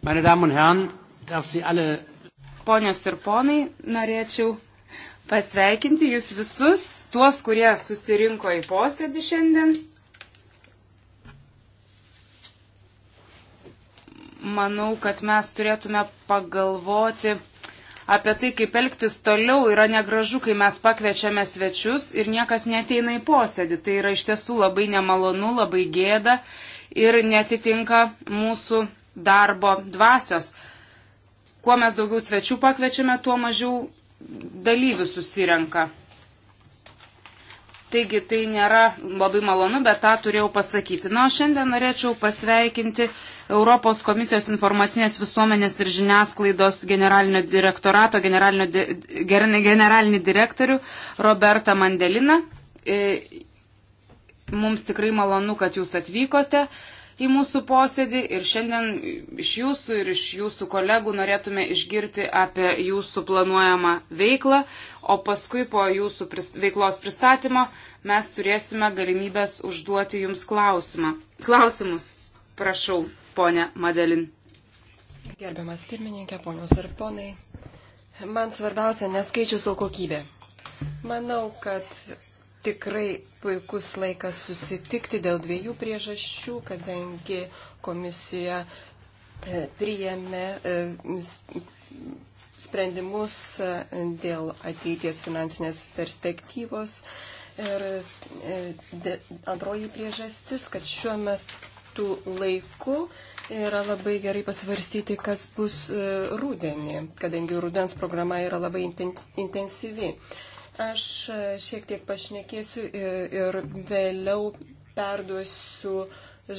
Meine Damen und Herren, darf Sie alle. Ponios ir ponai, norėčiau pasveikinti jūs visus, tuos, kurie susirinko į posėdį šiandien. Manau, kad mes turėtume pagalvoti apie tai, kaip elgtis toliau. Yra negražu, kai mes pakviečiame svečius ir niekas neteina į posėdį. Tai yra iš tiesų labai nemalonu, labai gėda ir netitinka mūsų darbo dvasios. Kuo mes daugiau svečių pakviečiame, tuo mažiau dalyvių susirenka. Taigi tai nėra labai malonu, bet tą turėjau pasakyti. Na, šiandien norėčiau pasveikinti Europos komisijos informacinės visuomenės ir žiniasklaidos generalinio direktorato generalinio di, generalinį direktorių Robertą Mandeliną. E, mums tikrai malonu, kad jūs atvykote į mūsų posėdį ir šiandien iš jūsų ir iš jūsų kolegų norėtume išgirti apie jūsų planuojamą veiklą, o paskui po jūsų prist veiklos pristatymo mes turėsime galimybės užduoti jums klausimą. klausimus. Prašau, ponė Madelin. Gerbiamas pirmininkė, ponios ir ponai, man svarbiausia neskaičius, o kokybė. Manau, kad tikrai puikus laikas susitikti dėl dviejų priežasčių, kadangi komisija e, priėmė e, sprendimus e, dėl ateities finansinės perspektyvos. Ir antroji priežastis, kad šiuo metu laiku yra labai gerai pasvarstyti, kas bus rūdienį, kadangi rudens programa yra labai intensyvi. Aš šiek tiek pašnekėsiu ir vėliau perduosiu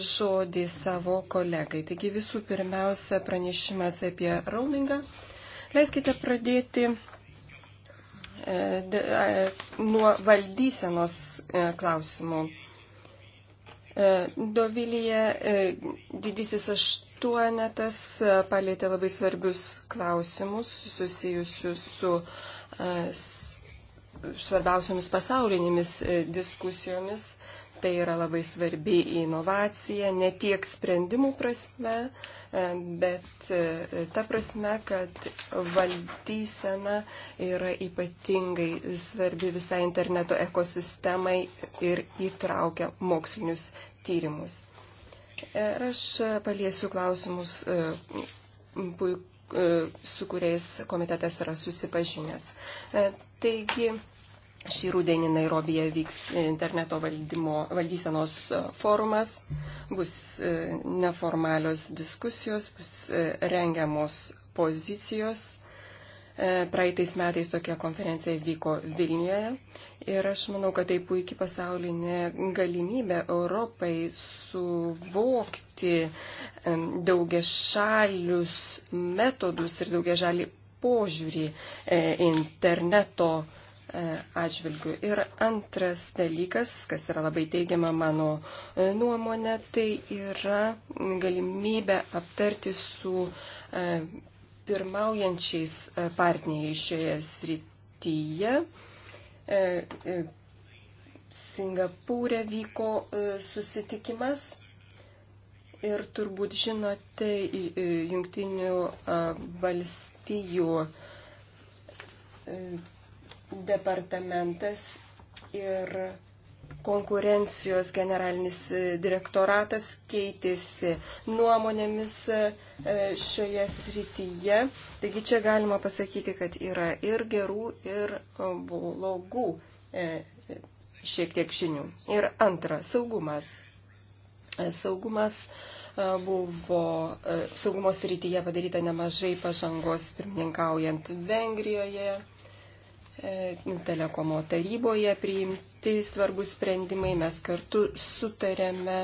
žodį savo kolegai. Taigi visų pirmiausia pranešimas apie roamingą. Leiskite pradėti e, e, nuo valdysenos e, klausimų. Dovilyje didysis aštuonetas palėtė labai svarbius klausimus susijusius su svarbiausiomis pasaulinėmis e, diskusijomis. Tai yra labai svarbi inovacija, ne tiek sprendimų prasme, e, bet e, ta prasme, kad valdysena yra ypatingai svarbi visai interneto ekosistemai ir įtraukia mokslinius tyrimus. Ir aš paliesiu klausimus, su kuriais komitetas yra susipažinęs. Taigi, šį rudenį Nairobije vyks interneto valdymo, valdysenos forumas, bus e, neformalios diskusijos, bus e, rengiamos pozicijos. E, praeitais metais tokia konferencija vyko Vilniuje ir aš manau, kad tai puikiai pasaulinė galimybė Europai suvokti daugia šalius metodus ir daugia šalį požiūrį e, interneto e, atžvilgių. Ir antras dalykas, kas yra labai teigiama mano e, nuomonė, tai yra galimybė aptarti su pirmaujančiais partneriais šioje srityje. Singapūrė vyko susitikimas Ir turbūt žinote jungtinių valstijų e, departamentas ir konkurencijos generalinis e, direktoratas keitėsi nuomonėmis e, šioje srityje. Taigi čia galima pasakyti, kad yra ir gerų, ir blogų šiek tiek žinių. Ir antra, saugumas E, saugumas e, buvo, e, saugumo srityje padaryta nemažai pažangos pirmininkaujant Vengrijoje, telekomo taryboje priimti svarbus sprendimai, mes kartu sutarėme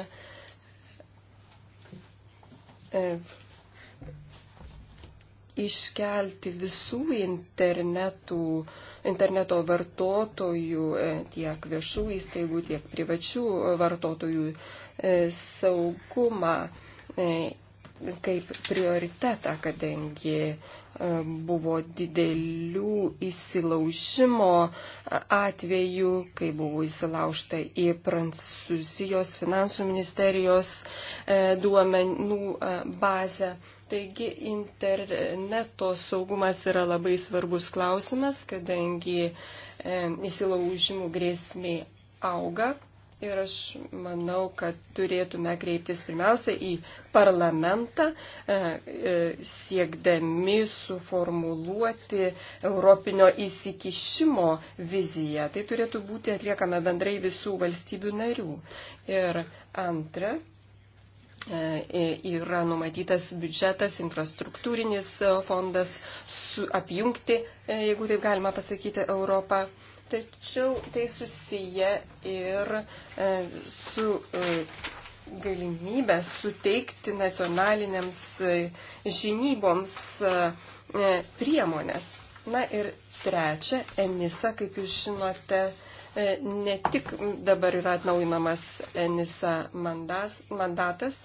iškelti visų internetų, interneto vartotojų, tiek viešų įstaigų, tiek privačių vartotojų E, saugumą e, kaip prioritetą, kadangi e, buvo didelių įsilaužimo atvejų, kai buvo įsilaužta į Prancūzijos finansų ministerijos duomenų bazę. Taigi interneto saugumas yra labai svarbus klausimas, kadangi įsilaužimų grėsmė auga Ir aš manau, kad turėtume kreiptis pirmiausia į parlamentą, e, e, siekdami suformuluoti Europinio įsikišimo viziją. Tai turėtų būti atliekama bendrai visų valstybių narių. Ir antra, e, yra numatytas biudžetas, infrastruktūrinis fondas, apjungti, jeigu taip galima pasakyti, Europą tačiau tai susiję ir e, su e, galimybę suteikti nacionalinėms e, žinyboms priemonės. Na ir trečia, Enisa, kaip jūs žinote, ne tik dabar yra atnaujinamas Enisa mandas, mandatas,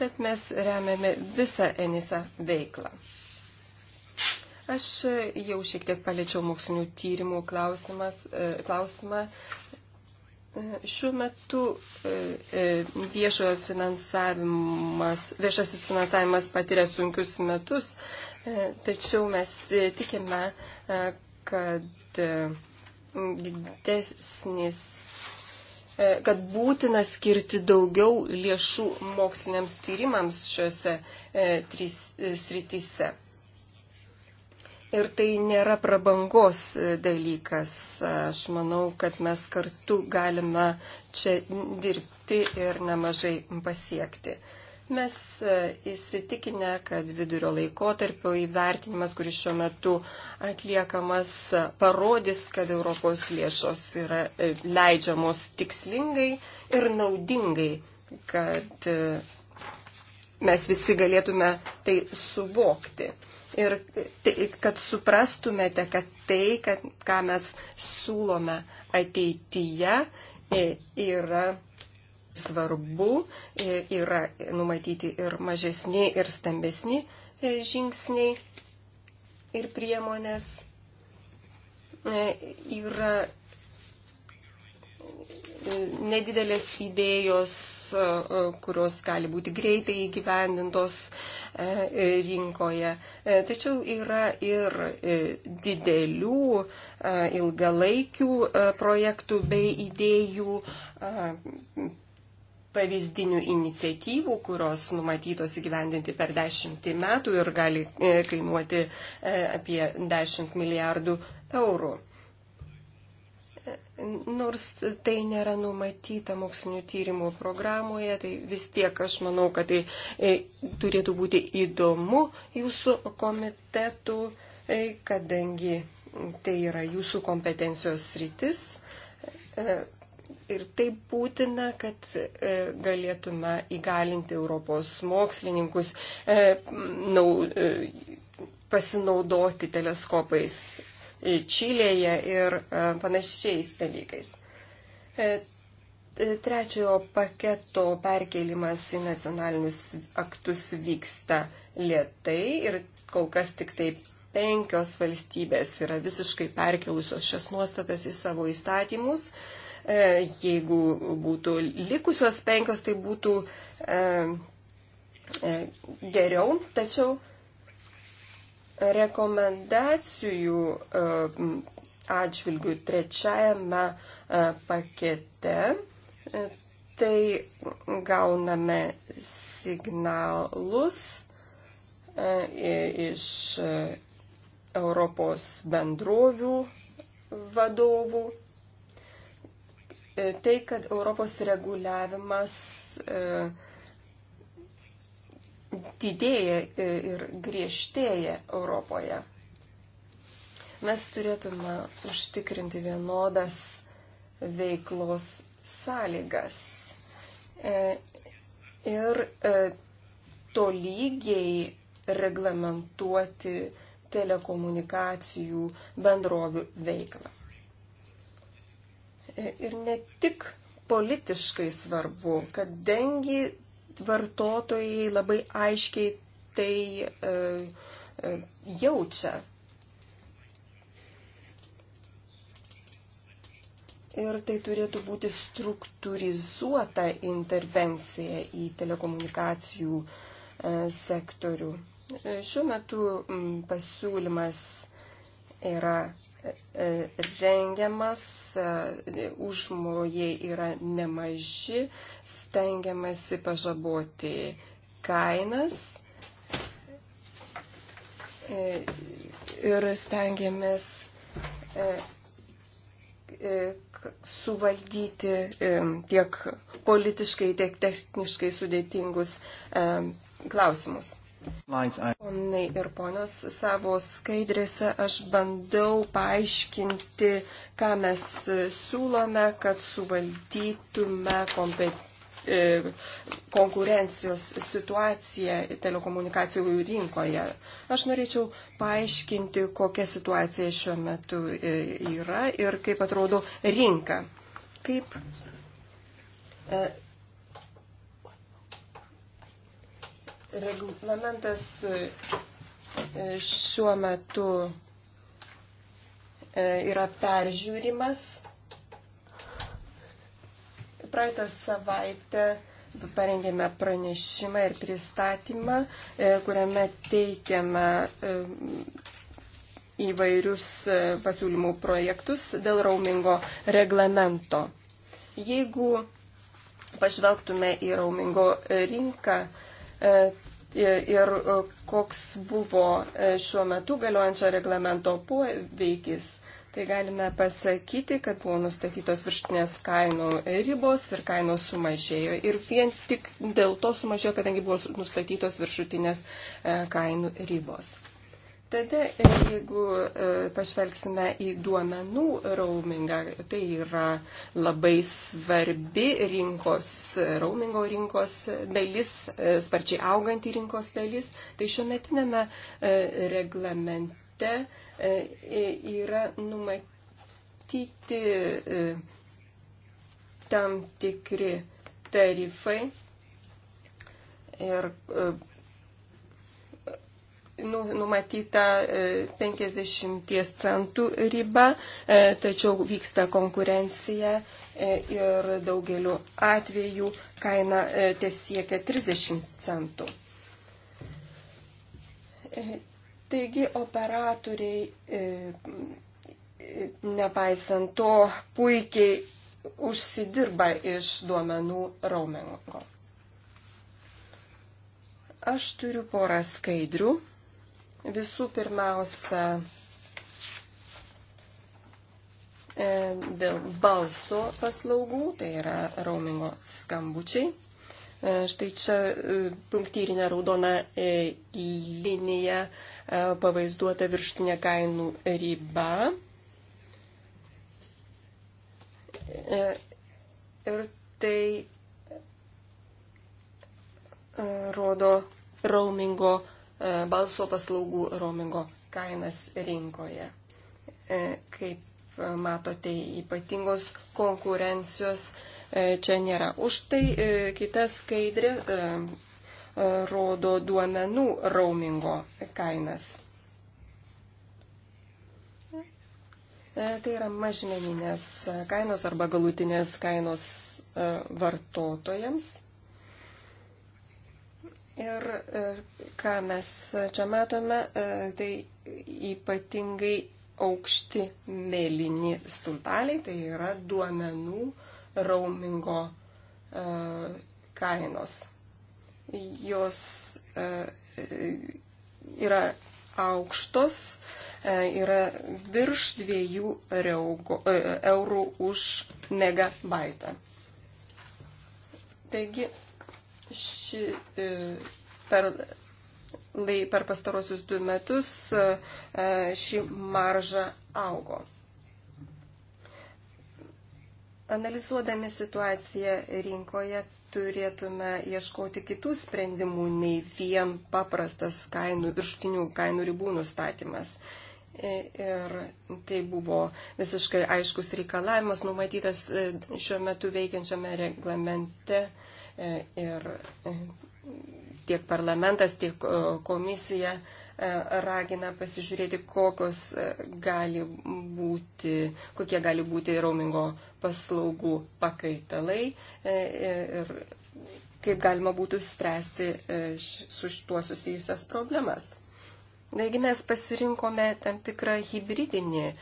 bet mes remiame visą Enisa veiklą. Aš jau šiek tiek paliečiau mokslinių tyrimų e, klausimą. E, šiuo metu e, viešojo finansavimas, viešasis finansavimas patiria sunkius metus, tačiau mes tikime, kad didesnis kad būtina skirti daugiau lėšų moksliniams tyrimams šiuose e, trys e, srityse. Ir tai nėra prabangos dalykas. Aš manau, kad mes kartu galime čia dirbti ir nemažai pasiekti. Mes e, įsitikinę, kad vidurio laikotarpio įvertinimas, kuris šiuo metu atliekamas, parodys, kad Europos lėšos yra e, leidžiamos tikslingai ir naudingai, kad e, mes visi galėtume tai suvokti ir tai, kad suprastumėte, kad tai, kad, ką mes siūlome ateityje, e, yra svarbu, e, yra numatyti ir mažesni, ir stambesni e, žingsniai ir priemonės. Yra nedidelės idėjos E, kurios gali būti greitai įgyvendintos e, rinkoje. E, tačiau yra ir didelių ilgalaikių projektų bei idėjų pavyzdinių iniciatyvų, kurios numatytos įgyvendinti per dešimtį metų ir gali kainuoti apie 10 milijardų eurų. Nors tai nėra numatyta mokslinių tyrimų programoje, tai vis tiek aš manau, kad tai e, turėtų būti įdomu jūsų komitetų, e, kadangi tai yra jūsų kompetencijos sritis. E, ir tai būtina, kad e, galėtume įgalinti Europos mokslininkus e, nau, e, pasinaudoti teleskopais E, Čilėje ir e, panašiais dalykais. E, trečiojo paketo perkelimas į nacionalinius aktus vyksta lietai ir kol kas tik taip penkios valstybės yra visiškai perkelusios šias nuostatas į savo įstatymus. Jeigu būtų likusios penkios, tai būtų geriau, tačiau rekomendacijų e, atžvilgių trečiajame e, pakete, e, tai gauname signalus iš Europos bendrovių vadovų. Tai, kad Europos reguliavimas e, didėja e, ir griežtėja Europoje. Mes turėtume užtikrinti vienodas veiklos sąlygas. E, ir e, tolygiai reglamentuoti telekomunikacijų bendrovių veiklą. Ir ne tik politiškai svarbu, kad dengi vartotojai labai aiškiai tai e, e, jaučia. Ir tai turėtų būti struktūrizuota intervencija į telekomunikacijų e, sektorių. E, šiuo metu pasiūlymas yra rengiamas, e, užmojai yra nemaži, stengiamasi pažaboti kainas e, ir stengiamės e, suvaldyti tiek politiškai, tiek techniškai sudėtingus klausimus. Ponai ir ponios, savo skaidrėse aš bandau paaiškinti, ką mes e, siūlome, kad suvaldytume kompetenciją konkurencijos situacija telekomunikacijų rinkoje. Aš norėčiau paaiškinti, kokia situacija šiuo metu e, yra ir kaip atrodo rinka. Kaip e, Reglamentas e, šiuo metu e, yra peržiūrimas. Praeitą savaitę parengėme pranešimą ir pristatymą, e, kuriame teikiame įvairius pasiūlymų projektus dėl raumingo reglamento. Jeigu pažvelgtume į raumingo rinką, E, ir e, koks buvo e, šiuo metu galiojančio reglamento poveikis. Tai galime pasakyti, kad buvo nustatytos virštinės kainų ribos ir kainos sumažėjo. Ir vien tik dėl to sumažėjo, kadangi buvo nustatytos viršutinės kainų ribos. Tada, e, jeigu e, pažvelgsime į duomenų roamingą, tai yra labai svarbi rinkos, e, roamingo rinkos dalis, sparčiai auganti rinkos dalis, tai šiuo metinėme reglamente yra numatyti tam tikri tarifai ir Nu, numatyta 50 e, centų riba, e, tačiau vyksta konkurencija e, ir daugeliu atveju kaina tiesiekia 30 centų. Taigi operatoriai, nepaisant to, puikiai užsidirba iš duomenų roamingo. Aš turiu porą skaidrių. Visų pirmiausia, e, dėl balso paslaugų, tai yra roamingo skambučiai. E, štai čia e, punktyrinė raudona linija pavaizduota virštinė kainų riba. Ir tai rodo roamingo skambučiai E, balso paslaugų roamingo kainas rinkoje. E, kaip matote, ypatingos konkurencijos e, čia nėra. Už tai kita skaidrė rodo duomenų roamingo kainas. Tai yra mažmeninės kainos arba galutinės kainos vartotojams. Ir e, ką mes čia matome, e, tai ypatingai aukšti mėlyni stulpeliai, tai yra duomenų raumingo e, kainos. Jos yra aukštos, yra virš 2 eurų už megabaitą. Taigi Ši, e, per, lai, per pastarosius du metus e, e, ši marža augo. Analizuodami situaciją rinkoje turėtume ieškoti kitų sprendimų nei vien paprastas kainų, viršutinių kainų ribų nustatymas. Ir tai buvo visiškai aiškus reikalavimas numatytas šiuo metu veikiančiame reglamente Ir tiek parlamentas, tiek e, komisija e, ragina pasižiūrėti, kokios e, gali būti, kokie gali būti roamingo paslaugų pakaitalai ir kaip galima būtų spręsti su šituo susijusias problemas. Taigi mes pasirinkome tam tikrą hybridinį e,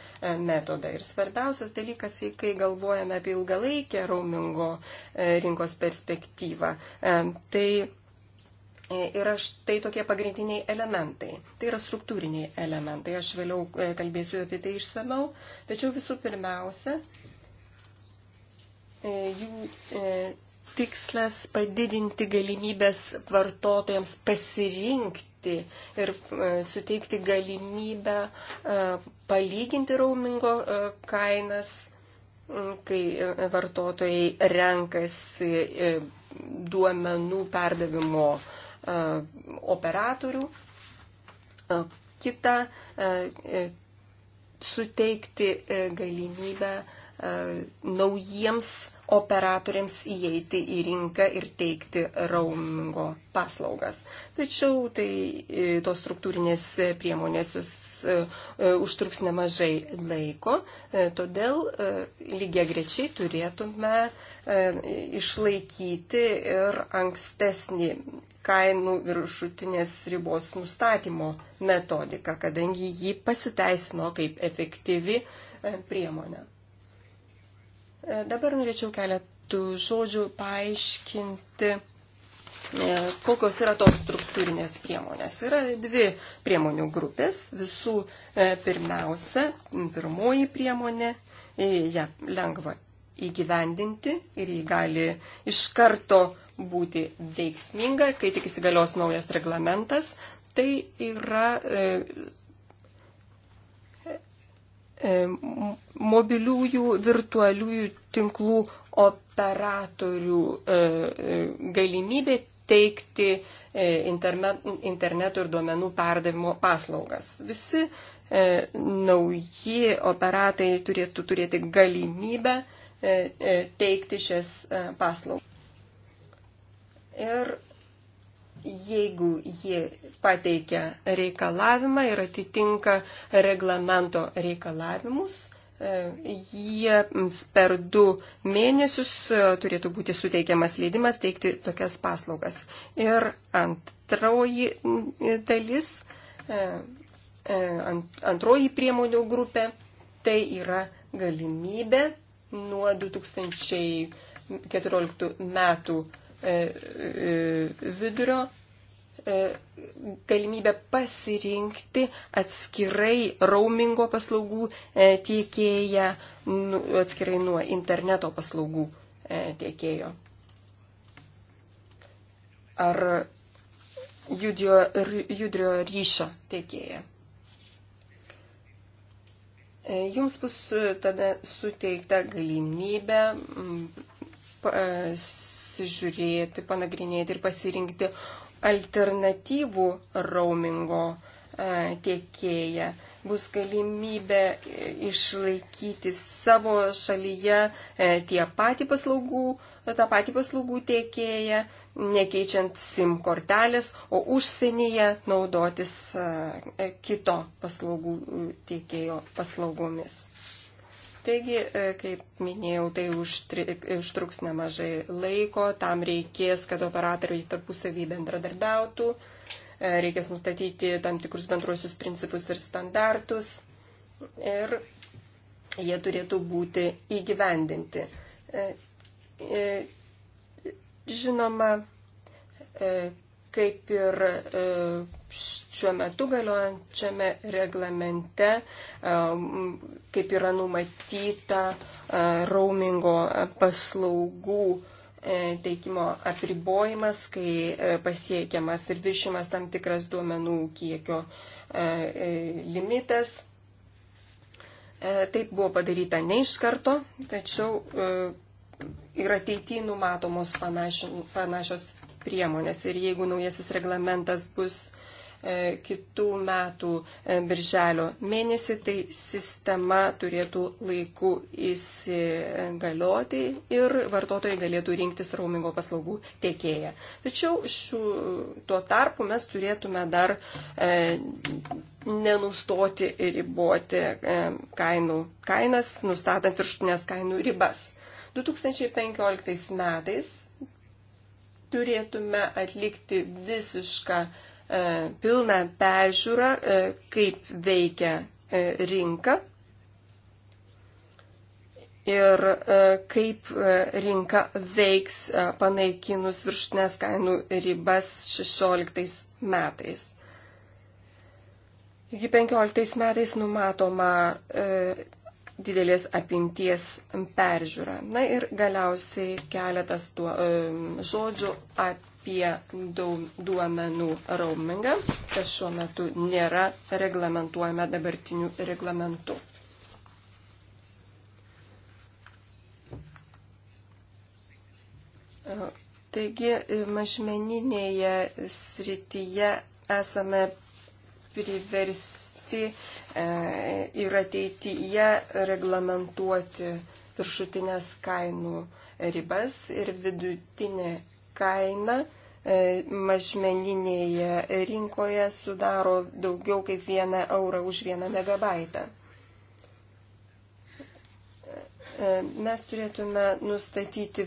metodą. Ir svarbiausias dalykas, kai galvojame apie ilgalaikę roamingo e, rinkos perspektyvą, e, tai yra štai tokie pagrindiniai elementai. Tai yra struktūriniai elementai. Aš vėliau kalbėsiu apie tai išsameu. Tačiau visų pirmiausia, jų tikslas padidinti galimybės vartotojams pasirinkti atlikti ir e, suteikti galimybę e, palyginti raumingo e, kainas, kai vartotojai renkasi duomenų perdavimo operatorių. Kita suteikti galimybę naujiems operatoriams įeiti į rinką ir teikti roamingo paslaugas. Tačiau tai, e, tos struktūrinės priemonės jūs e, e, užtruks nemažai laiko, todėl lygiai grečiai turėtume išlaikyti ir ankstesnį kainų viršutinės ribos nustatymo metodiką, kadangi ji pasiteisino kaip efektyvi priemonė. E, dabar norėčiau keletų žodžių paaiškinti, e, kokios yra tos struktūrinės priemonės. Yra dvi priemonių grupės. Visų e, pirmiausia, pirmoji priemonė, ją ja, lengva įgyvendinti ir jį gali iš karto būti veiksminga, kai tik įsigalios naujas reglamentas. Tai yra e, E, mobiliųjų virtualiųjų tinklų operatorių e, e, galimybė teikti interneto ir duomenų perdavimo paslaugas. Visi nauji operatai turėtų turėti galimybę teikti šias paslaugas. Ir jeigu ji pateikia reikalavimą ir atitinka reglamento reikalavimus, e, jiems per du mėnesius e, turėtų būti suteikiamas leidimas teikti tokias paslaugas. Ir antroji dalis, e, antroji priemonių grupė, tai yra galimybė nuo 2014 metų E, e, vidurio e, galimybę pasirinkti atskirai roamingo paslaugų tiekėją, nu, atskirai nuo interneto paslaugų tiekėjo. Ar judio, judrio ryšio tiekėją. Jums bus tada suteikta galimybė pas pasižiūrėti, panagrinėti ir pasirinkti alternatyvų roamingo e, tiekėją. Bus galimybė e, išlaikyti savo šalyje e, tie patį paslaugų, tą patį paslaugų tiekėją, nekeičiant SIM kortelės, o užsienyje naudotis kito paslaugų tiekėjo paslaugomis. Taigi, e, kaip minėjau, tai užtruks nemažai laiko, tam reikės, kad operatoriai tarpusavį bendradarbiautų, e, reikės nustatyti tam tikrus bendruosius principus ir standartus ir jie turėtų būti įgyvendinti. E, žinoma, kaip ir šiuo metu galiojančiame reglamente, um, kaip yra numatyta uh, raumingo paslaugų uh, teikimo apribojimas, kai uh, pasiekiamas ir viršimas tam tikras duomenų kiekio limitas. Taip buvo padaryta ne iš karto, tačiau ir ateityje numatomos panašios priemonės. Ir jeigu naujasis reglamentas bus uh, E, kitų metų e, birželio mėnesį, tai sistema turėtų laiku įsigalioti ir vartotojai galėtų rinktis raumingo paslaugų tiekėją. Tačiau šių, tuo tarpu mes turėtume dar e, nenustoti ir riboti e, kainų, kainas, nustatant viršutinės kainų ribas. 2015 metais turėtume atlikti visišką E, pilną peržiūrą, e, kaip veikia e, rinka ir kaip rinka veiks panaikinus viršutinės kainų ribas 16 metais. Iki 15 metais numatoma didelės apimties peržiūra. Na ir galiausiai keletas tuo, žodžių apie apie duomenų roamingą, kas šiuo metu nėra reglamentuojama dabartiniu reglamentu. Taigi, mažmeninėje srityje esame priversti e, ir ateityje reglamentuoti viršutinės kainų ribas ir vidutinė kaina E, mažmeninėje rinkoje sudaro daugiau kaip vieną eurą už vieną megabaitą. E, mes turėtume nustatyti e,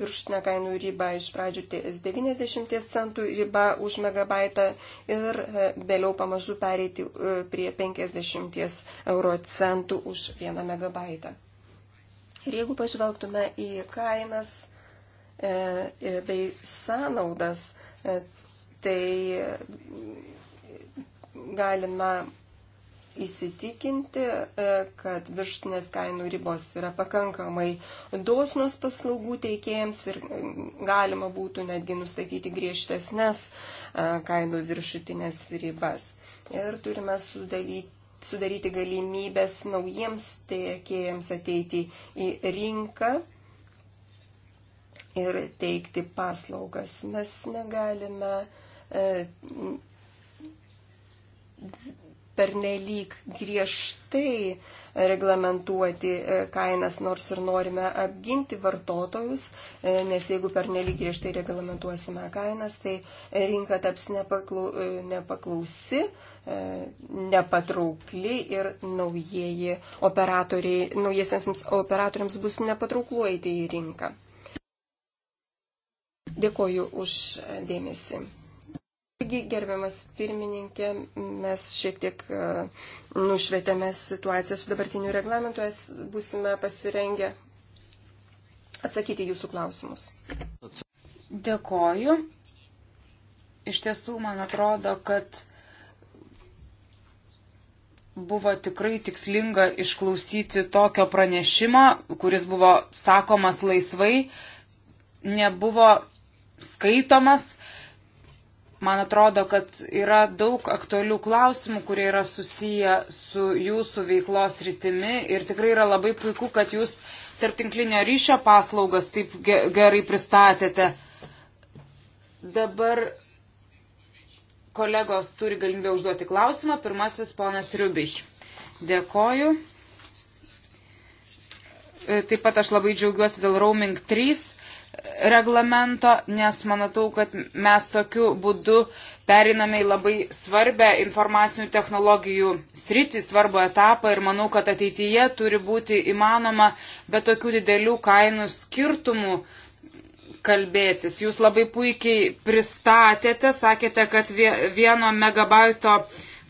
viršutinę kainų ribą iš pradžių 90 centų ribą už megabaitą ir vėliau pamažu pereiti prie 50 euro centų už vieną megabaitą. Ir jeigu pažvelgtume į kainas, E, e, bei sąnaudas, e, tai galima įsitikinti, kad virštinės kainų ribos yra pakankamai dosnus paslaugų teikėjams ir galima būtų netgi nustatyti griežtesnės kainų viršutinės ribas. Ir turime sudaryti, sudaryti galimybės naujiems tiekėjams ateiti į rinką ir teikti paslaugas. Mes negalime e, pernelyg griežtai reglamentuoti e, kainas, nors ir norime apginti vartotojus, e, nes jeigu pernelyg griežtai reglamentuosime kainas, tai rinka taps nepaklau, nepaklausi, nepatraukli ir naujieji operatoriai, naujiesiams operatoriams bus nepatraukluoti į rinką. Dėkoju už dėmesį. Taigi, gerbiamas pirmininkė, mes šiek tiek e, nušvietėme situaciją su dabartiniu reglamentu, būsime pasirengę atsakyti jūsų klausimus. Dėkoju. Iš tiesų, man atrodo, kad buvo tikrai tikslinga išklausyti tokio pranešimo, kuris buvo sakomas laisvai, nebuvo skaitomas. Man atrodo, kad yra daug aktualių klausimų, kurie yra susiję su jūsų veiklos rytimi ir tikrai yra labai puiku, kad jūs tarptinklinio ryšio paslaugas taip gerai pristatėte. Dabar kolegos turi galimybę užduoti klausimą. Pirmasis ponas Riubich. Dėkoju. E, taip pat aš labai džiaugiuosi dėl Roaming 3 reglamento, nes manau, kad mes tokiu būdu periname į labai svarbę informacinių technologijų sritį, svarbų etapą ir manau, kad ateityje turi būti įmanoma be tokių didelių kainų skirtumų kalbėtis. Jūs labai puikiai pristatėte, sakėte, kad vieno megabaito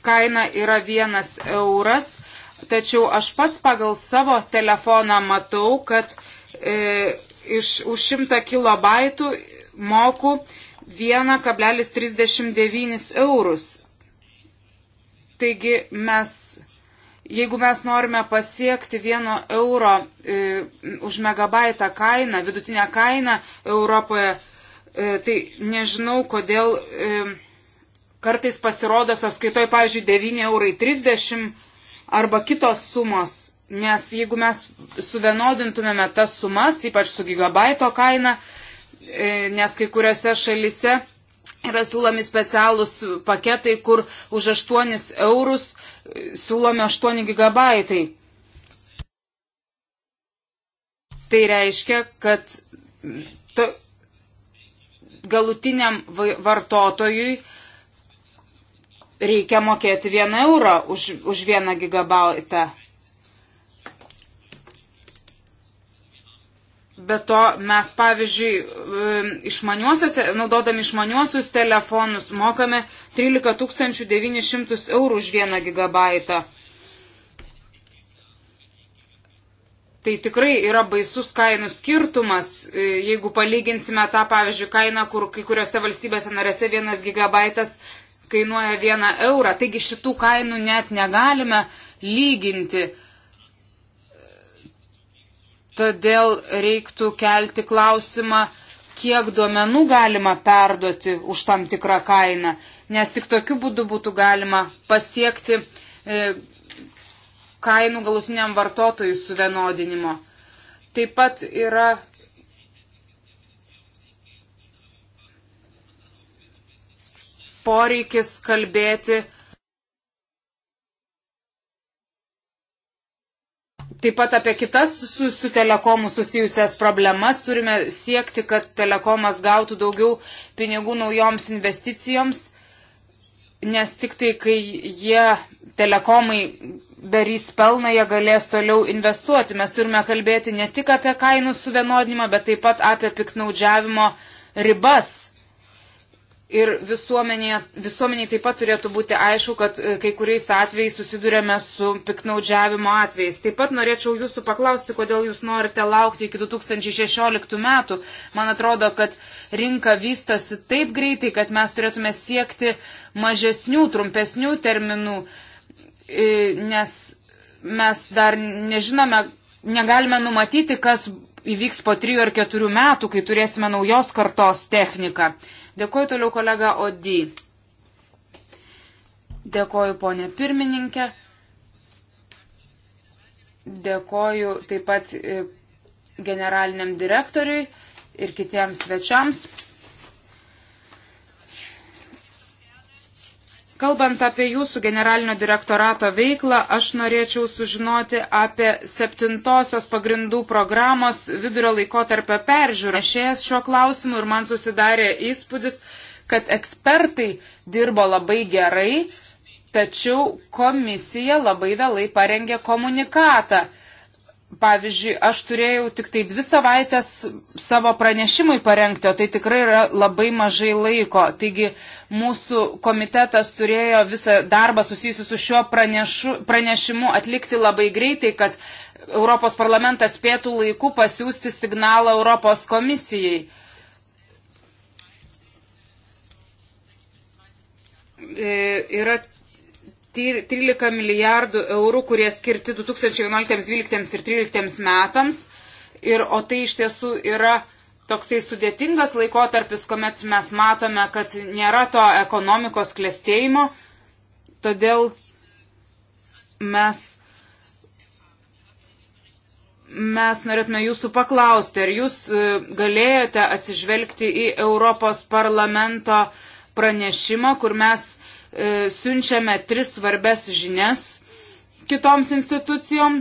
kaina yra vienas euras, tačiau aš pats pagal savo telefoną matau, kad e, iš už 100 kilobaitų moku 1,39 eurus. Taigi mes, jeigu mes norime pasiekti 1 euro e, už megabaitą kainą, vidutinę kainą Europoje, e, tai nežinau, kodėl e, kartais pasirodo sąskaitoj, pavyzdžiui, 9,30 eurai arba kitos sumos Nes jeigu mes suvienodintumėme tas sumas, ypač su gigabaito kaina, e, nes kai kuriuose šalise yra siūlomi specialūs paketai, kur už 8 eurus e, siūlomi 8 gigabaitai. Tai reiškia, kad to, galutiniam vartotojui reikia mokėti 1 eurą už, už 1 gigabaitą. Be to, mes pavyzdžiui, išmaniuosiuose, naudodami išmaniuosius telefonus, mokame 13 900 eurų už vieną gigabaitą. Tai tikrai yra baisus kainų skirtumas, e, jeigu palyginsime tą, pavyzdžiui, kainą, kur kai kuriuose valstybėse narėse vienas gigabaitas kainuoja vieną eurą. Taigi šitų kainų net negalime lyginti Todėl reiktų kelti klausimą, kiek duomenų galima perduoti už tam tikrą kainą, nes tik tokiu būdu būtų galima pasiekti e, kainų galutiniam vartotojui suvienodinimo. Taip pat yra. Poreikis kalbėti Taip pat apie kitas su, su telekomu susijusias problemas turime siekti, kad telekomas gautų daugiau pinigų naujoms investicijoms, nes tik tai, kai jie telekomai darys pelną, jie galės toliau investuoti. Mes turime kalbėti ne tik apie kainų suvienodinimą, bet taip pat apie piknaudžiavimo ribas. Ir visuomenėje, visuomeniai taip pat turėtų būti aišku, kad e, kai kuriais atvejais susidurėme su piknaudžiavimo atvejais. Taip pat norėčiau jūsų paklausti, kodėl jūs norite laukti iki 2016 metų. Man atrodo, kad rinka vystosi taip greitai, kad mes turėtume siekti mažesnių, trumpesnių terminų, e, nes mes dar nežinome, negalime numatyti, kas įvyks po trijų ar keturių metų, kai turėsime naujos kartos techniką. Dėkuoju toliau kolega Odi. Dėkuoju ponė pirmininkė. Dėkuoju taip pat e, generaliniam direktoriui ir kitiems svečiams. Kalbant apie jūsų generalinio direktorato veiklą, aš norėčiau sužinoti apie septintosios pagrindų programos vidurio laikotarpio peržiūrą. Šėjęs šiuo klausimu ir man susidarė įspūdis, kad ekspertai dirbo labai gerai, tačiau komisija labai vėlai parengė komunikatą pavyzdžiui, aš turėjau tik tai dvi savaitės savo pranešimui parengti, o tai tikrai yra labai mažai laiko. Taigi mūsų komitetas turėjo visą darbą susijusiu su šiuo pranešu, pranešimu atlikti labai greitai, kad Europos parlamentas spėtų laiku pasiūsti signalą Europos komisijai. E, yra 13 milijardų eurų, kurie skirti 2011, 2012 ir 2013 metams. Ir, o tai iš tiesų yra toksai sudėtingas laikotarpis, kuomet mes matome, kad nėra to ekonomikos klėstėjimo. Todėl mes, mes norėtume jūsų paklausti, ar jūs e, galėjote atsižvelgti į Europos parlamento pranešimą, kur mes E, siunčiame tris svarbes žinias kitoms institucijom.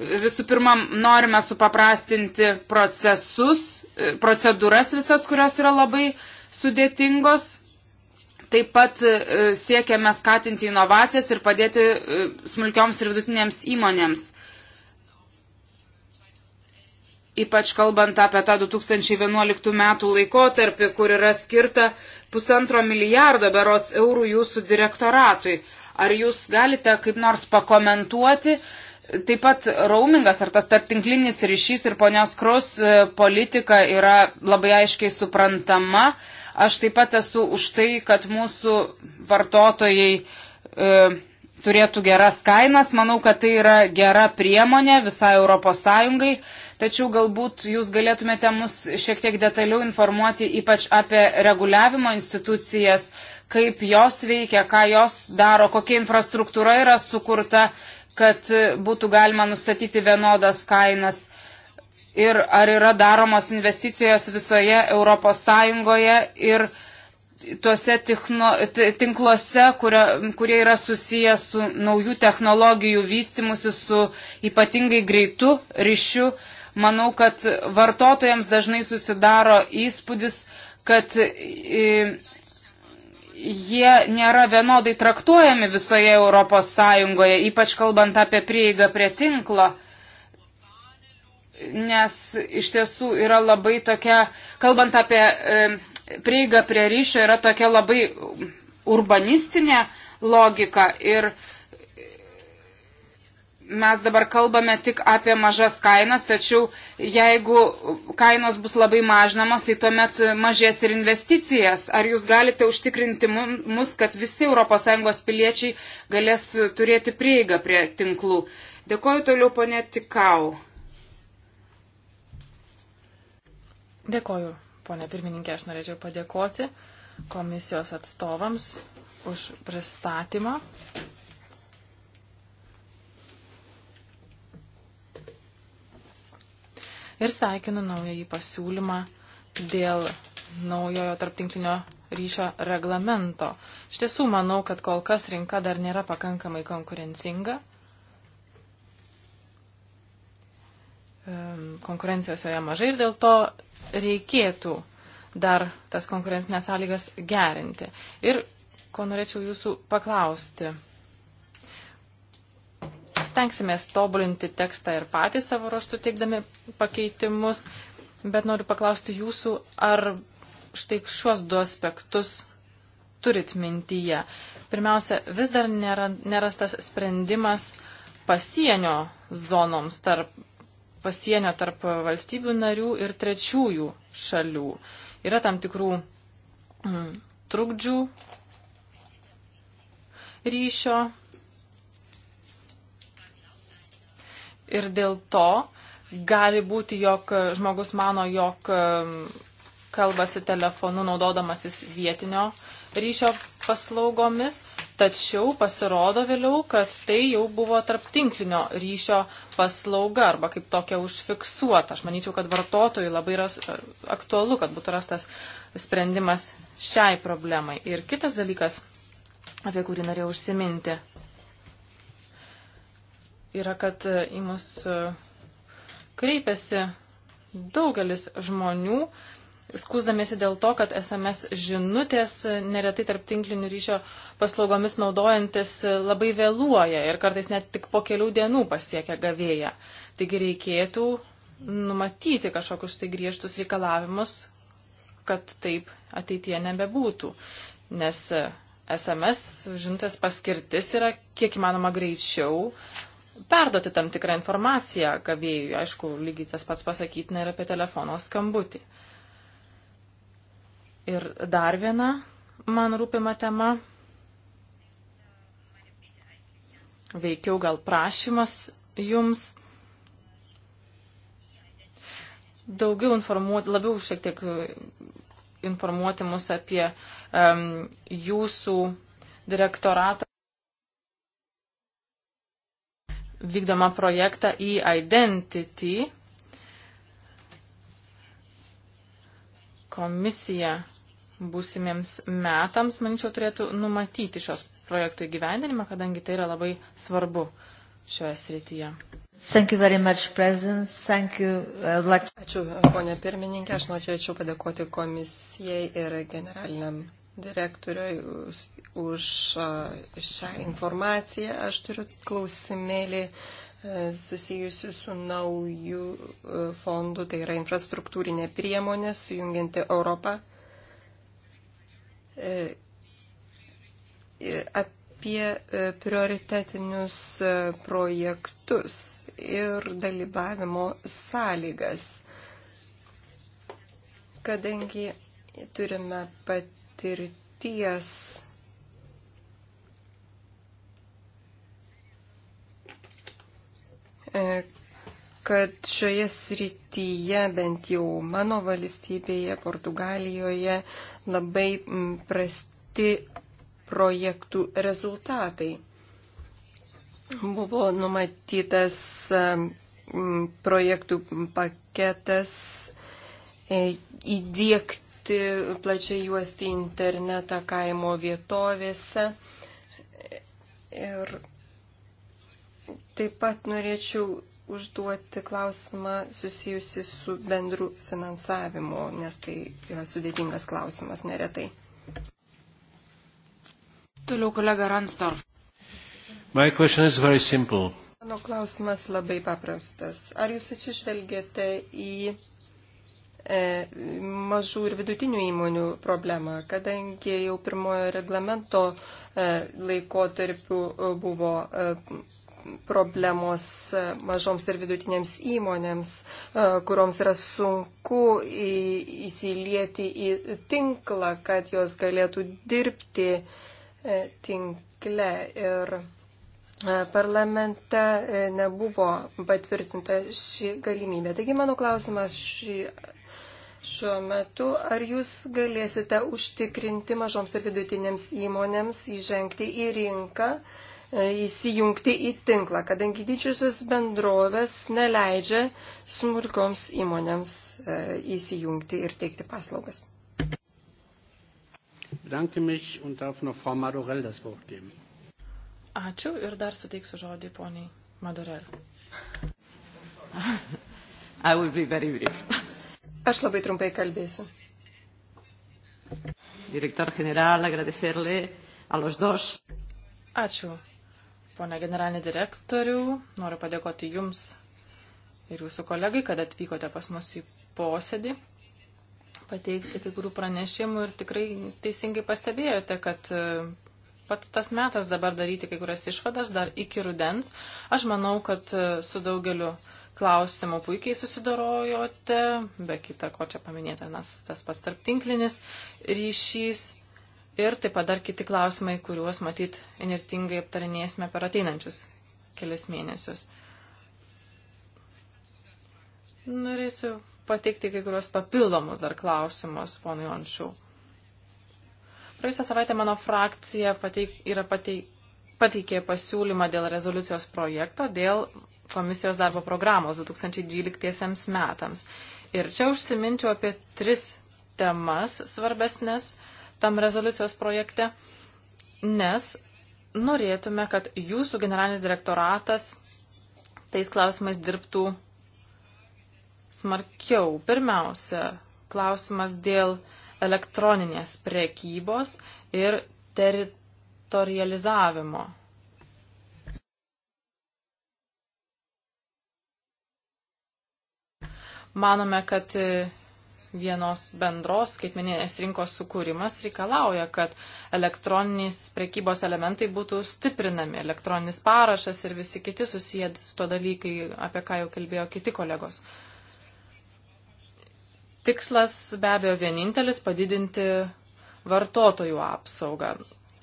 Visų pirma, norime supaprastinti procesus, e, procedūras visas, kurios yra labai sudėtingos. Taip pat e, siekiame skatinti inovacijas ir padėti smulkioms ir vidutinėms įmonėms ypač kalbant apie tą 2011 metų laikotarpį, kur yra skirta pusantro milijardo berots eurų jūsų direktoratui. Ar jūs galite kaip nors pakomentuoti? Taip pat raumingas ar tas tarptinklinis ryšys ir ponios Kros e, politika yra labai aiškiai suprantama. Aš taip pat esu už tai, kad mūsų vartotojai e, turėtų geras kainas. Manau, kad tai yra gera priemonė visai Europos Sąjungai. Tačiau galbūt jūs galėtumėte mus šiek tiek detaliau informuoti ypač apie reguliavimo institucijas, kaip jos veikia, ką jos daro, kokia infrastruktūra yra sukurta, kad būtų galima nustatyti vienodas kainas. Ir ar yra daromos investicijos visoje Europos Sąjungoje ir tuose tichno, tinkluose, kurio, kurie yra susiję su naujų technologijų vystimusi, su ypatingai greitu ryšiu. Manau, kad vartotojams dažnai susidaro įspūdis, kad jie nėra vienodai traktuojami visoje Europos Sąjungoje, ypač kalbant apie prieigą prie tinklo nes iš tiesų yra labai tokia, kalbant apie e, prieiga prie ryšio yra tokia labai urbanistinė logika ir mes dabar kalbame tik apie mažas kainas, tačiau jeigu kainos bus labai mažinamos, tai tuomet mažės ir investicijas. Ar jūs galite užtikrinti mus, kad visi ES piliečiai galės turėti prieigą prie tinklų? Dėkoju toliau, ponė Tikau. Dėkoju, Pone pirmininkė, aš norėčiau padėkoti komisijos atstovams už pristatymą. Ir sveikinu naująjį pasiūlymą dėl naujojo tarptinklinio ryšio reglamento. Iš tiesų manau, kad kol kas rinka dar nėra pakankamai konkurencinga. Ehm, konkurencijos joje mažai ir dėl to reikėtų dar tas konkurencinės sąlygas gerinti. Ir ko norėčiau jūsų paklausti. Stengsimės tobulinti tekstą ir patys savo ruoštų teikdami pakeitimus, bet noriu paklausti jūsų, ar štai šiuos du aspektus turit mintyje. Pirmiausia, vis dar nėra, nerastas sprendimas pasienio zonoms tarp pasienio tarp valstybių narių ir trečiųjų šalių. Yra tam tikrų mm, trukdžių ryšio ir dėl to gali būti, jog žmogus mano, jog mm, kalbasi telefonu naudodamasis vietinio ryšio paslaugomis, Tačiau pasirodo vėliau, kad tai jau buvo tarp tinklinio ryšio paslauga arba kaip tokia užfiksuota. Aš manyčiau, kad vartotojui labai yra aktualu, kad būtų rastas sprendimas šiai problemai. Ir kitas dalykas, apie kurį norėjau užsiminti, yra, kad e, į mus e, kreipiasi daugelis žmonių, skūsdamėsi dėl to, kad SMS žinutės neretai tarp tinklinių ryšio paslaugomis naudojantis labai vėluoja ir kartais net tik po kelių dienų pasiekia gavėją. Taigi reikėtų numatyti kažkokius tai griežtus reikalavimus, kad taip ateitie nebebūtų. Nes SMS žinutės paskirtis yra kiek įmanoma greičiau perduoti tam tikrą informaciją gavėjui. Aišku, lygiai tas pats pasakyti nėra apie telefono skambutį. Ir dar viena man rūpima tema. Veikiau gal prašymas jums daugiau informuoti, labiau šiek tiek informuoti mus apie um, jūsų direktorato vykdomą projektą e-identity. Komisija būsimiems metams, manyčiau, turėtų numatyti šios projektų įgyvendinimą, kadangi tai yra labai svarbu šioje srityje. Much, like... Ačiū, ponė pirmininkė. Aš norėčiau padėkoti komisijai ir generaliniam direktoriui už uh, šią informaciją. Aš turiu klausimėlį uh, susijusių su naujų uh, fondų, tai yra infrastruktūrinė priemonė sujungianti Europą E, e, apie e, prioritetinius projektus ir dalyvavimo sąlygas, kadangi turime patirties kad šioje srityje, bent jau mano valstybėje, Portugalijoje, labai prasti projektų rezultatai. Buvo numatytas projektų paketas e, įdėkti plačiai juosti internetą kaimo vietovėse. Ir taip pat norėčiau užduoti klausimą susijusi su bendru finansavimu, nes tai yra sudėtingas klausimas neretai. Toliau kolega Ransdorf. Mano klausimas labai paprastas. Ar jūs atsižvelgėte į e, mažų ir vidutinių įmonių problemą, kadangi jau pirmojo reglamento e, laikotarpiu e, buvo. E, problemos e, mažoms ir vidutinėms įmonėms, e, kuriuoms yra sunku įsilieti į tinklą, kad jos galėtų dirbti e, tinkle. Ir parlamente nebuvo patvirtinta ši galimybė. Taigi mano klausimas šį šiuo metu, ar jūs galėsite užtikrinti mažoms ir vidutinėms įmonėms įžengti į rinką E, įsijungti į tinklą, kadangi didžiosios bendrovės neleidžia smulkioms įmonėms e, įsijungti ir teikti paslaugas. Ačiū ir dar suteiksiu žodį poniai Madurel. Aš labai trumpai kalbėsiu. Direktor general, agradecerle a los dos. Ačiū Pone generalinė direktorių, noriu padėkoti Jums ir Jūsų kolegai, kad atvykote pas mus į posėdį, pateikti kai kurių pranešimų ir tikrai teisingai pastebėjote, kad e, pats tas metas dabar daryti kai kurias išvadas dar iki rudens. Aš manau, kad e, su daugeliu klausimų puikiai susidorojote, be kita ko čia paminėta nas, tas pats tarptinklinis ryšys ir taip pat dar kiti klausimai, kuriuos matyt enertingai aptarinėsime per ateinančius kelias mėnesius. Norėsiu pateikti kai kurios papildomus dar klausimus, ponui Onšau. Praėjusią savaitę mano frakcija pateik, yra pateik, pateikė pasiūlymą dėl rezoliucijos projekto dėl komisijos darbo programos 2012 metams. Ir čia užsiminčiau apie tris temas svarbesnės, tam rezoliucijos projekte, nes norėtume, kad jūsų generalinis direktoratas tais klausimais dirbtų smarkiau. Pirmiausia, klausimas dėl elektroninės priekybos ir teritorializavimo. Manome, kad vienos bendros skaitmeninės rinkos sukūrimas reikalauja, kad elektroniniais prekybos elementai būtų stiprinami, elektroninis parašas ir visi kiti susiję su to dalykai, apie ką jau kalbėjo kiti kolegos. Tikslas be abejo vienintelis - padidinti vartotojų apsaugą.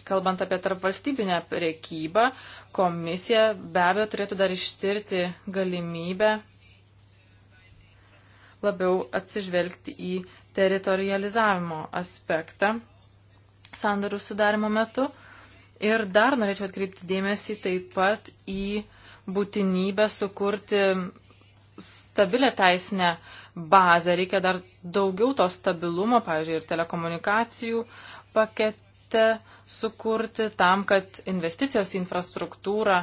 Kalbant apie tarpvalstybinę prekybą, komisija be abejo turėtų dar ištirti galimybę labiau atsižvelgti į teritorializavimo aspektą sandarų sudarimo metu. Ir dar norėčiau atkreipti dėmesį taip pat į būtinybę sukurti stabilę teisinę bazę. Reikia dar daugiau to stabilumo, pavyzdžiui, ir telekomunikacijų pakete sukurti tam, kad investicijos į infrastruktūrą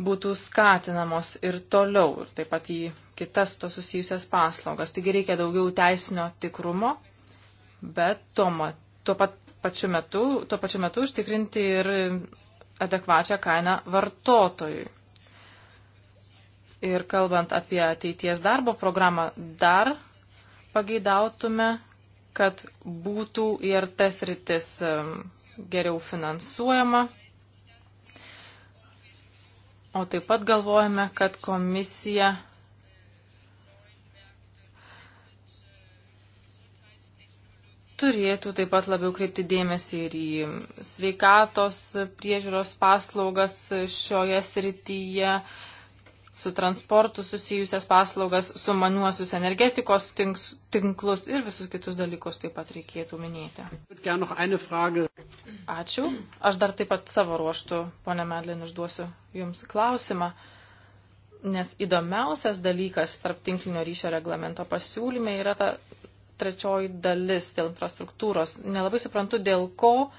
būtų skatinamos ir toliau, ir taip pat į kitas to susijusias paslaugas. Taigi reikia daugiau teisinio tikrumo, bet tuo, mat, tuo, pat pačiu metu, tuo pačiu metu užtikrinti ir adekvačią kainą vartotojui. Ir kalbant apie ateities darbo programą, dar pageidautume, kad būtų ir tas rytis geriau finansuojama, O taip pat galvojame, kad komisija turėtų taip pat labiau kreipti dėmesį ir į sveikatos priežiūros paslaugas šioje srityje, su transportu susijusias paslaugas, sumaniuosius energetikos tinks, tinklus ir visus kitus dalykus taip pat reikėtų minėti. Ačiū. Aš dar taip pat savo ruoštų, ponė Medlin, užduosiu Jums klausimą. Nes įdomiausias dalykas tarp tinklinio ryšio reglamento pasiūlyme yra ta trečioji dalis dėl infrastruktūros. Nelabai suprantu, dėl ko uh,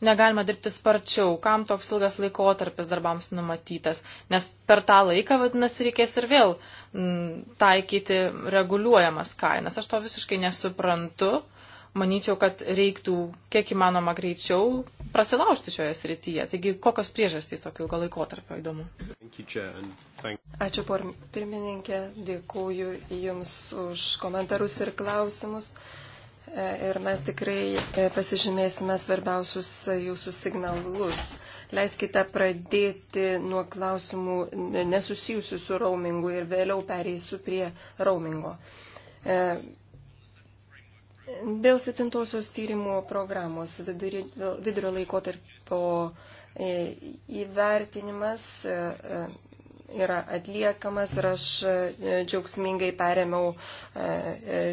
negalima dirbti sparčiau, kam toks ilgas laikotarpis darbams numatytas, nes per tą laiką, vadinasi, reikės ir vėl m, mm, taikyti reguliuojamas kainas. Aš to visiškai nesuprantu. Manyčiau, kad reiktų kiek įmanoma greičiau prasilaužti šioje srityje. Taigi, kokios priežastys tokio ilgo laikotarpio įdomu. Ačiū, pirmininkė, dėkuoju Jums už komentarus ir klausimus ir mes tikrai e, pasižymėsime svarbiausius jūsų signalus. Leiskite pradėti nuo klausimų nesusijusių su roamingu ir vėliau pereisiu prie roamingo. E, dėl septintosios tyrimų programos vidurio laikotarpio e, įvertinimas yra atliekamas ir aš džiaugsmingai perėmiau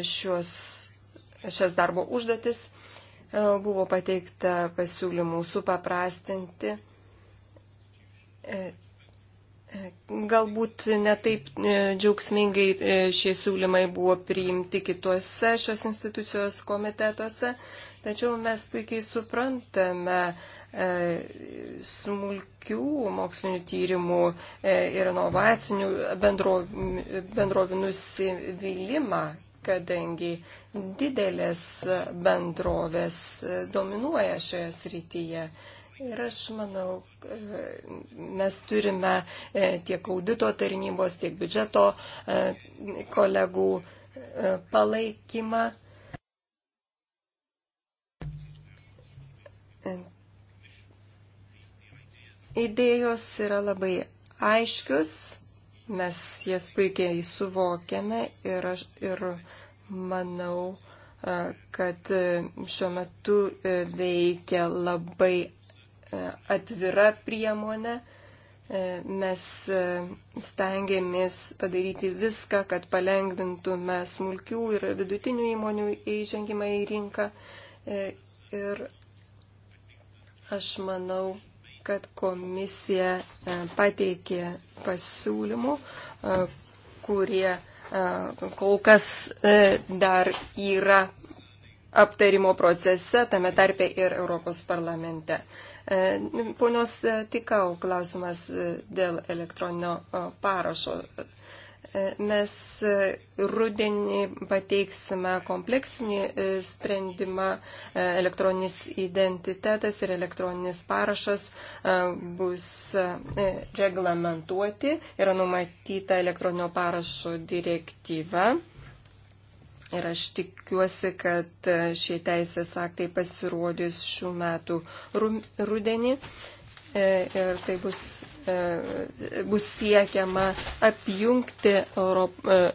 šiuos šias darbo užduotis. E, buvo pateikta pasiūlymų supaprastinti. E, e, galbūt netaip džiaugsmingai šie siūlymai buvo priimti kituose šios institucijos komitetuose, tačiau mes puikiai suprantame smulkių mokslinių tyrimų ir inovacinių bendrovių nusivylimą, kadangi didelės bendrovės dominuoja šioje srityje. Ir aš manau, e, mes turime e, tiek audito tarnybos, tiek biudžeto e, kolegų palaikymą. Idėjos yra labai aiškius Mes jas puikiai suvokiame ir, aš, ir manau, kad e, šiuo metu e, veikia labai e, atvira priemonė. Mes stengiamės padaryti viską, kad palengvintume smulkių ir vidutinių įmonių įžengimą į rinką. Ir aš manau, kad komisija e, pateikė pasiūlymų, e, kurie e, kol kas dar yra aptarimo procese, tame tarpe ir Europos parlamente. Ponios Tikau klausimas dėl elektroninio parašo E, mes e, rudenį pateiksime kompleksinį e, sprendimą elektroninis identitetas ir elektroninis parašas bus reglamentuoti. Yra numatyta elektroninio parašo direktyva. Ir aš tikiuosi, kad šie teisės aktai pasirodys šių metų rudenį. Ru E, ir tai bus, e, bus siekiama apjungti Europ, e,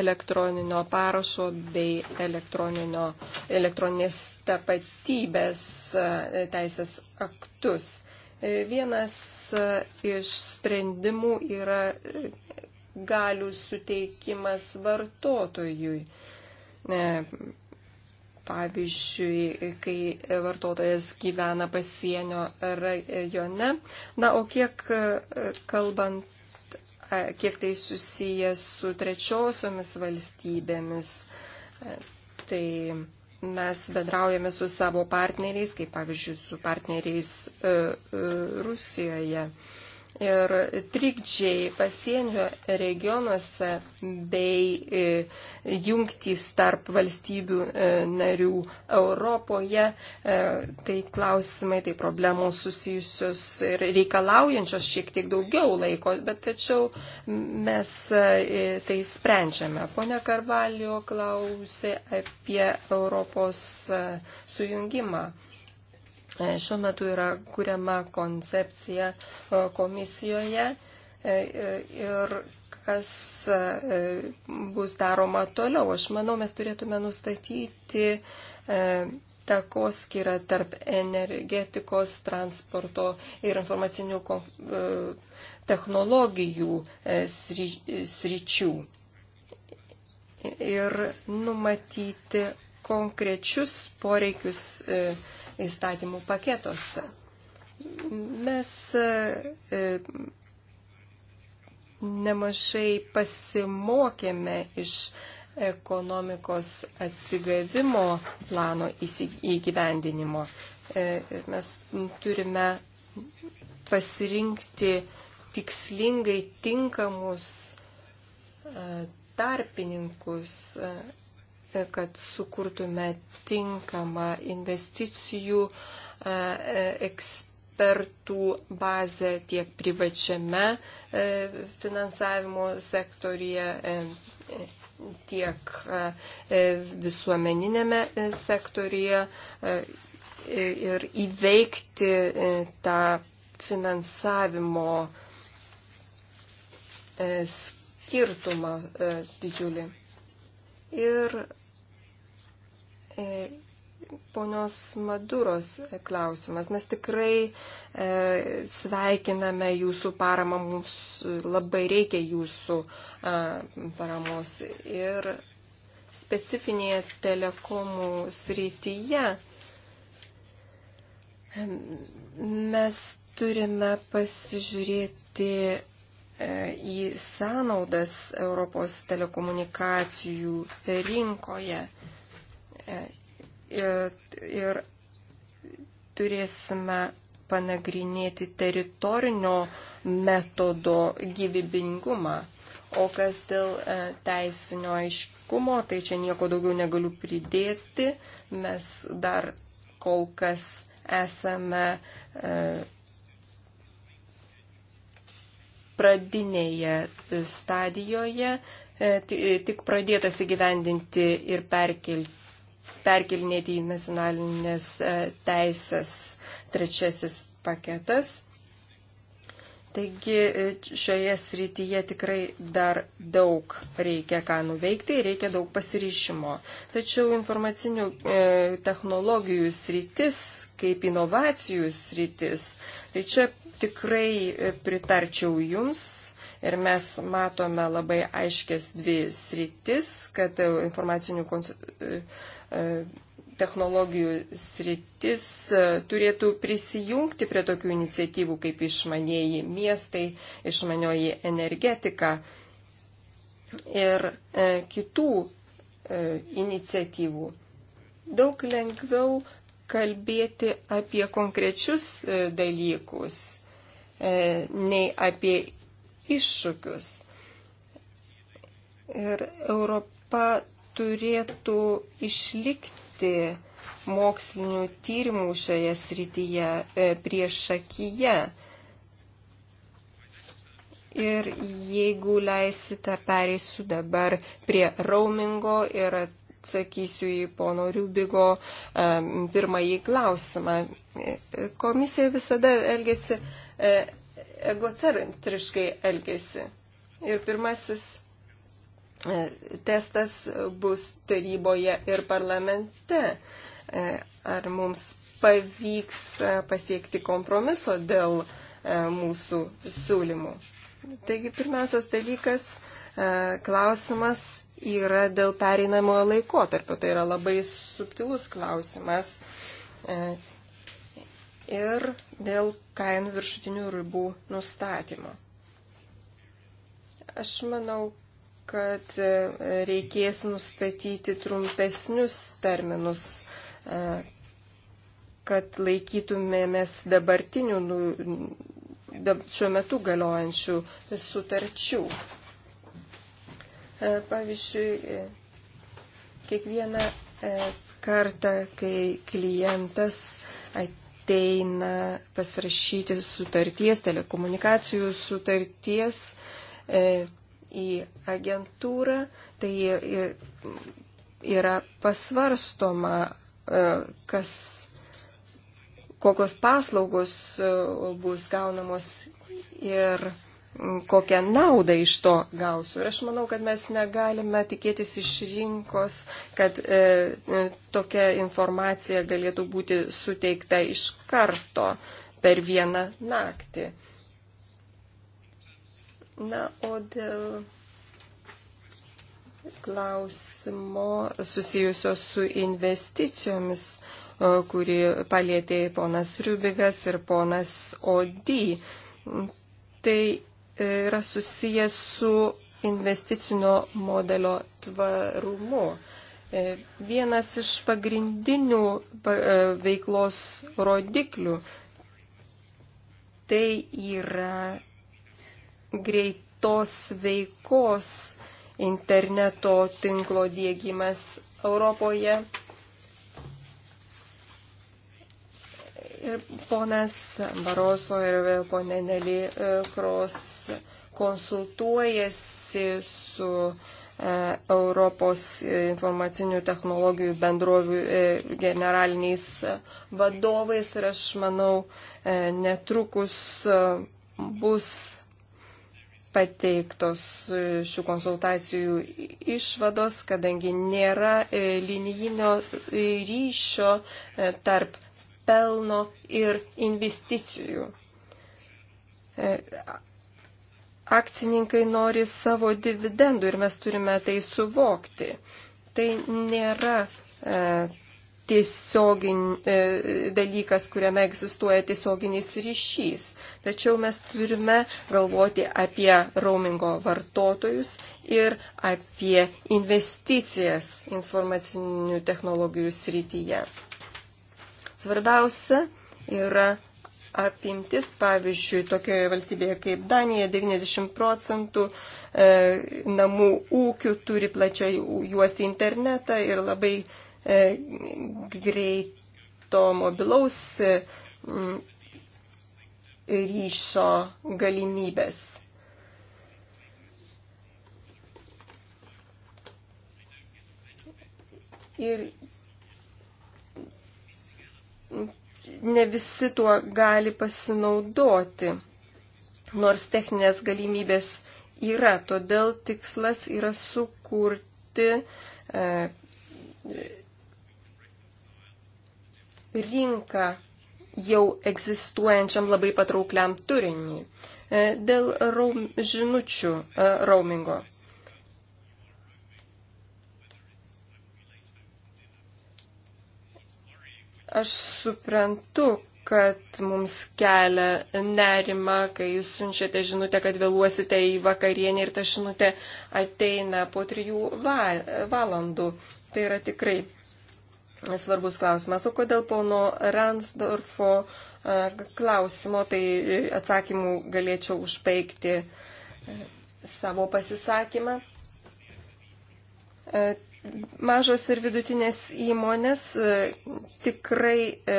elektroninio parašo bei elektroninės tapatybės teisės aktus. Vienas iš sprendimų yra galių suteikimas vartotojui pavyzdžiui, kai vartotojas gyvena pasienio rajone. Na, o kiek e, kalbant, e, kiek tai susiję su trečiosiomis valstybėmis, e, tai mes bendraujame su savo partneriais, kaip pavyzdžiui, su partneriais Rusijoje ir trikdžiai pasienio regionuose bei e, jungtys tarp valstybių e, narių Europoje, e, tai klausimai, tai problemos susijusios ir reikalaujančios šiek tiek daugiau laiko, bet tačiau mes tai sprendžiame. Pone Karvalio klausė apie Europos sujungimą. E, šiuo metu yra kuriama koncepcija e, komisijoje e, ir kas bus daroma toliau. Aš manau, mes turėtume nustatyti takos skirą tarp energetikos, transporto ir informacinių technologijų sričių. Ir numatyti konkrečius poreikius įstatymų paketuose. Mes e, nemažai pasimokėme iš ekonomikos atsigavimo plano įgyvendinimo. E, mes turime pasirinkti tikslingai tinkamus e, tarpininkus kad sukurtume tinkamą investicijų e, e, ekspertų bazę tiek privačiame e, finansavimo sektorija, tiek visuomeninėme sektorija ir įveikti tą finansavimo skirtumą didžiulį ir e, ponios Maduros klausimas. Mes tikrai e, sveikiname jūsų paramą, mums labai reikia jūsų e, paramos. Ir specifinėje telekomų srityje mes turime pasižiūrėti E, į sąnaudas Europos telekomunikacijų rinkoje. E, ir, ir turėsime panagrinėti teritorinio metodo gyvybingumą. O kas dėl e, teisinio aiškumo, tai čia nieko daugiau negaliu pridėti. Mes dar kol kas esame pradinėje stadijoje, e, e, tik pradėtas įgyvendinti ir perkelti perkelinėti į nacionalinės e, teisės trečiasis paketas. Taigi šioje srityje tikrai dar daug reikia ką nuveikti ir reikia daug pasiryšimo. Tačiau informacinių e, technologijų sritis, kaip inovacijų sritis, tai čia tikrai e, pritarčiau Jums ir mes matome labai aiškės dvi sritis, kad e, informacinių e, technologijų sritis turėtų prisijungti prie tokių iniciatyvų kaip išmanieji miestai, išmanioji energetika ir kitų iniciatyvų. Daug lengviau kalbėti apie konkrečius dalykus E, nei apie iššūkius. Ir Europa turėtų išlikti mokslinių tyrimų šioje srityje e, prieš akiją. Ir jeigu leisite, pereisiu dabar prie roamingo ir atsakysiu į pono Riubigo e, pirmąjį klausimą. Komisija visada elgesi E, egocentriškai elgesi. Ir pirmasis e, testas bus taryboje ir parlamente. E, ar mums pavyks pasiekti kompromiso dėl mūsų siūlymų. Taigi pirmiausias dalykas, klausimas yra dėl pereinamojo laikotarpio. Tai yra labai subtilus klausimas ir dėl kainų viršutinių ribų nustatymo. Aš manau, kad e, reikės nustatyti trumpesnius terminus, e, kad laikytumėmės dabartinių nu, šiuo metu galiojančių sutarčių. E, pavyzdžiui, kiekvieną kartą, kai klientas ateina, ateina pasirašyti sutarties, telekomunikacijų sutarties e, į agentūrą, tai e, yra pasvarstoma, e, kas, kokios paslaugos e, bus gaunamos ir kokią naudą iš to gausiu. Ir aš manau, kad mes negalime tikėtis iš rinkos, kad e, e, tokia informacija galėtų būti suteikta iš karto per vieną naktį. Na, o dėl klausimo susijusio su investicijomis, e, kurį palėtė ponas Rubigas ir ponas Odį. Tai yra susijęs su investicinio modelio tvarumu. E, vienas iš pagrindinių e, veiklos rodiklių tai yra greitos veikos interneto tinklo dėgymas Europoje Ir ponas Baroso ir ponė Nelį e, Kros konsultuojasi su e, Europos informacinių technologijų bendrovių e, generaliniais vadovais ir aš manau netrukus bus pateiktos šių konsultacijų išvados, kadangi nėra linijinio ryšio tarp pelno ir investicijų. E, akcininkai nori savo dividendų ir mes turime tai suvokti. Tai nėra e, tiesiogin, e, dalykas, kuriame egzistuoja tiesioginis ryšys. Tačiau mes turime galvoti apie roamingo vartotojus ir apie investicijas informacinių technologijų srityje. Svarbiausia yra apimtis, pavyzdžiui, tokioje valstybėje kaip Danija 90 procentų e, namų ūkių turi plačiai juosti internetą ir labai e, greito mobilaus e, ryšio galimybės. Ir ne visi tuo gali pasinaudoti, nors techninės galimybės yra. Todėl tikslas yra sukurti e, rinką jau egzistuojančiam labai patraukliam turiniui. E, dėl raum, žinučių e, roamingo. Aš suprantu, kad mums kelia nerima, kai jūs siunčiate žinutę, kad vėluosite į vakarienę ir ta žinutė ateina po trijų val valandų. Tai yra tikrai svarbus klausimas. O kodėl pono Ransdorfo klausimo, tai atsakymų galėčiau užbaigti e, savo pasisakymą. E, Mažos ir vidutinės įmonės e, tikrai e,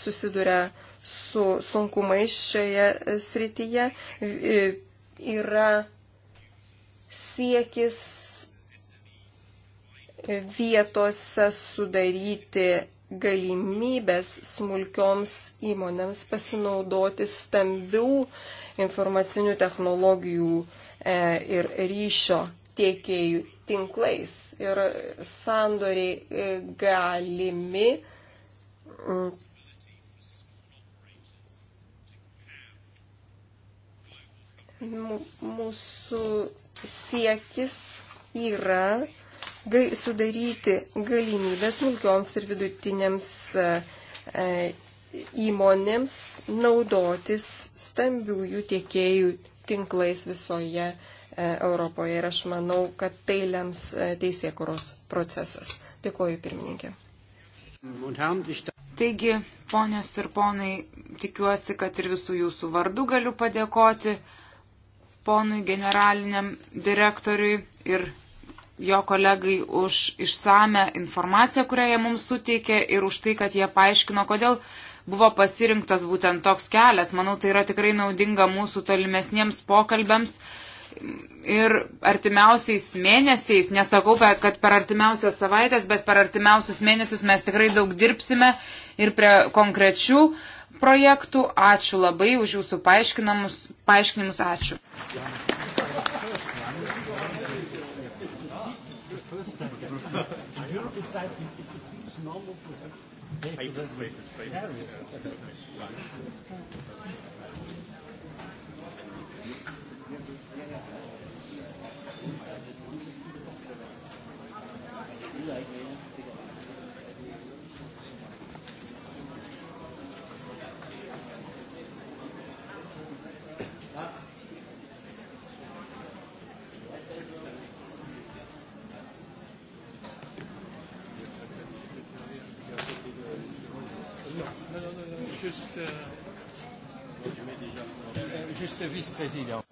susiduria su sunkumais šioje e, srityje. Yra siekis vietose sudaryti galimybės smulkioms įmonėms pasinaudoti stambių informacinių technologijų ir ryšio tiekėjų tinklais ir sandoriai e, galimi. Mm, mūsų siekis yra sudaryti galimybę smulkioms ir vidutinėms e, e, įmonėms naudotis stambiųjų tiekėjų tinklais visoje E, Europoje ir aš manau, kad tai lems e, teisėkuros procesas. Dėkuoju, pirmininkė. Taigi, ponios ir ponai, tikiuosi, kad ir visų jūsų vardų galiu padėkoti ponui generaliniam direktoriui ir jo kolegai už išsame informaciją, kurią jie mums suteikė ir už tai, kad jie paaiškino, kodėl buvo pasirinktas būtent toks kelias. Manau, tai yra tikrai naudinga mūsų tolimesniems pokalbėms ir artimiausiais mėnesiais, nesakau, kad per artimiausias savaitės, bet per artimiausius mėnesius mes tikrai daug dirbsime ir prie konkrečių projektų. Ačiū labai už jūsų paaiškinimus. paaiškinimus ačiū. Europe is normal for that. presidio.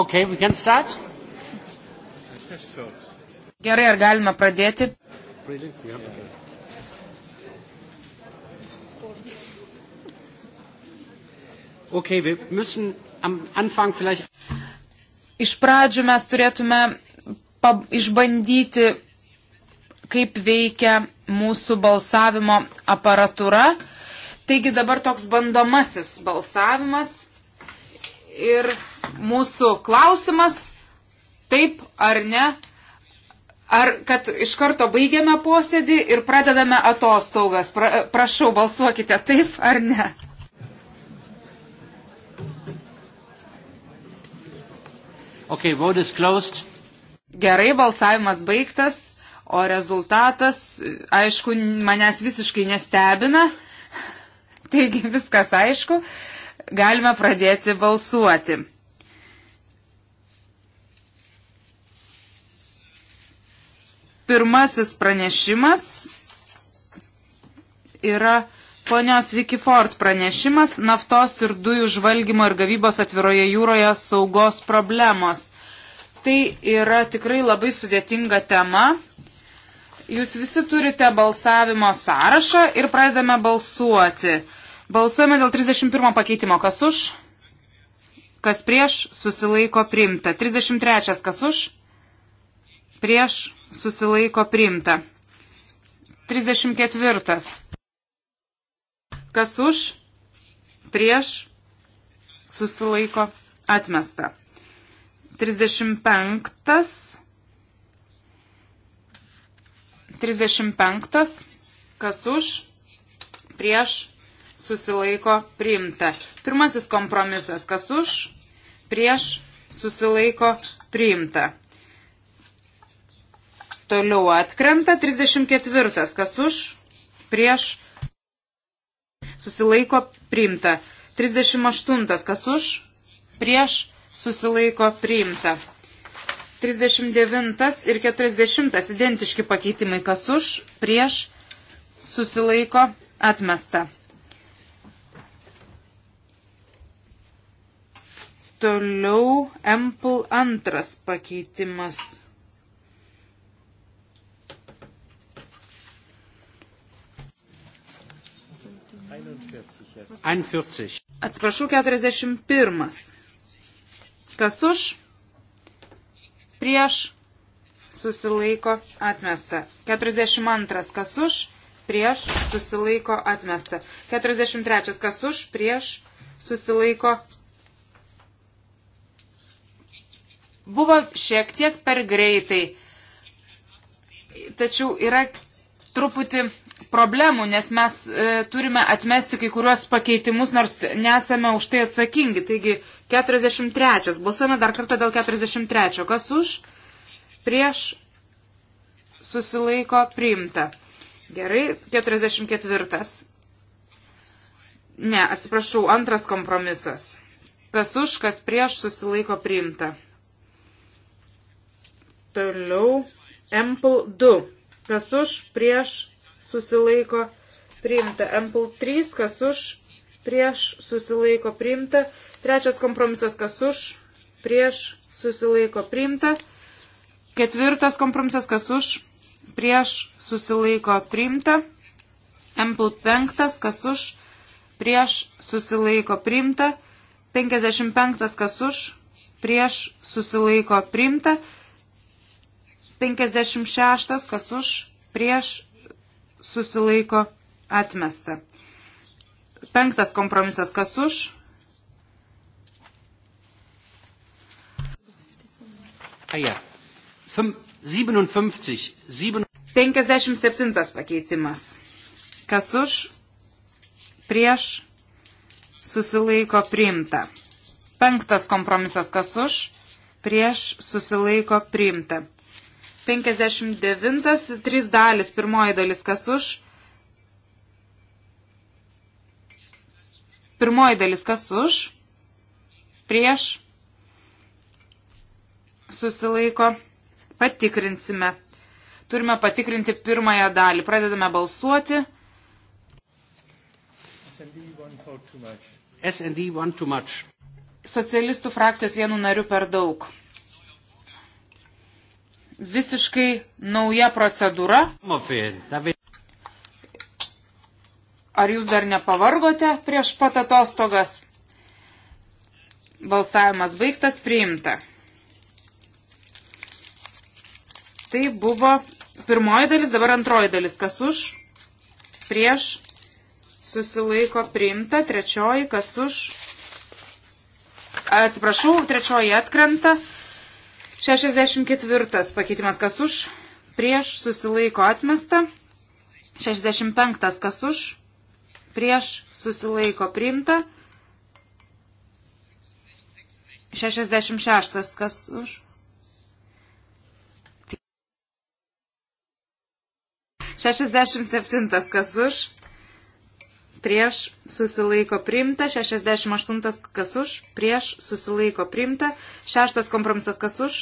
Okay, we can start. Gerai, ar galima pradėti? Okay, wir müssen am Anfang vielleicht. Iš pradžių mes turėtume išbandyti, kaip veikia mūsų balsavimo aparatūra. Taigi dabar toks bandomasis balsavimas. Ir mūsų klausimas, taip ar ne, ar kad iš karto baigiame posėdį ir pradedame atostogas. Pra, prašau, balsuokite taip ar ne. Okay, vote is closed. Gerai, balsavimas baigtas, o rezultatas, aišku, manęs visiškai nestebina. Taigi viskas aišku, galime pradėti balsuoti. Pirmasis pranešimas yra ponios Vicky Ford pranešimas naftos ir dujų žvalgymo ir gavybos atviroje jūroje saugos problemos. Tai yra tikrai labai sudėtinga tema. Jūs visi turite balsavimo sąrašą ir pradedame balsuoti. Balsuojame dėl 31 pakeitimo. Kas už? Kas prieš? Susilaiko primta. 33. Kas už? Prieš? susilaiko priimta. 34. Kas už, prieš, susilaiko atmesta. 35. 35. Kas už, prieš, susilaiko priimta. Pirmasis kompromisas. Kas už, prieš, susilaiko priimta toliau atkrenta. 34. Kas už? Prieš. Susilaiko priimta. 38. Kas už? Prieš. Susilaiko priimta. 39 ir 40 identiški pakeitimai. Kas už? Prieš. Susilaiko atmesta. Toliau Ample antras pakeitimas. 41. Atsiprašau, 41. Kas už? Prieš susilaiko atmesta. 42. Kas už? Prieš susilaiko atmesta. 43. Kas už? Prieš susilaiko. Buvo šiek tiek per greitai. Tačiau yra truputį problemų, nes mes e, turime atmesti kai kuriuos pakeitimus, nors nesame už tai atsakingi. Taigi 43. Balsuojame dar kartą dėl 43. Kas už? Prieš susilaiko priimta. Gerai, 44. Ne, atsiprašau, antras kompromisas. Kas už, kas prieš susilaiko priimta. Toliau, Ample 2 kas už, prieš, susilaiko, priimta. Ampul 3, kas už, prieš, susilaiko, priimta. Trečias kompromisas, kas už, prieš, susilaiko, priimta. Ketvirtas kompromisas, kas už, prieš, susilaiko, priimta. Ampul 5, kas už, prieš, susilaiko, priimta. 55, kas už, prieš, susilaiko, priimta. 56, kas už, prieš, susilaiko, atmesta. Penktas kompromisas, kas už. Aja. 57. 57 pakeitimas. Kas už, prieš, susilaiko priimta. Penktas kompromisas, kas už, prieš, susilaiko priimta. 59, 3 dalis, pirmoji dalis, kas už. Pirmoji dalis, kas už. Prieš. Susilaiko. Patikrinsime. Turime patikrinti pirmąją dalį. Pradedame balsuoti. SND one too much. Socialistų frakcijos vienu nariu per daug visiškai nauja procedūra. Ar jūs dar nepavargote prieš pat atostogas? Balsavimas baigtas, priimta. Tai buvo pirmoji dalis, dabar antroji dalis. Kas už? Prieš susilaiko priimta, trečioji, kas už. Atsiprašau, trečioji atkrenta, 64 pakeitimas kas už, prieš susilaiko atmesta. 65 kas už, prieš susilaiko priimta. 66 kas už. 67 kas už, prieš susilaiko primta, 68 kas už, prieš susilaiko primta, 6 kompromisas kas už,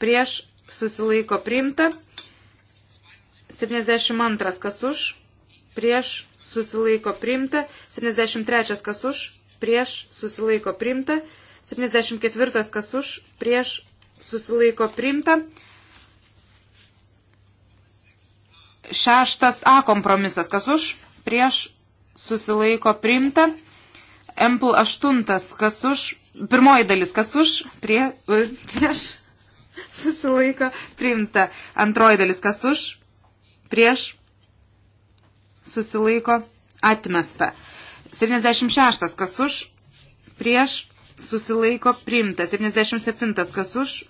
prieš susilaiko primta, 72 kas už, prieš susilaiko primta, 73 kas už, prieš susilaiko primta, 74 kas už, prieš susilaiko primta. Šeštas A kompromisas, kas už? prieš susilaiko priimta. Empl 8, kas už, pirmoji dalis, kas už, prie, prieš susilaiko priimta. Antroji dalis, kas už, prieš susilaiko atmesta. 76, kas už, prieš susilaiko priimta. 77, kas už,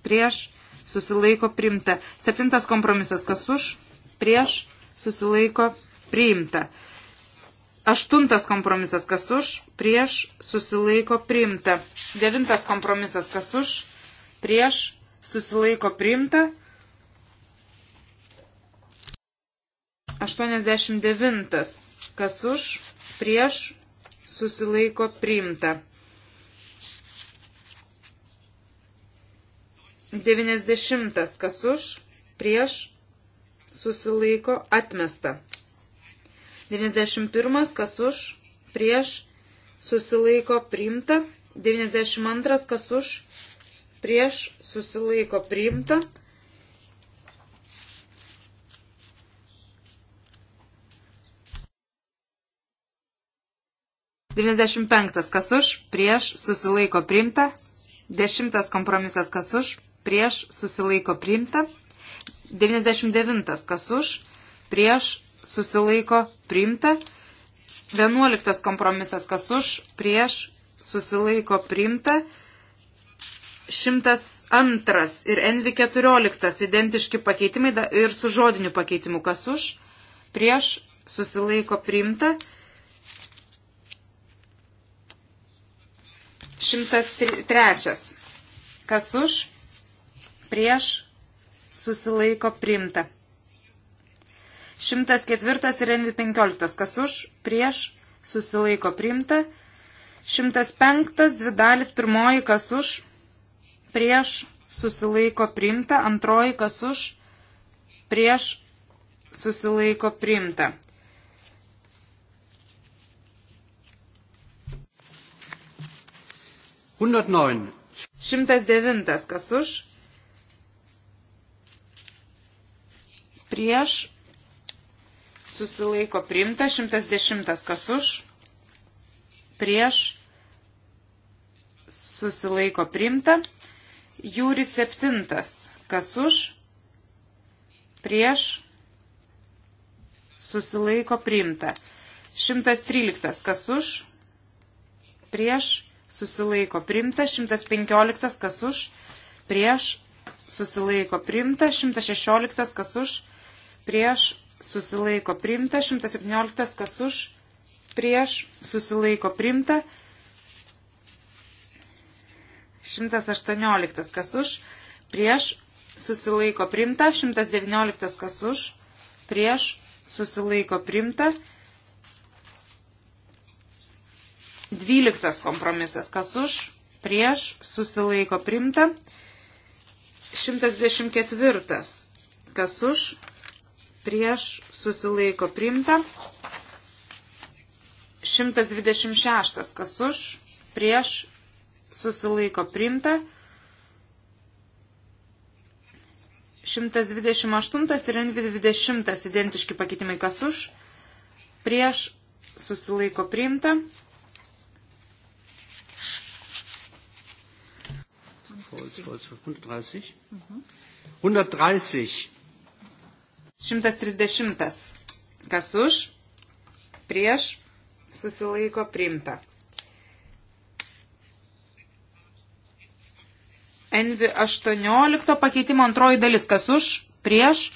prieš susilaiko priimta. 7 kompromisas, kas už, prieš susilaiko priimta priimta. Aštuntas kompromisas kas už, prieš susilaiko priimta. Devintas kompromisas kas už, prieš susilaiko priimta. 89 kas už, prieš susilaiko priimta. 90 kas už, prieš susilaiko atmesta. 91. Kas už? Prieš. Susilaiko priimta. 92. Kas už? Prieš. Susilaiko priimta. Devyniasdešimt penktas kas už, prieš susilaiko primta, dešimtas kompromisas kas už, prieš susilaiko primta, 99 kas už, prieš susilaiko priimta. 11 kompromisas kas už, prieš susilaiko priimta. 102 ir NV14 identiški pakeitimai ir su žodiniu pakeitimu kas už, prieš susilaiko priimta. 103 kas už, prieš susilaiko priimta. 104 ir NV15, kas už, prieš, susilaiko priimta. 105, dvi dalis, pirmoji, kas už, prieš, susilaiko priimta, antroji, kas už, prieš, susilaiko priimta. Šimtas devintas, kas už, prieš, susilaiko priimta, 110 kas už, prieš, susilaiko priimta, jūri 7 kas už, prieš, susilaiko priimta, 113 kas už, prieš, susilaiko priimta, 115 kas už, prieš, susilaiko priimta, 116 kas už, prieš, susilaiko primta, 117 kas už, prieš susilaiko primta, 118 kas už, prieš susilaiko primta, 119 kas už, prieš susilaiko primta, 12 kompromisas kas už, prieš susilaiko primta, 124 kas už, prieš susilaiko priimta. 126 kas už prieš susilaiko priimta. 128 ir 20 identiški pakeitimai kas už prieš susilaiko priimta. Holz, Holz, 130. 130. 130. Kas už, prieš, susilaiko priimta. Envi 18 pakeitimo antroji dalis. Kas už, prieš,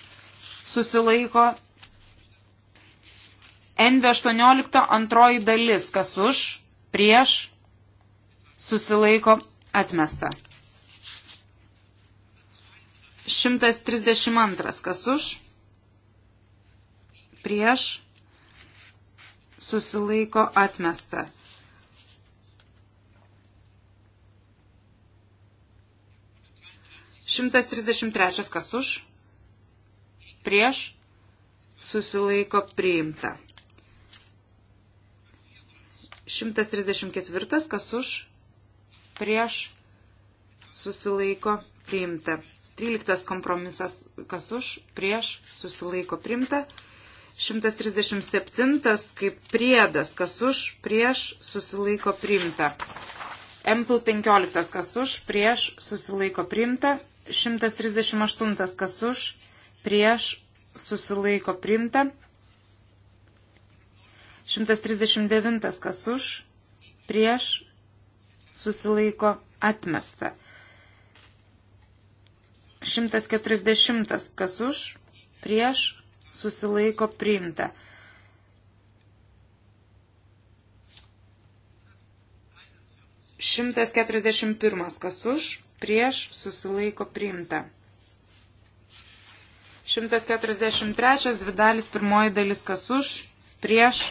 susilaiko. Envi 18 antroji dalis. Kas už, prieš, susilaiko atmesta. 132. Kas už, prieš susilaiko atmesta. Šimtas trisdešimt trečias kas už, prieš susilaiko priimta. Šimtas trisdešimt ketvirtas kas už, prieš susilaiko priimta. Tryliktas kompromisas kas už, prieš susilaiko priimta. 137 kaip priedas, kas už, prieš, susilaiko primta. Empl 15 kas už, prieš, susilaiko primta. 138 kas už, prieš, susilaiko primta. 139 kas už, prieš, susilaiko atmesta. 140 kas už, prieš, susilaiko priimta. Šimtas keturiasdešimt pirmas, kas už, prieš, susilaiko priimta. Šimtas keturiasdešimt trečias, dvi dalis, pirmoji dalis, kas už, prieš,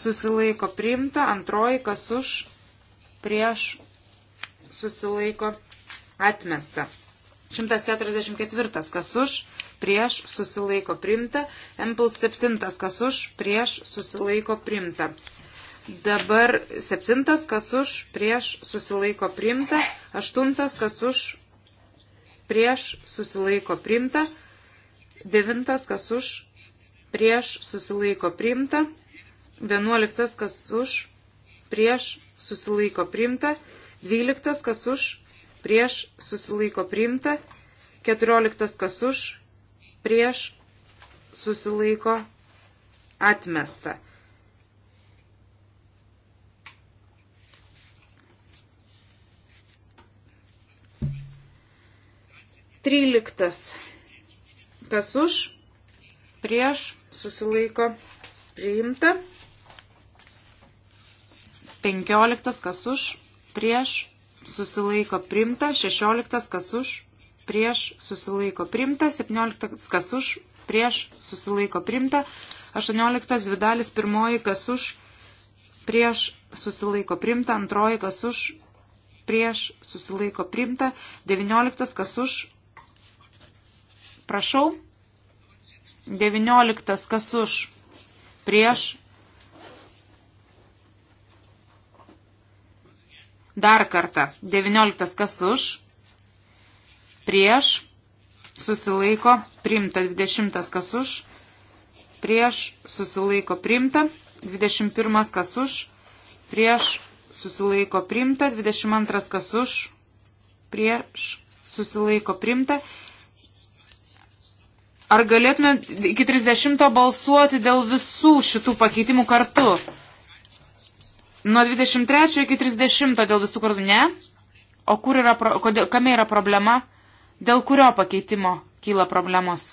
susilaiko priimta, antroji, kas už, prieš, susilaiko atmesta. 144. Kas už, prieš, susilaiko primta. Empl 7. Kas už, prieš, susilaiko primta. Dabar 7. Kas už, prieš, susilaiko primta. 8. Kas už, prieš, susilaiko primta. 9. Kas už, prieš, susilaiko primta. 11. Kas už, prieš, susilaiko primta. 12. Kas už, prieš susilaiko priimta, 14 kas už, prieš susilaiko atmesta. Tryliktas. Kas už, prieš, susilaiko, priimta. Penkioliktas. Kas už, prieš, susilaiko primta, 16 kas už, prieš susilaiko primta, 17 kas už, prieš susilaiko primta, 18 dvi dalis pirmoji kas už, prieš susilaiko primta, antroji kas už, prieš susilaiko primta, 19 kas už, prašau, 19 kas už, prieš Dar kartą. 19. Kas už? Prieš. Susilaiko. Primta. 20. Kas už? Prieš. Susilaiko. Primta. 21. Kas už? Prieš. Susilaiko. Primta. 22. Kas už? Prieš. Susilaiko. Primta. Ar galėtume iki 30 balsuoti dėl visų šitų pakeitimų kartu? Nuo 23 iki 30 dėl visų kartų ne. O kur yra, kodėl, kame yra problema? Dėl kurio pakeitimo kyla problemos?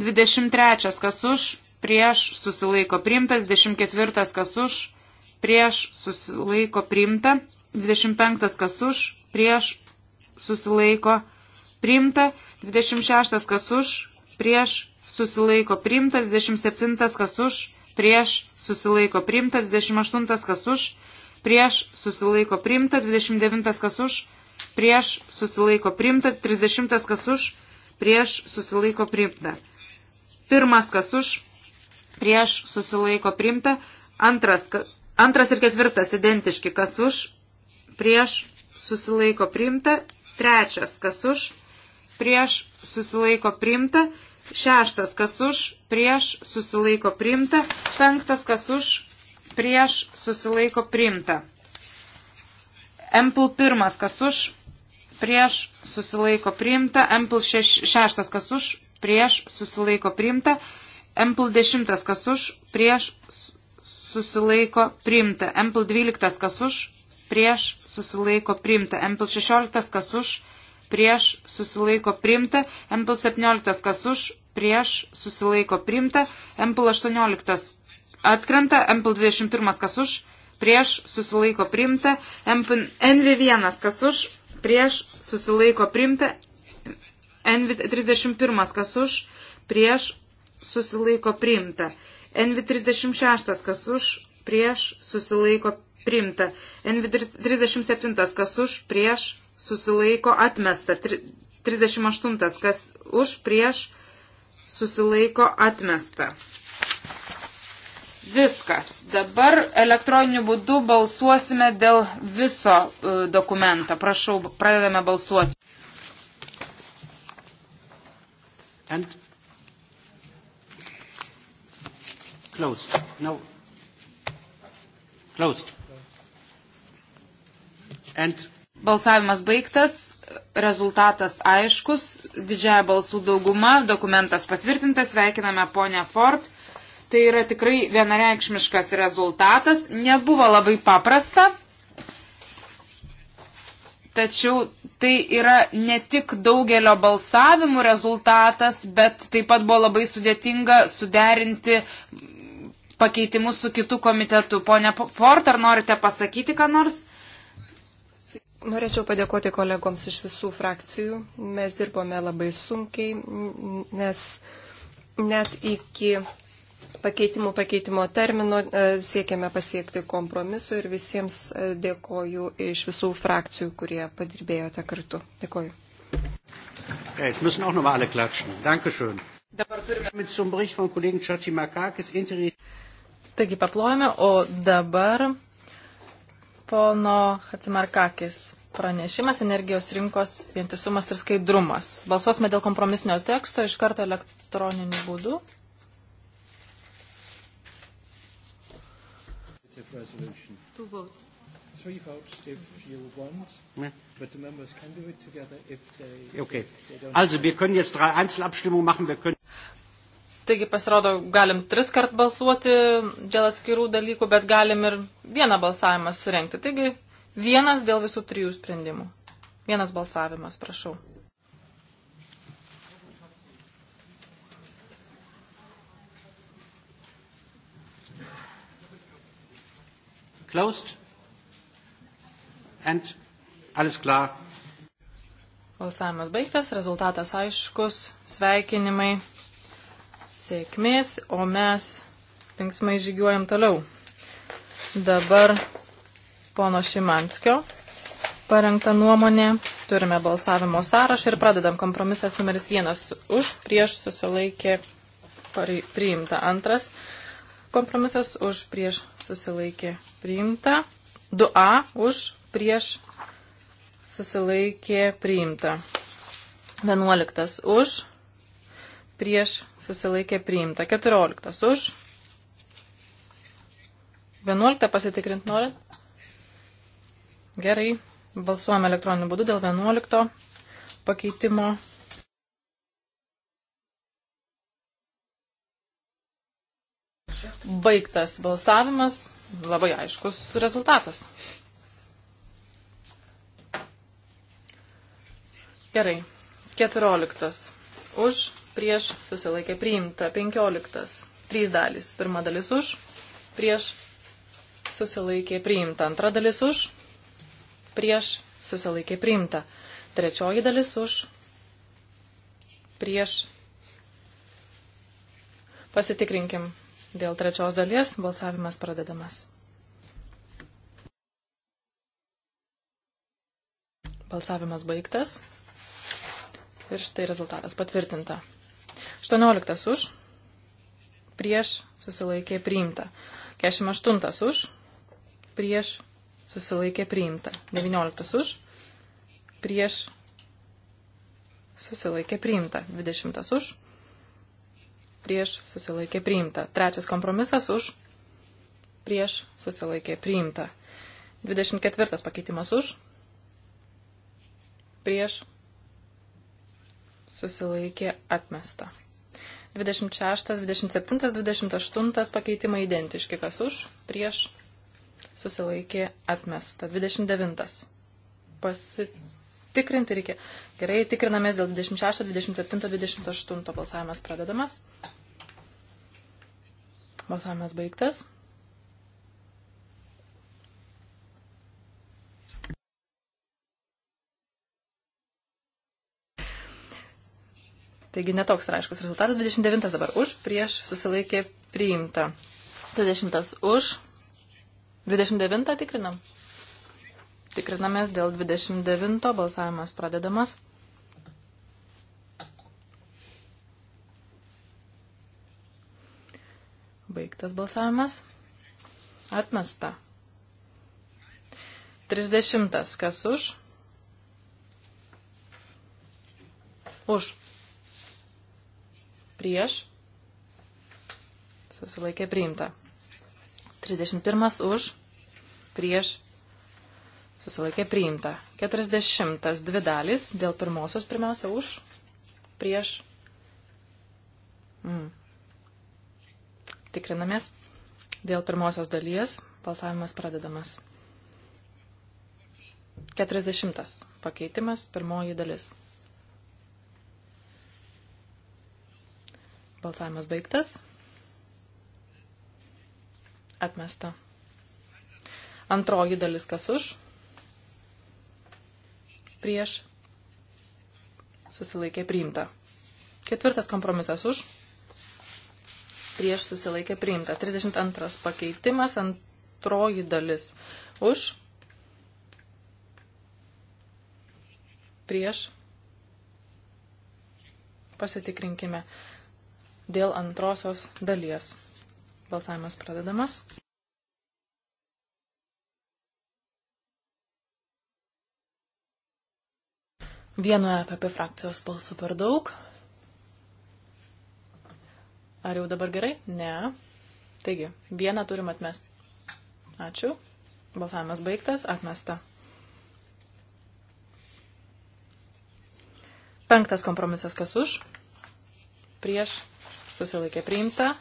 23 kas už, prieš susilaiko priimta, 24 kas už, prieš susilaiko priimta, 25 kas už, prieš susilaiko priimta, 26 kas už, prieš susilaiko priimta, 27 kas už, prieš susilaiko priimta, 28 kas už, prieš susilaiko priimta, 29 kas už, prieš susilaiko priimta, 30 kas už, prieš susilaiko priimta. Pirmas kas už, prieš susilaiko priimta, antras, antras ir ketvirtas identiški kas už, prieš susilaiko priimta, trečias kas už, prieš susilaiko priimta, Šeštas, kas už, prieš, susilaiko primta. Penktas, kas už, prieš, susilaiko primta. Empul pirmas, kas už, prieš, susilaiko primta. Empul šeš, šeštas, kas už, prieš, susilaiko primta. Empul dešimtas, kas už, prieš, susilaiko primta. Empul dvyliktas, kas už, prieš, susilaiko primta. Empul šešioliktas, kas už, prieš prieš susilaiko primta, MPL 17 kas už, prieš susilaiko primta, MPL 18 atkrenta, MPL 21 kas už, prieš susilaiko primta, NV1 kas už, prieš susilaiko primta, NV31 kas už, prieš susilaiko primta, NV36 kas už, prieš susilaiko primta, NV37 kas už, prieš susilaiko atmesta. 38. Kas už prieš susilaiko atmesta. Viskas. Dabar elektroniniu būdu balsuosime dėl viso e, dokumento. Prašau, pradedame balsuoti. And closed. No. Closed. And Balsavimas baigtas, rezultatas aiškus, didžiaja balsų dauguma, dokumentas patvirtintas, sveikiname ponę Ford. Tai yra tikrai vienareikšmiškas rezultatas, nebuvo labai paprasta, tačiau tai yra ne tik daugelio balsavimų rezultatas, bet taip pat buvo labai sudėtinga suderinti pakeitimus su kitu komitetu. Pone Ford, ar norite pasakyti ką nors? Norėčiau padėkoti kolegoms iš visų frakcijų. Mes dirbome labai sunkiai, nes net iki pakeitimų pakeitimo termino e, siekiame pasiekti kompromisu ir visiems e, dėkoju iš visų frakcijų, kurie padirbėjote kartu. Dėkoju. Jetzt müssen auch nochmal alle klatschen. Dankeschön. Dabar turime mit zum Bericht von Kollegen Chachimakakis Interi. Taigi paplojame, o dabar pono Hatsimarkakis pranešimas energijos rinkos vientisumas ir skaidrumas. Balsuosime dėl kompromisinio teksto iš karto elektroniniu būdu. Two votes. Three votes if you want, yeah. but the members can do it together if they. Okay. If they don't also, wir können jetzt drei Einzelabstimmungen machen. Wir können. Taigi pasirodo, galim tris kart balsuoti dėl atskirų dalykų, bet galim ir vieną balsavimą surenkti. Taigi Vienas dėl visų trijų sprendimų. Vienas balsavimas, prašau. Closed. And alles klar. Balsavimas baigtas, rezultatas aiškus, sveikinimai, sėkmės, o mes linksmai žygiuojam toliau. Dabar pono Šimanskio parengta nuomonė. Turime balsavimo sąrašą ir pradedam kompromisas numeris vienas už, prieš susilaikė priimta antras. Kompromisas už, prieš susilaikė priimta. 2A už, prieš susilaikė priimta. 11 už, prieš susilaikė priimta. 14 už. 11 pasitikrint norit? Gerai, balsuojame elektroniniu būdu dėl 11 pakeitimo. Baigtas balsavimas, labai aiškus rezultatas. Gerai, 14. Už, prieš, susilaikė priimta, 15. Trys dalys. Pirma dalis už, prieš, susilaikė priimta, antra dalis už, prieš, susilaikė priimta. Trečioji dalis už, prieš. Pasitikrinkim dėl trečios dalies, balsavimas pradedamas. Balsavimas baigtas. Ir štai rezultatas patvirtinta. 18 už, prieš susilaikė priimta. 48 už, prieš susilaikė priimta. 19 už, prieš susilaikė priimta. 20 už, prieš susilaikė priimta. Trečias kompromisas už, prieš susilaikė priimta. 24 pakeitimas už, prieš susilaikė atmesta. 26, 27, 28 pakeitimai identiški, kas už, prieš susilaikė atmesta. 29. Pasitikrinti reikia. Gerai, tikrinamės dėl 26, 27, 28 balsavimas pradedamas. Balsavimas baigtas. Taigi netoks raiškus rezultatas. 29 dabar už, prieš susilaikė priimta. 20 už, 29 tikrinam. Tikrinamės dėl 29 balsavimas pradedamas. Baigtas balsavimas. Atmesta. 30. Kas už? Už. Prieš. Susilaikė priimta. 31. Už prieš susilaikė priimta. 40. Dvi dalys dėl pirmosios pirmiausia už, prieš. Mm. Tikrinamės. Dėl pirmosios dalies balsavimas pradedamas. 40. Pakeitimas, pirmoji dalis. Balsavimas baigtas. Atmesta. Antroji dalis kas už, prieš, susilaikė priimta. Ketvirtas kompromisas už, prieš susilaikė priimta. 32 pakeitimas, antroji dalis už, prieš, pasitikrinkime dėl antrosios dalies. Balsavimas pradedamas. Vieno EPP frakcijos balsų per daug. Ar jau dabar gerai? Ne. Taigi, vieną turim atmest. Ačiū. Balsavimas baigtas, atmesta. Penktas kompromisas kas už? Prieš. Susilaikė priimta.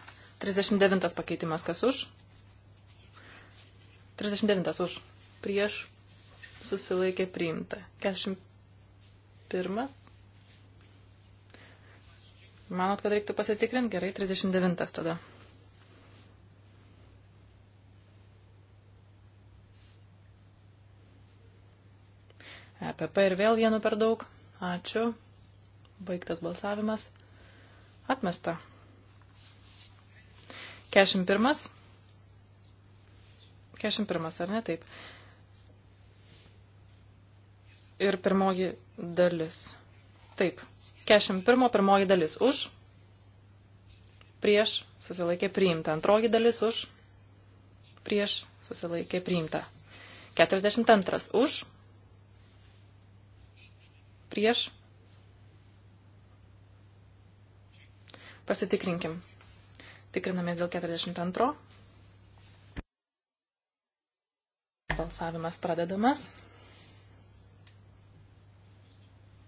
39 pakeitimas kas už? 39 už. Prieš. Susilaikė priimta. 40. Pirmas. Manot, kad reiktų pasitikrinti? Gerai, 39 tada. EPP ir vėl vienu per daug. Ačiū. Baigtas balsavimas. Atmesta. 41. 41, ar ne taip? ir pirmoji dalis. Taip, 41 pirmoji dalis už, prieš susilaikė priimta. Antroji dalis už, prieš susilaikė priimta. 42 už, prieš. Pasitikrinkim. Tikrinamės dėl 42. Balsavimas pradedamas.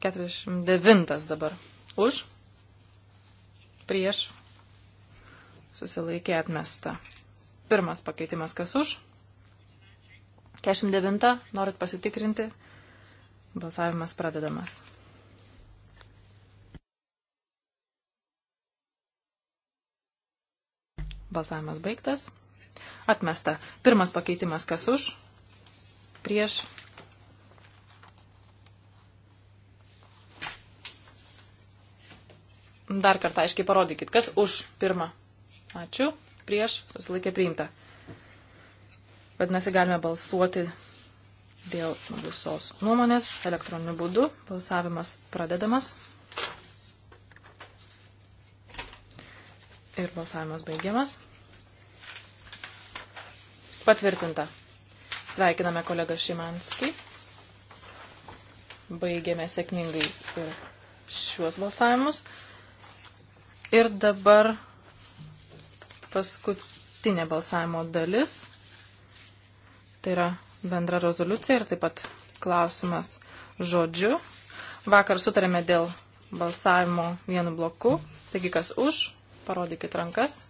49 dabar. Už, prieš, susilaikė atmesta. Pirmas pakeitimas, kas už. 49, norit pasitikrinti, balsavimas pradedamas. Balsavimas baigtas. Atmesta. Pirmas pakeitimas, kas už, prieš, Dar kartą aiškiai parodykit, kas už pirmą. Ačiū. Prieš susilaikė priimta. Vadinasi, galime balsuoti dėl visos nuomonės elektroniniu būdu. Balsavimas pradedamas. Ir balsavimas baigiamas. Patvirtinta. Sveikiname kolegą Šimanskį. Baigėme sėkmingai ir šiuos balsavimus. Ir dabar paskutinė balsavimo dalis. Tai yra bendra rezoliucija ir taip pat klausimas žodžiu. Vakar sutarėme dėl balsavimo vienu bloku. Taigi, kas už, parodykit rankas.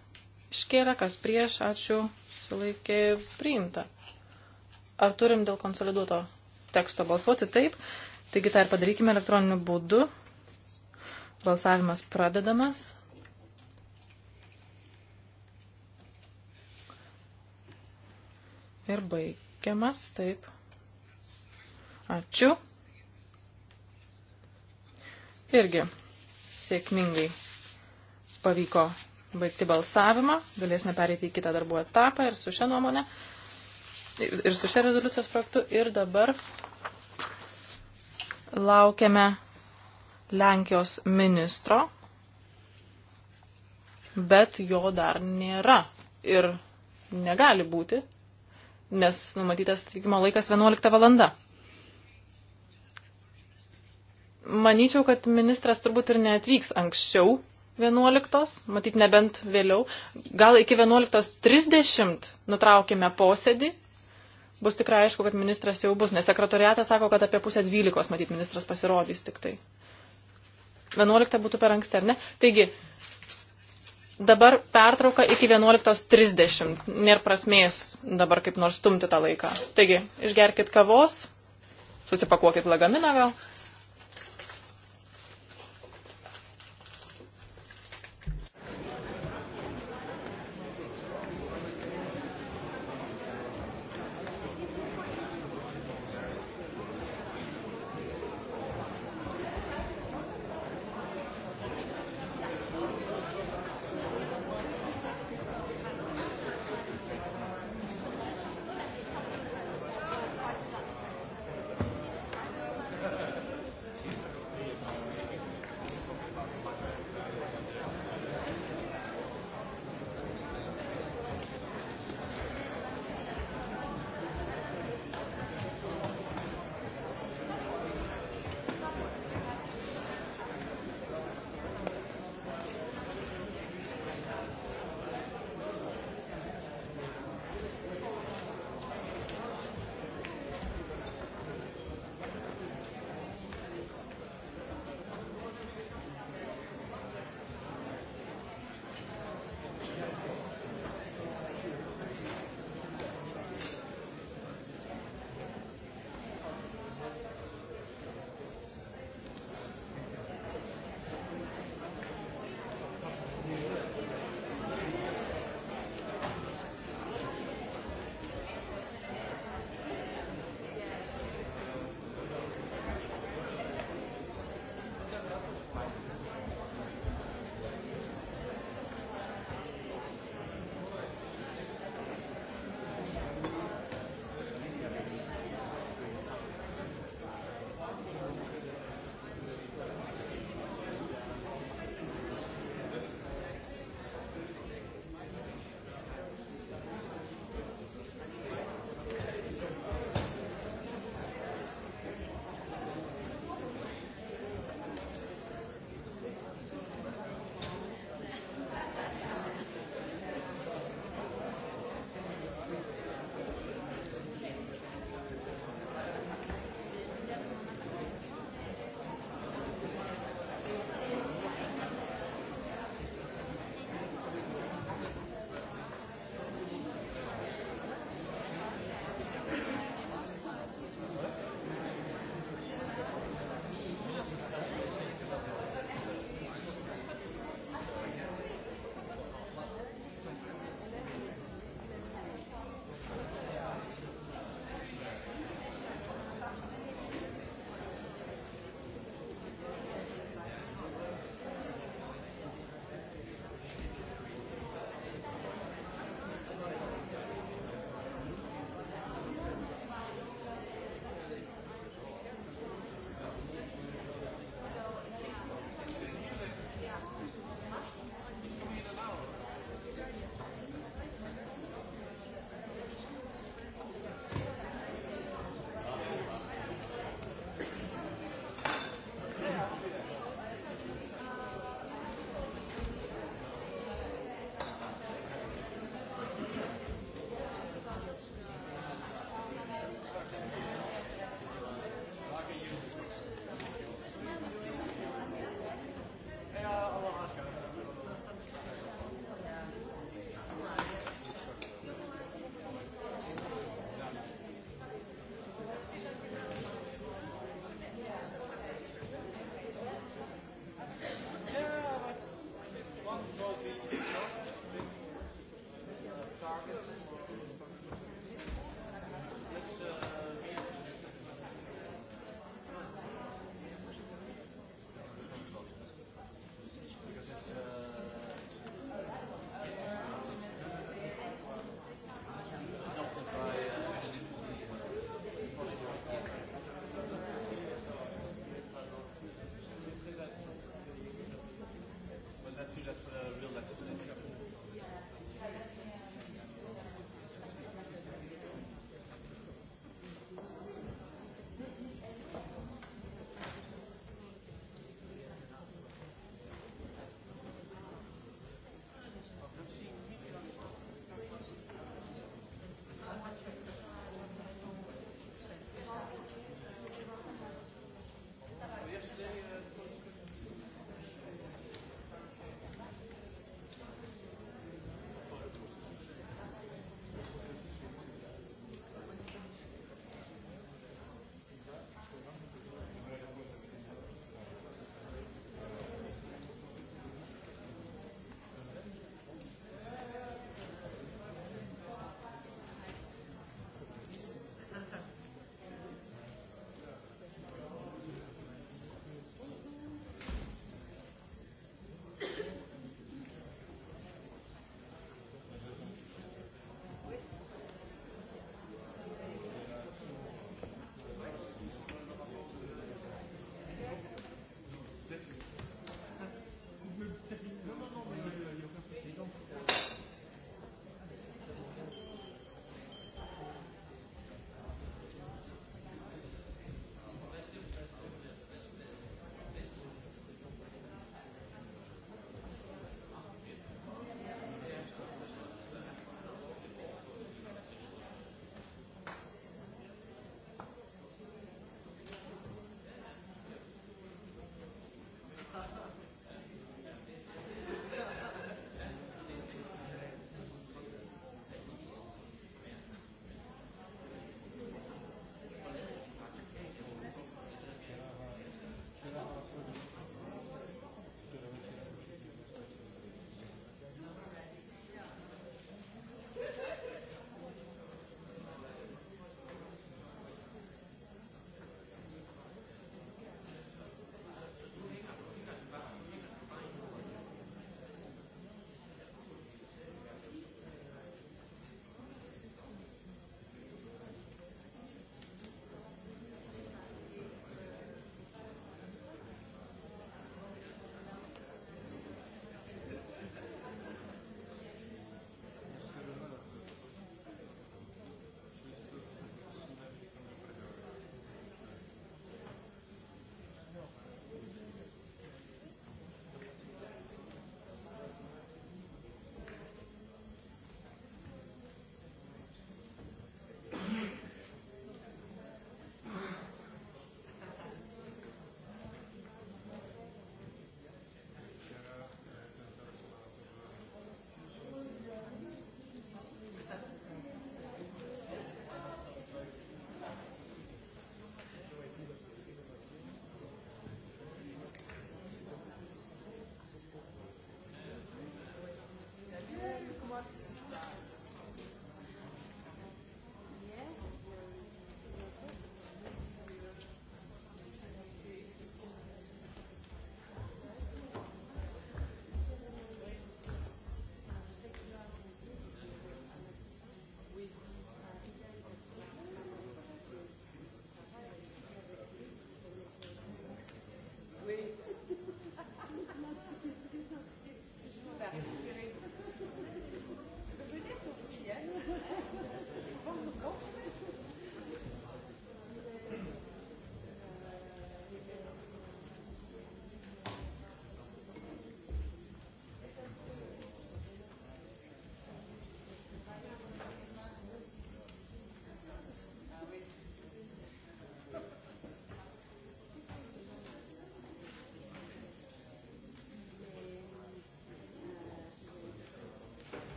Iškėlė, kas prieš, ačiū, sulaikė priimta. Ar turim dėl konsoliduoto teksto balsuoti? Taip. Taigi, tą ir padarykime elektroniniu būdu. Balsavimas pradedamas. ir baigiamas, taip. Ačiū. Irgi sėkmingai pavyko baigti balsavimą, galėsime pereiti į kitą darbų etapą ir su šią nuomonę, ir su šią rezoliucijos projektu. Ir dabar laukiame Lenkijos ministro, bet jo dar nėra ir negali būti nes numatytas atvykimo laikas 11 valanda. Manyčiau, kad ministras turbūt ir neatvyks anksčiau 11, matyt nebent vėliau. Gal iki 11.30 nutraukime posėdį. Bus tikrai aišku, kad ministras jau bus, nes sekretoriatas sako, kad apie pusę 12 matyt ministras pasirodys tik tai. 11 būtų per anksti, ar ne? Taigi, Dabar pertrauka iki 11.30. Nėra prasmės dabar kaip nors stumti tą laiką. Taigi, išgerkit kavos, susipakuokit lagaminą gal.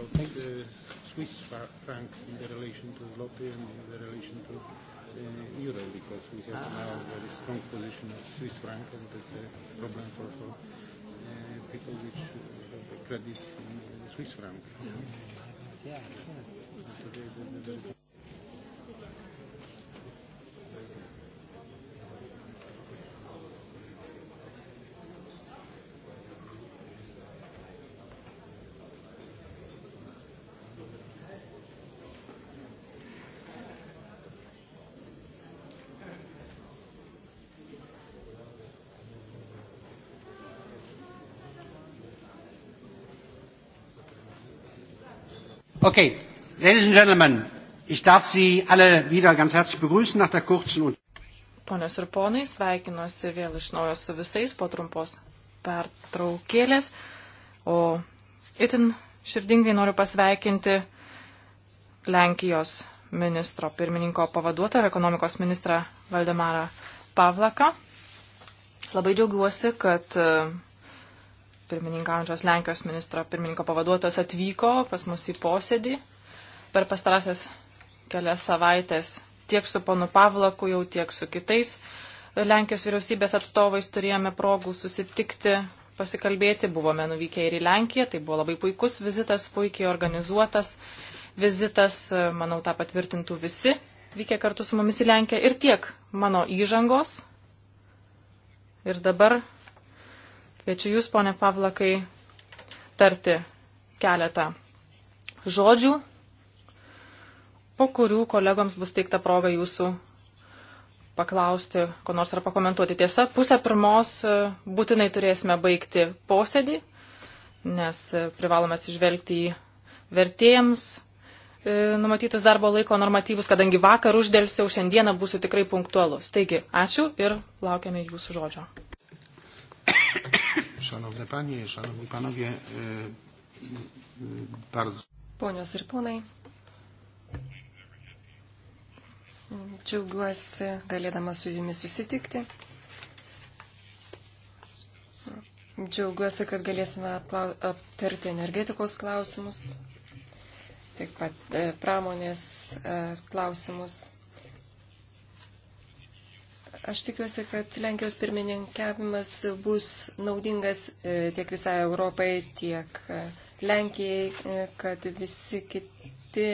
of Thanks. the Swiss franc in the relation to zloty and in the relation to uh, euro, because we have ah. now a very strong position of Swiss franc, and that's a problem for, for uh, people which uh, have credit in uh, Swiss franc. Yeah. Yeah. yeah. Okay, ladies and gentlemen, ich darf Sie alle wieder ganz herzlich begrüßen nach der kurzen und. Ponios ir ponai, sveikinuosi vėl iš naujo su visais po trumpos pertraukėlės, o itin širdingai noriu pasveikinti Lenkijos ministro pirmininko pavaduotą ir ekonomikos ministrą Valdemarą Pavlaką. Labai džiaugiuosi, kad pirmininkaujančios Lenkijos ministro pirmininko pavaduotojas atvyko pas mus į posėdį. Per pastarasias kelias savaitės tiek su ponu Pavlaku, jau tiek su kitais Lenkijos vyriausybės atstovais turėjome progų susitikti, pasikalbėti. Buvome nuvykę ir į Lenkiją, tai buvo labai puikus vizitas, puikiai organizuotas vizitas, manau, tą patvirtintų visi, vykę kartu su mumis į Lenkiją. Ir tiek mano įžangos. Ir dabar Kviečiu Jūs, ponė Pavlakai, tarti keletą žodžių, po kurių kolegoms bus teikta proga Jūsų paklausti, ko nors ar pakomentuoti. Tiesa, pusę pirmos e, būtinai turėsime baigti posėdį, nes e, privalome atsižvelgti į vertėjams e, numatytus darbo laiko normatyvus, kadangi vakar uždėlsiau, šiandieną būsiu tikrai punktualus. Taigi, ačiū ir laukiame jūsų žodžio. Szanowne Panie, Szanowni Panowie, e, e, bardzo. Ponios ir ponai, džiaugiuosi galėdama su Jumis susitikti. Džiaugiuosi, kad galėsime aptarti energetikos klausimus, taip pat e, pramonės klausimus Aš tikiuosi, kad Lenkijos pirmininkavimas bus naudingas e, tiek visai Europai, tiek e, Lenkijai, e, kad visi kiti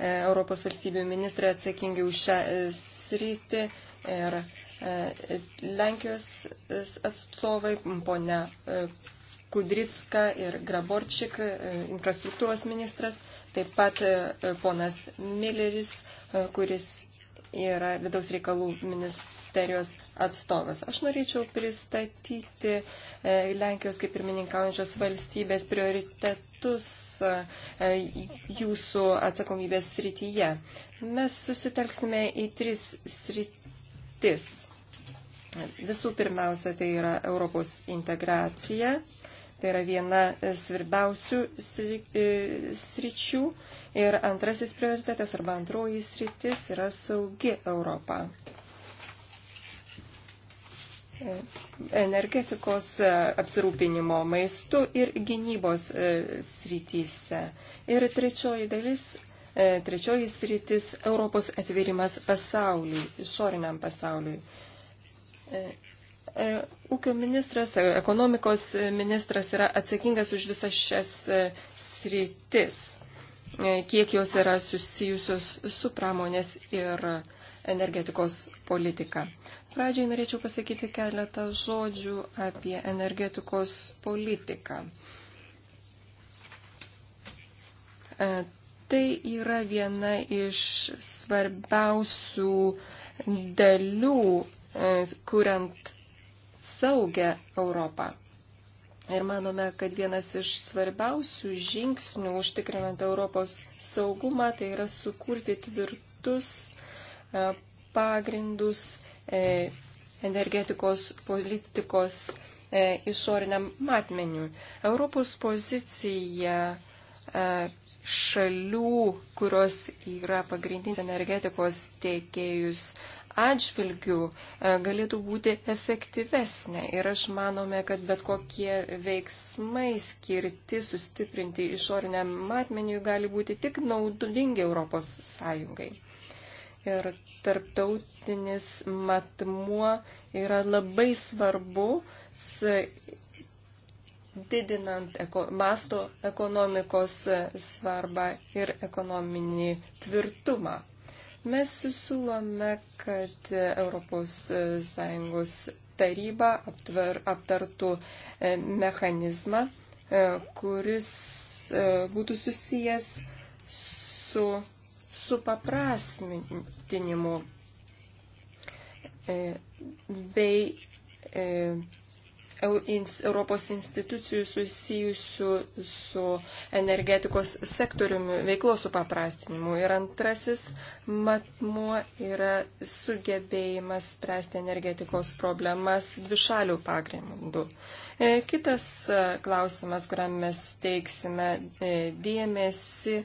Europos valstybių ministrai atsakingi už šią sritį ir Lenkijos atstovai, ponia Kudritska ir Graborčik, infrastruktūros ministras, taip pat ponas Milleris, kuris yra vidaus reikalų ministerijos atstovas. Aš norėčiau pristatyti e, Lenkijos kaip pirmininkaujančios valstybės prioritetus e, jūsų atsakomybės srityje. Mes susitelksime į tris sritis. Visų pirmiausia, tai yra Europos integracija. Tai yra viena svarbiausių e, sričių. Ir antrasis prioritetas arba antroji sritis yra saugi Europa. E, energetikos e, apsirūpinimo maistu ir gynybos srityse. Ir trečioji dalis Trečioji sritis - Europos atvirimas pasauliui, išoriniam pasauliui. E, ūkio ministras, e, ekonomikos ministras yra atsakingas už visas šias e, sritis, kiek jos yra susijusios su pramonės ir energetikos politika. Pradžiai norėčiau pasakyti keletą žodžių apie energetikos politiką. Tai yra viena iš svarbiausių dalių, kuriant saugę Europą. Ir manome, kad vienas iš svarbiausių žingsnių užtikrinant Europos saugumą tai yra sukurti tvirtus e, pagrindus e, energetikos politikos e, išoriniam matmeniu. Europos pozicija šalių, kurios yra pagrindinis energetikos tiekėjus atžvilgių e, galėtų būti efektyvesnė. Ir aš manome, kad bet kokie veiksmai skirti sustiprinti išoriniam matmeniui gali būti tik naudingi Europos Sąjungai. Ir tarptautinis matmuo yra labai svarbus didinant eko, masto ekonomikos svarbą ir ekonominį tvirtumą. Mes siūlome, kad ES taryba aptver, aptartų e, mechanizmą, e, kuris e, būtų susijęs su, su paprasmintinimu bei Europos institucijų susijusių su energetikos sektoriumi veiklos supaprastinimu. Ir antrasis matmuo yra sugebėjimas spręsti energetikos problemas dvišalių pagrindų. E, kitas e, klausimas, kuriam mes teiksime e, dėmesį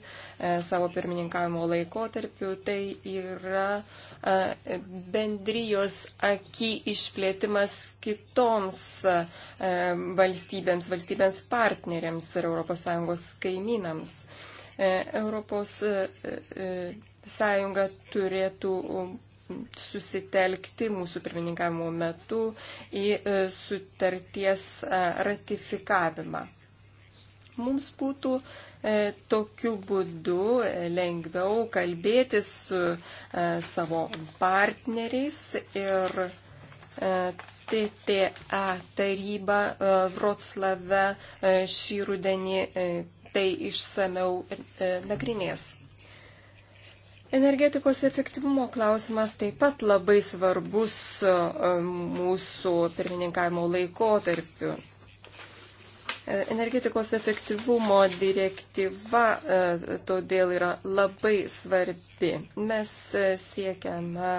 savo pirmininkavimo laikotarpiu, tai yra bendrijos aki išplėtimas kitoms valstybėms, valstybėms partneriams ir ES kaimynams. E, Europos e, e, sąjunga turėtų susitelkti mūsų pirmininkavimo metu į sutarties ratifikavimą. Mums būtų E, tokiu būdu e, lengviau kalbėtis su e, savo partneriais ir TTA taryba Vroclave šį rudenį tai išsameu nagrinės. Energetikos efektyvumo klausimas taip pat labai svarbus mūsų pirmininkavimo laikotarpiu. E, energetikos efektyvumo direktyva e, todėl yra labai svarbi. Mes e, siekiame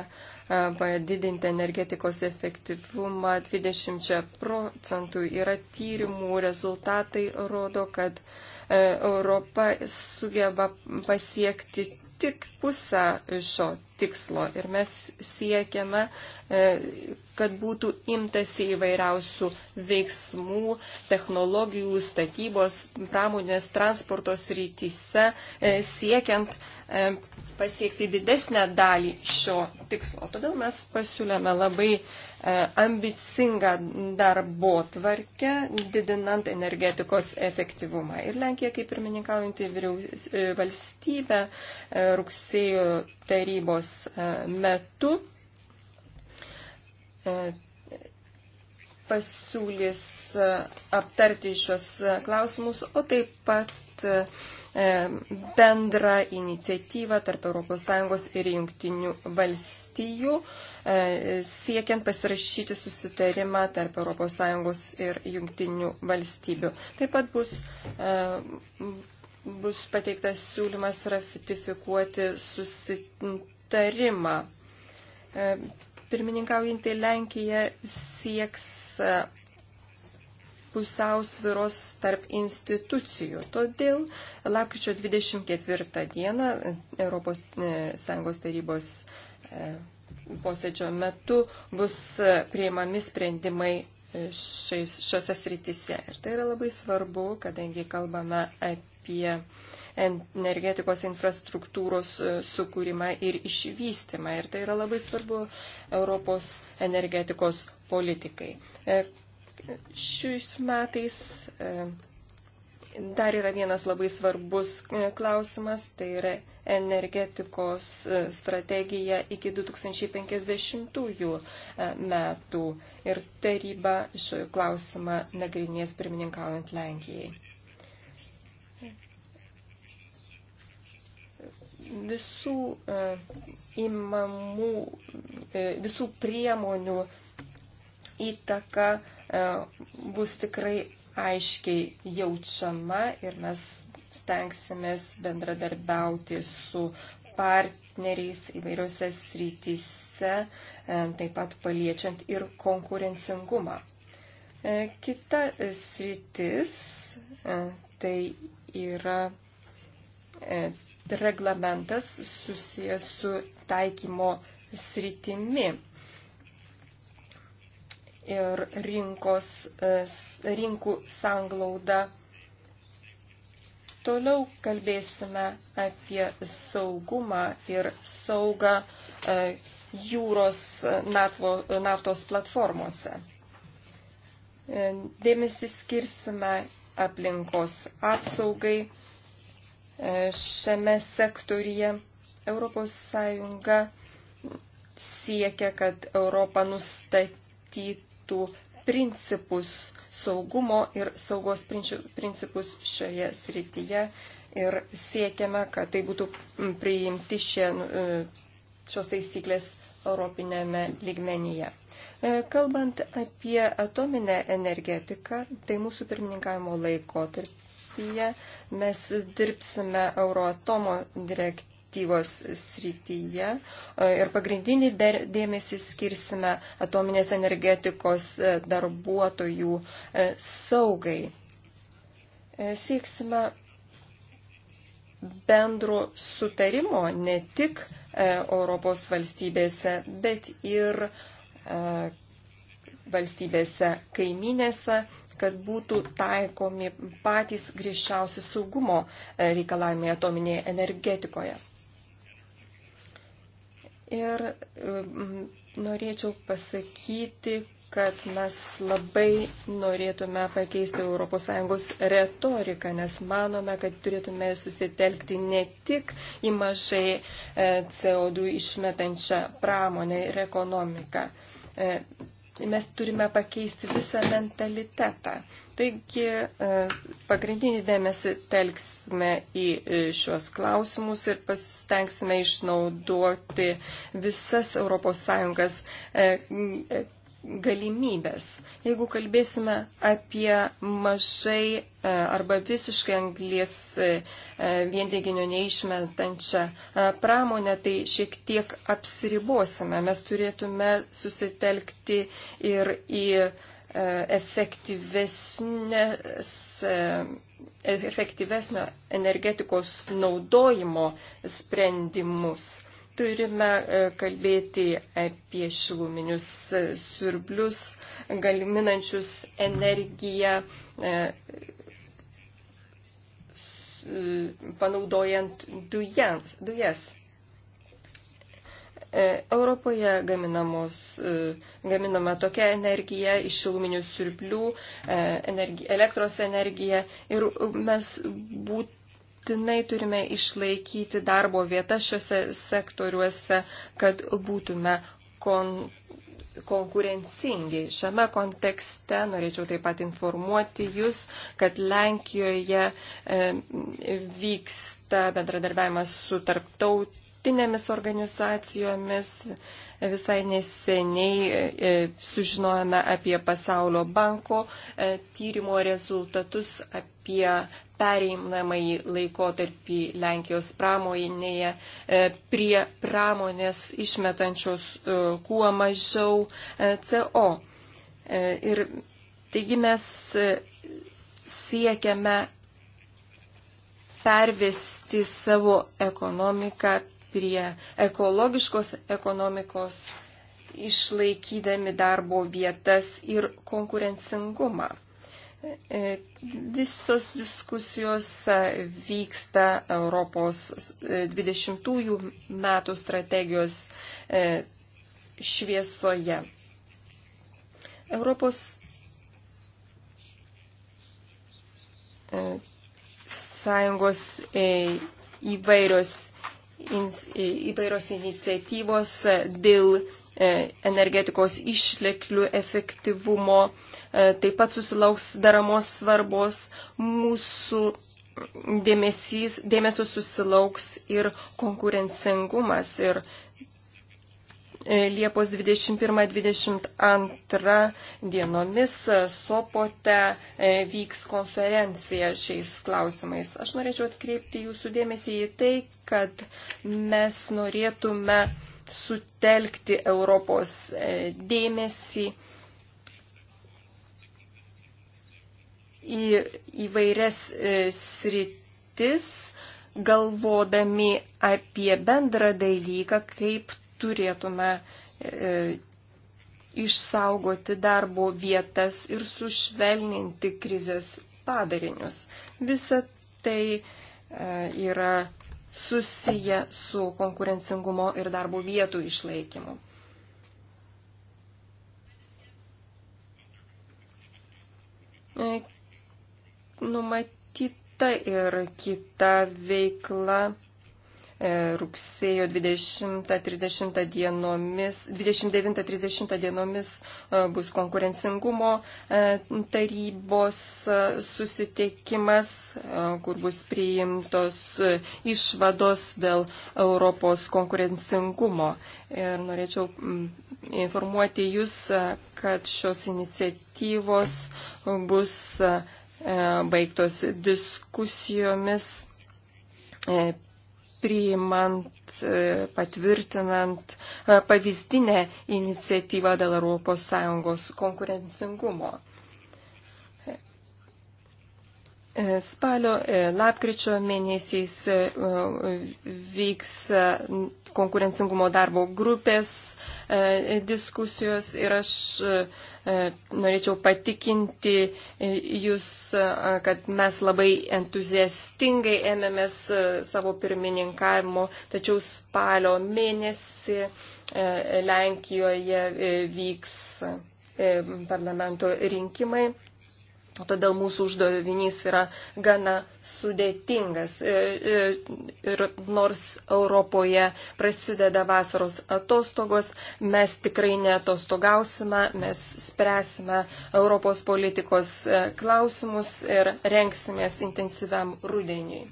padidinti energetikos efektyvumą 20 procentų. Yra tyrimų rezultatai rodo, kad Europa sugeba pasiekti tik pusę šio tikslo ir mes siekiame kad būtų imtasi įvairiausių veiksmų, technologijų, statybos, pramonės, transporto srityse, e, siekiant e, pasiekti didesnę dalį šio tikslo. Todėl mes pasiūlėme labai e, ambicingą darbo tvarkę, didinant energetikos efektyvumą. Ir Lenkija, kaip pirmininkaujantį valstybę, rugsėjo tarybos metu E, pasiūlys e, aptarti šios e, klausimus, o taip pat bendrą iniciatyvą tarp ES ir jungtinių valstijų, siekiant pasirašyti susitarimą tarp ES ir jungtinių valstybių. Taip pat bus, bus pateiktas siūlymas ratifikuoti susitarimą. Pirmininkaujantį Lenkiją sieks e, pusiausviros tarp institucijų. Todėl lapkričio 24 dieną ES e, tarybos e, posėdžio metu bus prieimami sprendimai šiose sritise. Ir tai yra labai svarbu, kadangi kalbame apie energetikos infrastruktūros e, sukūrimą ir išvystymą. Ir tai yra labai svarbu Europos energetikos politikai. E, šiais metais e, dar yra vienas labai svarbus klausimas, tai yra energetikos strategija iki 2050 metų ir taryba šį klausimą nagrinės pirmininkaujant Lenkijai. visų įmamų, e, e, visų priemonių įtaka e, bus tikrai aiškiai jaučiama ir mes stengsimės bendradarbiauti su partneriais įvairiose srityse, taip pat paliečiant ir konkurencingumą. Kita sritis tai yra reglamentas susijęs su taikymo sritimi ir rinkos, rinkų sanglauda. Toliau kalbėsime apie saugumą ir saugą e, jūros e, e, naftos platformose. Dėmesį skirsime aplinkos apsaugai šiame sektorija. Europos Sąjunga siekia, kad Europa nustatytų principus saugumo ir saugos principus šioje srityje ir siekiame, kad tai būtų priimti šie, šios taisyklės europinėme lygmenyje. Kalbant apie atominę energetiką, tai mūsų pirmininkavimo laiko tarp srityje, mes dirbsime Euroatomo direktyvos srityje e, ir pagrindinį dėmesį skirsime atominės energetikos e, darbuotojų e, saugai. Sieksime bendro sutarimo ne tik Europos valstybėse, bet ir valstybėse kaiminėse kad būtų taikomi patys griežčiausi saugumo e, reikalavimai atominėje energetikoje. Ir e, norėčiau pasakyti, kad mes labai norėtume pakeisti ES retoriką, nes manome, kad turėtume susitelkti ne tik į mažai e, CO2 išmetančią pramonę ir ekonomiką, mes turime pakeisti visą mentalitetą. Taigi e, pagrindinį dėmesį telksime į e, šios klausimus ir pasitengsime išnaudoti visas ES galimybės. Jeigu kalbėsime apie mažai e, arba visiškai anglės e, e, viendeginio neišmetančią pramonę, tai šiek tiek apsiribosime. Mes turėtume susitelkti ir į efektyvesnės efektyvesnio energetikos naudojimo sprendimus turime e, kalbėti apie šiluminius e, siurblius, gaminančius energiją, e, panaudojant dujant, dujas. Europoje gaminamos, gaminama tokia energija iš šiluminių siurblių, energi, elektros energija ir mes būt, būtinai turime išlaikyti darbo vietas šiuose sektoriuose, kad būtume kon konkurencingi. Šiame kontekste norėčiau taip pat informuoti Jūs, kad Lenkijoje e, vyksta bendradarbiavimas su tarptautinėmis organizacijomis. Visai neseniai e, sužinojame apie Pasaulio banko e, tyrimo rezultatus, ap, apie pereinamąjį laikotarpį Lenkijos pramonėje e, prie pramonės išmetančios e, kuo mažiau e, CO. Ir taigi mes siekiame pervesti savo ekonomiką prie ekologiškos ekonomikos, išlaikydami darbo vietas ir konkurencingumą. E, visos diskusijos e, vyksta Europos 20-ųjų e, metų strategijos šviesoje. Europos Sąjungos įvairios, įvairios iniciatyvos dėl E, energetikos išleklių efektyvumo, e, taip pat susilauks daramos svarbos mūsų. Dėmesys, dėmesio susilauks ir konkurencingumas. Ir e, Liepos 21-22 dienomis Sopote vyks konferencija šiais klausimais. Aš norėčiau atkreipti jūsų dėmesį į tai, kad mes norėtume uh, sutelkti Europos e, dėmesį į įvairias e, sritis, galvodami apie bendrą dalyką, kaip turėtume e, išsaugoti darbo vietas ir sušvelninti krizės padarinius. Visa tai yra susiję su konkurencingumo ir darbo vietų išlaikymu. E, numatyta ir kita veikla E, rugsėjo 20-30 dienomis, 29-30 dienomis e, bus konkurencingumo e, tarybos susitikimas, kur bus priimtos išvados dėl Europos konkurencingumo. Ir norėčiau informuoti Jūs, kad šios iniciatyvos bus baigtos diskusijomis priimant, e, patvirtinant e, pavyzdinę iniciatyvą dėl ES konkurencingumo. E, spalio, lapkričio mėnesiais vyks konkurencingumo darbo grupės diskusijos ir aš E, norėčiau patikinti e, Jūs, e, kad mes labai entuziastingai ėmėmės savo pirmininkavimo, tačiau spalio mėnesį Lenkijoje vyks parlamento rinkimai. Todėl mūsų uždavinys yra gana sudėtingas. E, e, ir nors Europoje prasideda vasaros atostogos, mes tikrai netostogausime, mes spręsime Europos politikos e, klausimus ir renksimės intensyviam rudeniui.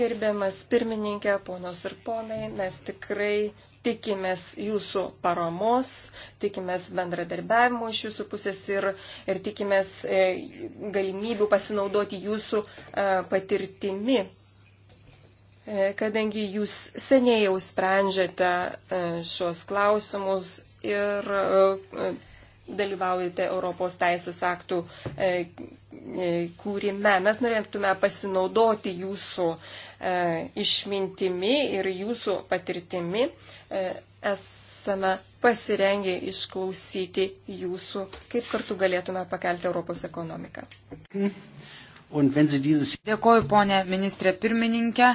Gerbiamas pirmininkė, ponos ir ponai, mes tikrai tikimės jūsų paramos, tikimės bendradarbiavimo iš jūsų pusės ir, ir tikimės e, galimybių pasinaudoti jūsų e, patirtimi, e, kadangi jūs seniai jau sprendžiate e, šios klausimus ir e, e dalyvaujate Europos teisės aktų e, e, kūrime. Mes norėtume pasinaudoti jūsų e, E, išmintimi ir jūsų patirtimi e, esame pasirengę išklausyti jūsų, kaip kartu galėtume pakelti Europos ekonomiką. Dėkoju, ponė ministrė pirmininkė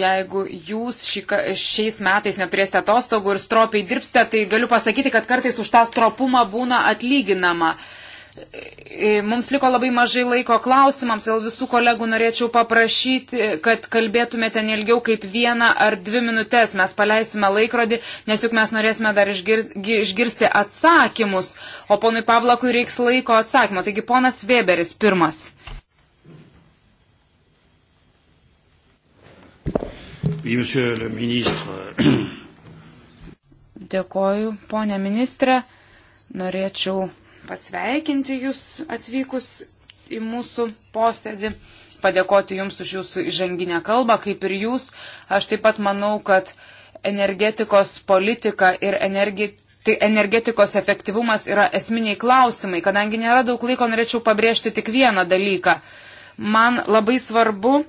jeigu jūs šį, šiais metais neturėsite atostogų ir stropiai dirbsite, tai galiu pasakyti, kad kartais už tą stropumą būna atlyginama. Uh, E, mums liko labai mažai laiko klausimams, dėl visų kolegų norėčiau paprašyti, kad kalbėtumėte nelgiau kaip vieną ar dvi minutės. Mes paleisime laikrodį, nes juk mes norėsime dar išgir, išgirsti atsakymus, o ponui Pavlakui reiks laiko atsakymo. Taigi ponas Weberis pirmas. Dėkoju, ponė ministrė. Norėčiau pasveikinti Jūs atvykus į mūsų posėdį, padėkoti Jums už Jūsų įžanginę kalbą, kaip ir Jūs. Aš taip pat manau, kad energetikos politika ir energetika tai energetikos efektyvumas yra esminiai klausimai. Kadangi nėra daug laiko, norėčiau pabrėžti tik vieną dalyką. Man labai svarbu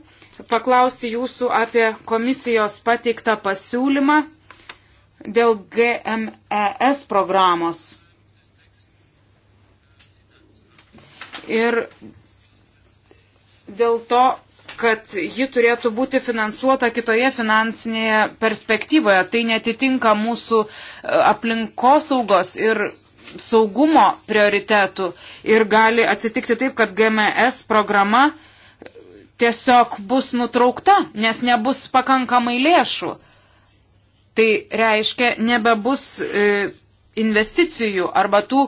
paklausti jūsų apie komisijos pateiktą pasiūlymą dėl GMES programos. ir dėl to, kad ji turėtų būti finansuota kitoje finansinėje perspektyvoje. Tai netitinka mūsų e, aplinkosaugos ir saugumo prioritetų ir gali atsitikti taip, kad GMS programa tiesiog bus nutraukta, nes nebus pakankamai lėšų. Tai reiškia, nebebus. E, investicijų arba tų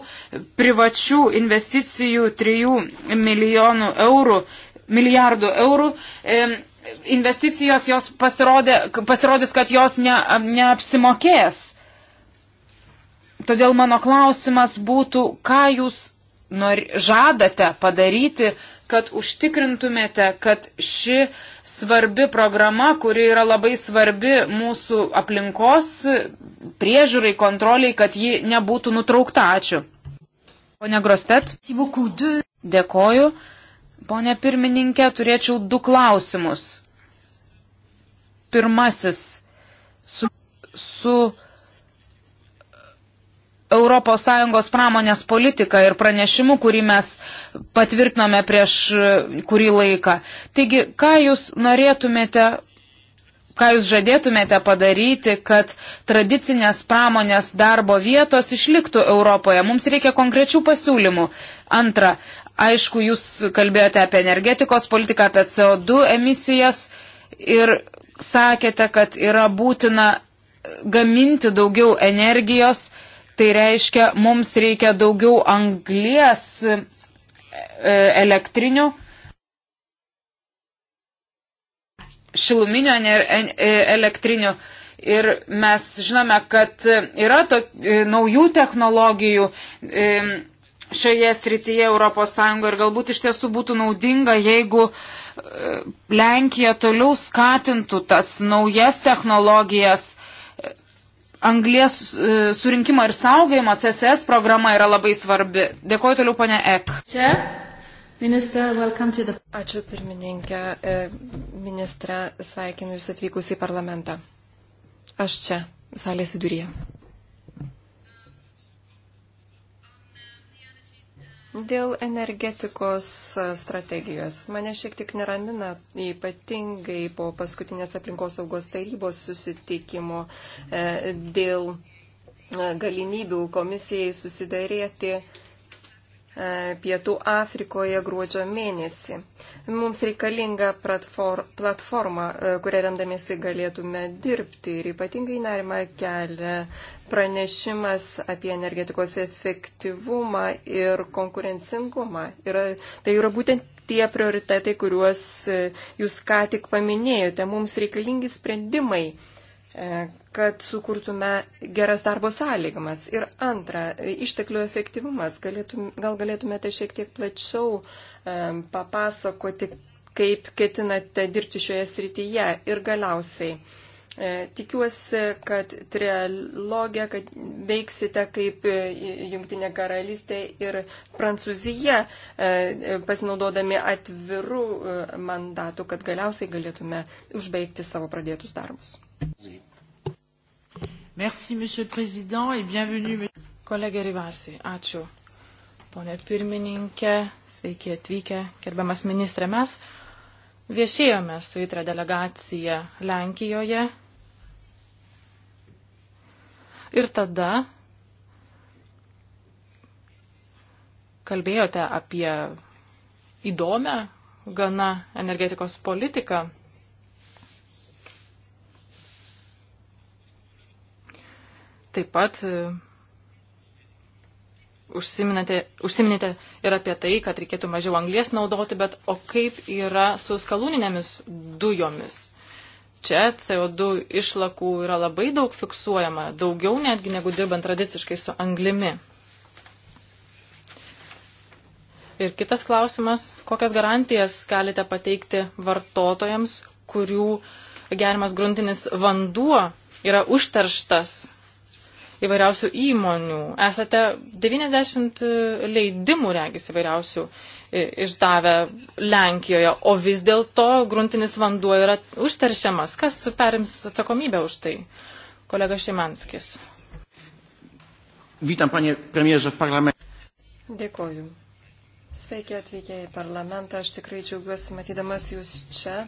privačių investicijų 3 milijonų eurų, milijardų eurų. E, investicijos jos pasirodė, pasirodys, kad jos ne, neapsimokės. Todėl mano klausimas būtų, ką jūs nori, žadate padaryti kad užtikrintumėte, kad ši svarbi programa, kuri yra labai svarbi mūsų aplinkos priežiūrai, kontroliai, kad ji nebūtų nutraukta. Ačiū. Pone Grostet, dėkoju. Pone pirmininkė, turėčiau du klausimus. Pirmasis. Su, su ES pramonės politiką ir pranešimu, kurį mes patvirtinome prieš e, kurį laiką. Taigi, ką jūs norėtumėte, ką jūs žadėtumėte padaryti, kad tradicinės pramonės darbo vietos išliktų Europoje? Mums reikia konkrečių pasiūlymų. Antra, aišku, jūs kalbėjote apie energetikos politiką, apie CO2 emisijas ir sakėte, kad yra būtina gaminti daugiau energijos, Tai reiškia, mums reikia daugiau anglies e, elektrinių, šiluminių e, elektrinių. Ir mes žinome, kad yra to, e, naujų technologijų šioje srityje ES ir galbūt iš tiesų būtų naudinga, jeigu Lenkija toliau skatintų tas naujas technologijas anglės e, surinkimo ir saugojimo CSS programa yra labai svarbi. Dėkuoju toliau, ponė Ek. Čia. Minister, welcome to the... Ačiū pirmininkė. E, Ministra, sveikinu Jūs atvykus į parlamentą. Aš čia, salės viduryje. Dėl energetikos strategijos mane šiek tiek neramina, ypatingai po paskutinės aplinkosaugos tarybos susitikimo e, dėl e, galimybių komisijai susidarėti E, Pietų Afrikoje gruodžio mėnesį. Mums reikalinga platforma, e, kuria remdamėsi galėtume dirbti ir ypatingai nerima kelia pranešimas apie energetikos efektyvumą ir konkurencingumą. Yra, tai yra būtent tie prioritetai, kuriuos e, jūs ką tik paminėjote. Mums reikalingi sprendimai E, kad sukurtume geras darbo sąlygamas. Ir antra, e, išteklių efektyvumas. Galėtum, gal galėtumėte šiek tiek plačiau e, papasakoti, kaip ketinate dirbti šioje srityje. Ir galiausiai, tikiuosi, kad trilogija, kad veiksite kaip Junktinė karalystė ir Prancūzija, pasinaudodami atvirų mandatų, kad galiausiai galėtume užbaigti savo pradėtus darbus. Zvi. Merci, Monsieur le Président, et bienvenue. Kolegė Rivasi, ačiū. Pone pirmininkė, sveiki atvykę, gerbiamas ministrė, mes viešėjome su įtra delegacija Lenkijoje. Ir tada kalbėjote apie įdomią gana energetikos politiką Taip pat e, užsiminėte ir apie tai, kad reikėtų mažiau anglės naudoti, bet o kaip yra su skalūninėmis dujomis? Čia CO2 išlakų yra labai daug fiksuojama, daugiau netgi negu dirbant tradiciškai su anglimi. Ir kitas klausimas, kokias garantijas galite pateikti vartotojams, kurių gerimas gruntinis vanduo yra užterštas įvairiausių įmonių. Esate 90 leidimų regis įvairiausių e, išdavę Lenkijoje, o vis dėlto gruntinis vanduo yra užteršiamas. Kas perims atsakomybę už tai? Kolega Šimanskis. Witam, panie premjerze, w parlamencie. Dėkoju. Sveiki atvykę į parlamentą. Aš tikrai džiaugiuosi matydamas jūs čia.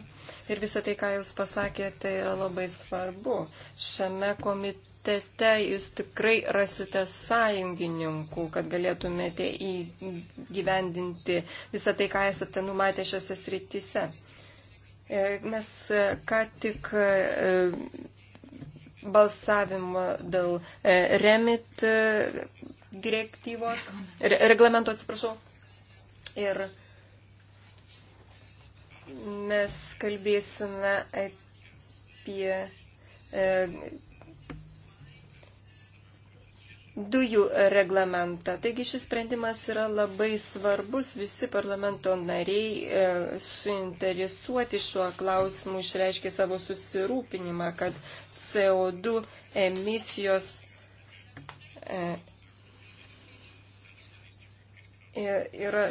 Ir visą tai, ką jūs pasakėte, tai yra labai svarbu. Šiame komite komitete jūs tikrai rasite sąjungininkų, kad galėtumėte įgyvendinti visą tai, ką esate numatę šiose srityse. E, mes e, ką tik e, balsavimą dėl remit direktyvos, reglamento atsiprašau. Ir mes kalbėsime apie dujų reglamentą. Taigi šis sprendimas yra labai svarbus, visi parlamento nariai e, suinteresuoti šiuo klausimu išreiškė savo susirūpinimą, kad CO2 emisijos e, e, yra.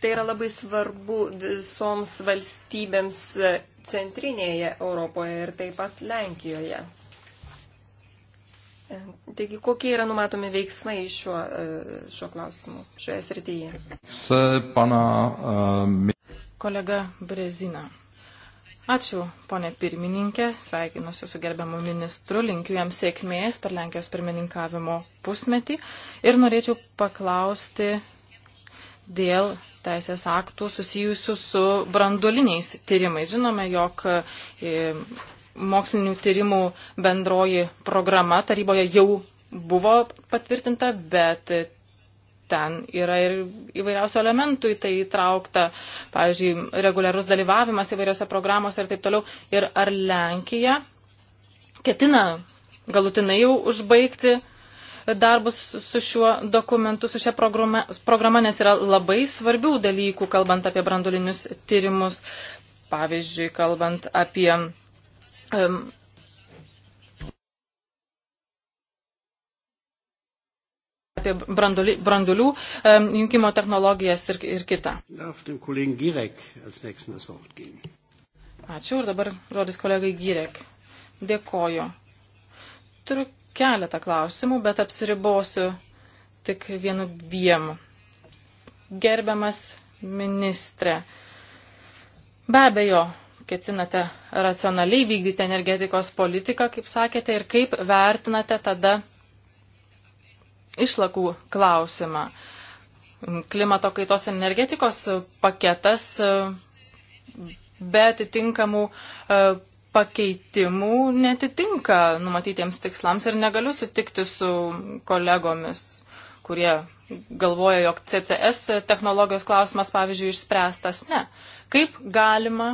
Tai yra labai svarbu visoms valstybėms e, centrinėje Europoje ir taip pat Lenkijoje. Taigi, kokie yra numatomi veiksmai šiuo, e, šiuo klausimu, šioje srityje? E, Kolega Brezina. Ačiū, ponė pirmininkė, sveikinusiu su gerbiamu ministru, linkiu jam sėkmės per Lenkijos pirmininkavimo pusmetį ir norėčiau paklausti dėl teisės aktų susijusių su brandoliniais tyrimais. Žinome, jog e, mokslinių tyrimų bendroji programa taryboje jau buvo patvirtinta, bet ten yra ir įvairiausių elementų į tai įtraukta, pavyzdžiui, reguliarus dalyvavimas įvairiose programuose ir taip toliau. Ir ar Lenkija ketina galutinai jau užbaigti darbus su šiuo dokumentu, su šia programa, programa, nes yra labai svarbių dalykų, kalbant apie brandulinius tyrimus, pavyzdžiui, kalbant apie um, apie brandoli, brandulių um, jungimo technologijas ir, ir kitą. Ačiū ir dabar žodis kolegai Girek. Dėkoju. Turiu keletą klausimų, bet apsiribosiu tik vienu dviem. Gerbiamas ministrė, be abejo, ketinate racionaliai vykdyti energetikos politiką, kaip sakėte, ir kaip vertinate tada išlakų klausimą. Klimato kaitos energetikos paketas be atitinkamų e, pakeitimų netitinka numatytiems tikslams ir negaliu sutikti su kolegomis, kurie galvoja, jog CCS technologijos klausimas, pavyzdžiui, išspręstas. Ne. Kaip galima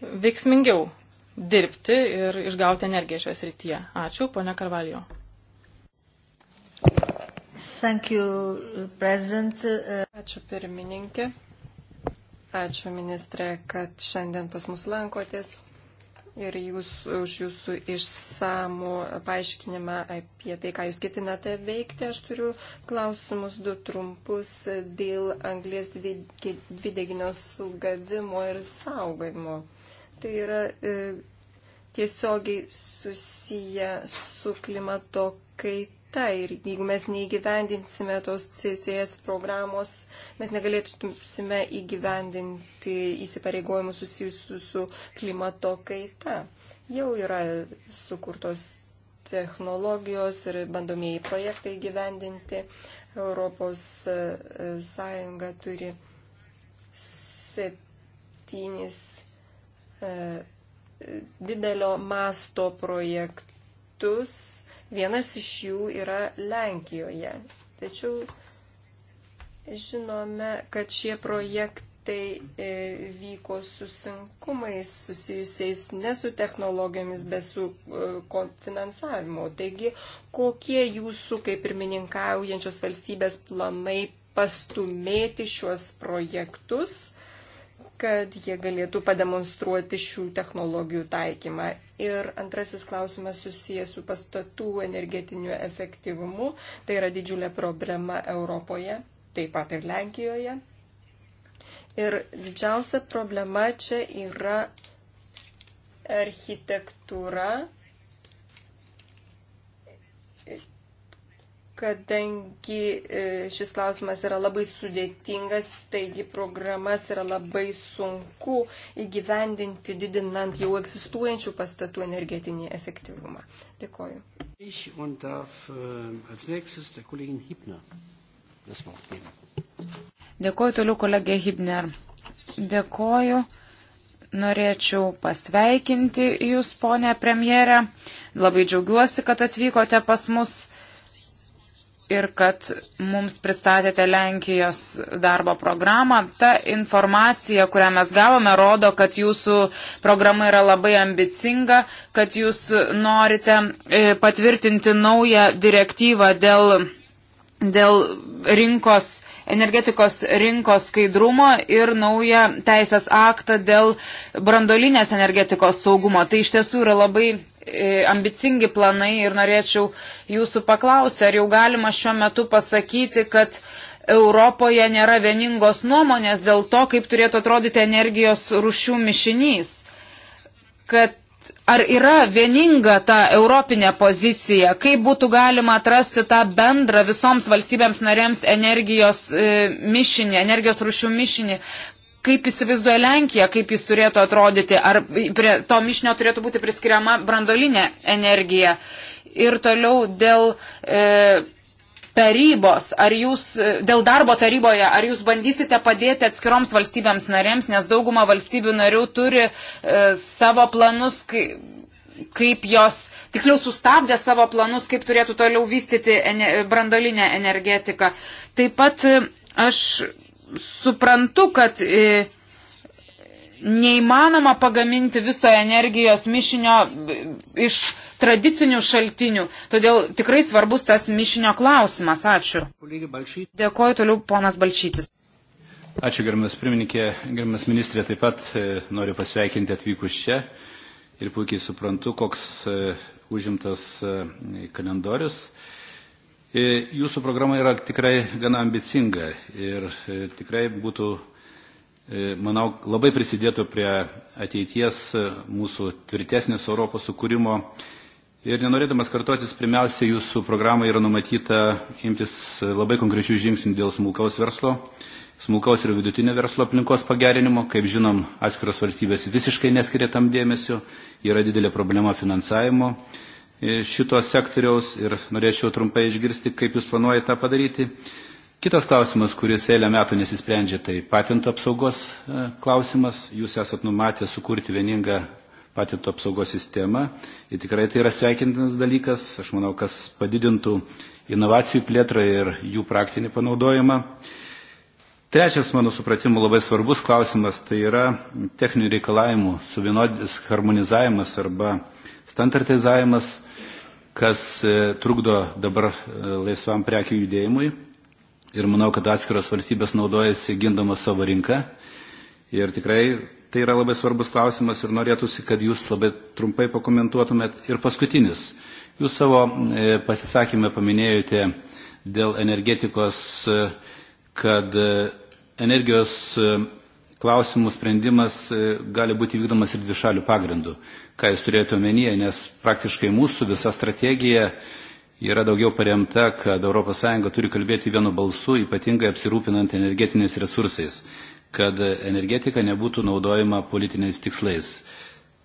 veiksmingiau dirbti ir išgauti energiją šioje srityje. Ačiū, ponia Karvalijo. You, Ačiū pirmininkė. Ačiū ministrė, kad šiandien pas mus lankotės ir jūs, už jūsų išsamų paaiškinimą apie tai, ką jūs ketinate veikti. Aš turiu klausimus du trumpus dėl anglės dvideginio sugavimo ir saugojimo. Tai yra e, tiesiogiai susiję su klimato kaita ir jeigu mes neįgyvendinsime tos CCS programos, mes negalėtume įgyvendinti įsipareigojimų susijusių su klimato kaita. Jau yra sukurtos technologijos ir bandomieji projektai gyvendinti. Europos e, Sąjunga turi septynis E, didelio masto projektus. Vienas iš jų yra Lenkijoje. Tačiau žinome, kad šie projektai e, vyko su sunkumais susijusiais ne su technologijomis, bet su e, finansavimu. Taigi, kokie jūsų, kaip pirmininkaujančios valstybės, planai pastumėti šiuos projektus? kad jie galėtų pademonstruoti šių technologijų taikymą. Ir antrasis klausimas susijęs su pastatų energetiniu efektyvumu. Tai yra didžiulė problema Europoje, taip pat ir Lenkijoje. Ir didžiausia problema čia yra architektūra kadangi e, šis klausimas yra labai sudėtingas, taigi programas yra labai sunku įgyvendinti, didinant jau egzistuojančių pastatų energetinį efektyvumą. Dėkoju. Äh, Dėkoju toliau kolegė Hibner. Dėkoju. Norėčiau pasveikinti Jūs, ponė premjerę. Labai džiaugiuosi, kad atvykote pas mus ir kad mums pristatėte Lenkijos darbo programą. Ta informacija, kurią mes gavome, rodo, kad jūsų programa yra labai ambicinga, kad jūs norite e, patvirtinti naują direktyvą dėl, dėl rinkos energetikos rinkos skaidrumo ir naują teisės aktą dėl brandolinės energetikos saugumo. Tai iš tiesų yra labai E, ambicingi planai ir norėčiau jūsų paklausti, ar jau galima šiuo metu pasakyti, kad Europoje nėra vieningos nuomonės dėl to, kaip turėtų atrodyti energijos rušių mišinys. Kad ar yra vieninga ta europinė pozicija, kaip būtų galima atrasti tą bendrą visoms valstybėms narėms energijos e, mišinį, energijos rušių mišinį, kaip įsivaizduoja Lenkija, kaip jis turėtų atrodyti, ar prie to mišinio turėtų būti priskiriama brandolinė energija. Ir toliau dėl e, tarybos, ar jūs, e, dėl darbo taryboje, ar jūs bandysite padėti atskiroms valstybėms narėms, nes dauguma valstybių narių turi e, savo planus, kai, kaip jos, tiksliau sustabdė savo planus, kaip turėtų toliau vystyti ene, brandolinę energetiką. Taip pat e, aš suprantu, kad e, neįmanoma pagaminti viso energijos mišinio e, iš tradicinių šaltinių. Todėl tikrai svarbus tas mišinio klausimas. Ačiū. Dėkoju toliau, ponas Balčytis. Ačiū, gerbimas pirmininkė, gerbimas ministrė, taip pat e, noriu pasveikinti atvykus čia ir puikiai suprantu, koks e, užimtas kalendorius. E, jūsų programa yra tikrai gana ambicinga ir e, tikrai būtų, e, manau, labai prisidėtų prie ateities mūsų tvirtesnės Europos sukūrimo. Ir nenorėdamas kartotis, pirmiausia, jūsų programai yra numatyta imtis labai konkrečių žingsnių dėl smulkaus verslo smulkaus ir vidutinio verslo aplinkos pagerinimo. Kaip žinom, atskiros valstybės visiškai neskiria tam dėmesio, yra didelė problema finansavimo. E, šito sektoriaus ir norėčiau trumpai išgirsti, kaip jūs planuojate tą padaryti. Kitas klausimas, kuris eilę metų nesisprendžia, tai patento apsaugos e, klausimas. Jūs esat numatę sukurti vieningą patento apsaugos sistemą ir tikrai tai yra sveikintinas dalykas, aš manau, kas padidintų inovacijų plėtrą ir jų praktinį panaudojimą. Trečias, mano supratimu, labai svarbus klausimas, tai yra techninių reikalavimų suvienodis harmonizavimas arba standartizavimas kas e, trukdo dabar e, laisvam prekių judėjimui. Ir manau, kad atskiros valstybės naudojasi gindama savo rinką. Ir tikrai tai yra labai svarbus klausimas ir norėtųsi, kad jūs labai trumpai pakomentuotumėt. Ir paskutinis. Jūs savo e, pasisakymę paminėjote dėl energetikos, kad energijos klausimų sprendimas gali būti vykdomas ir dvišalių pagrindų ką jūs turėjote omenyje, nes praktiškai mūsų visa strategija yra daugiau paremta, kad ES turi kalbėti vienu balsu, ypatingai apsirūpinant energetiniais resursais, kad energetika nebūtų naudojama politiniais tikslais.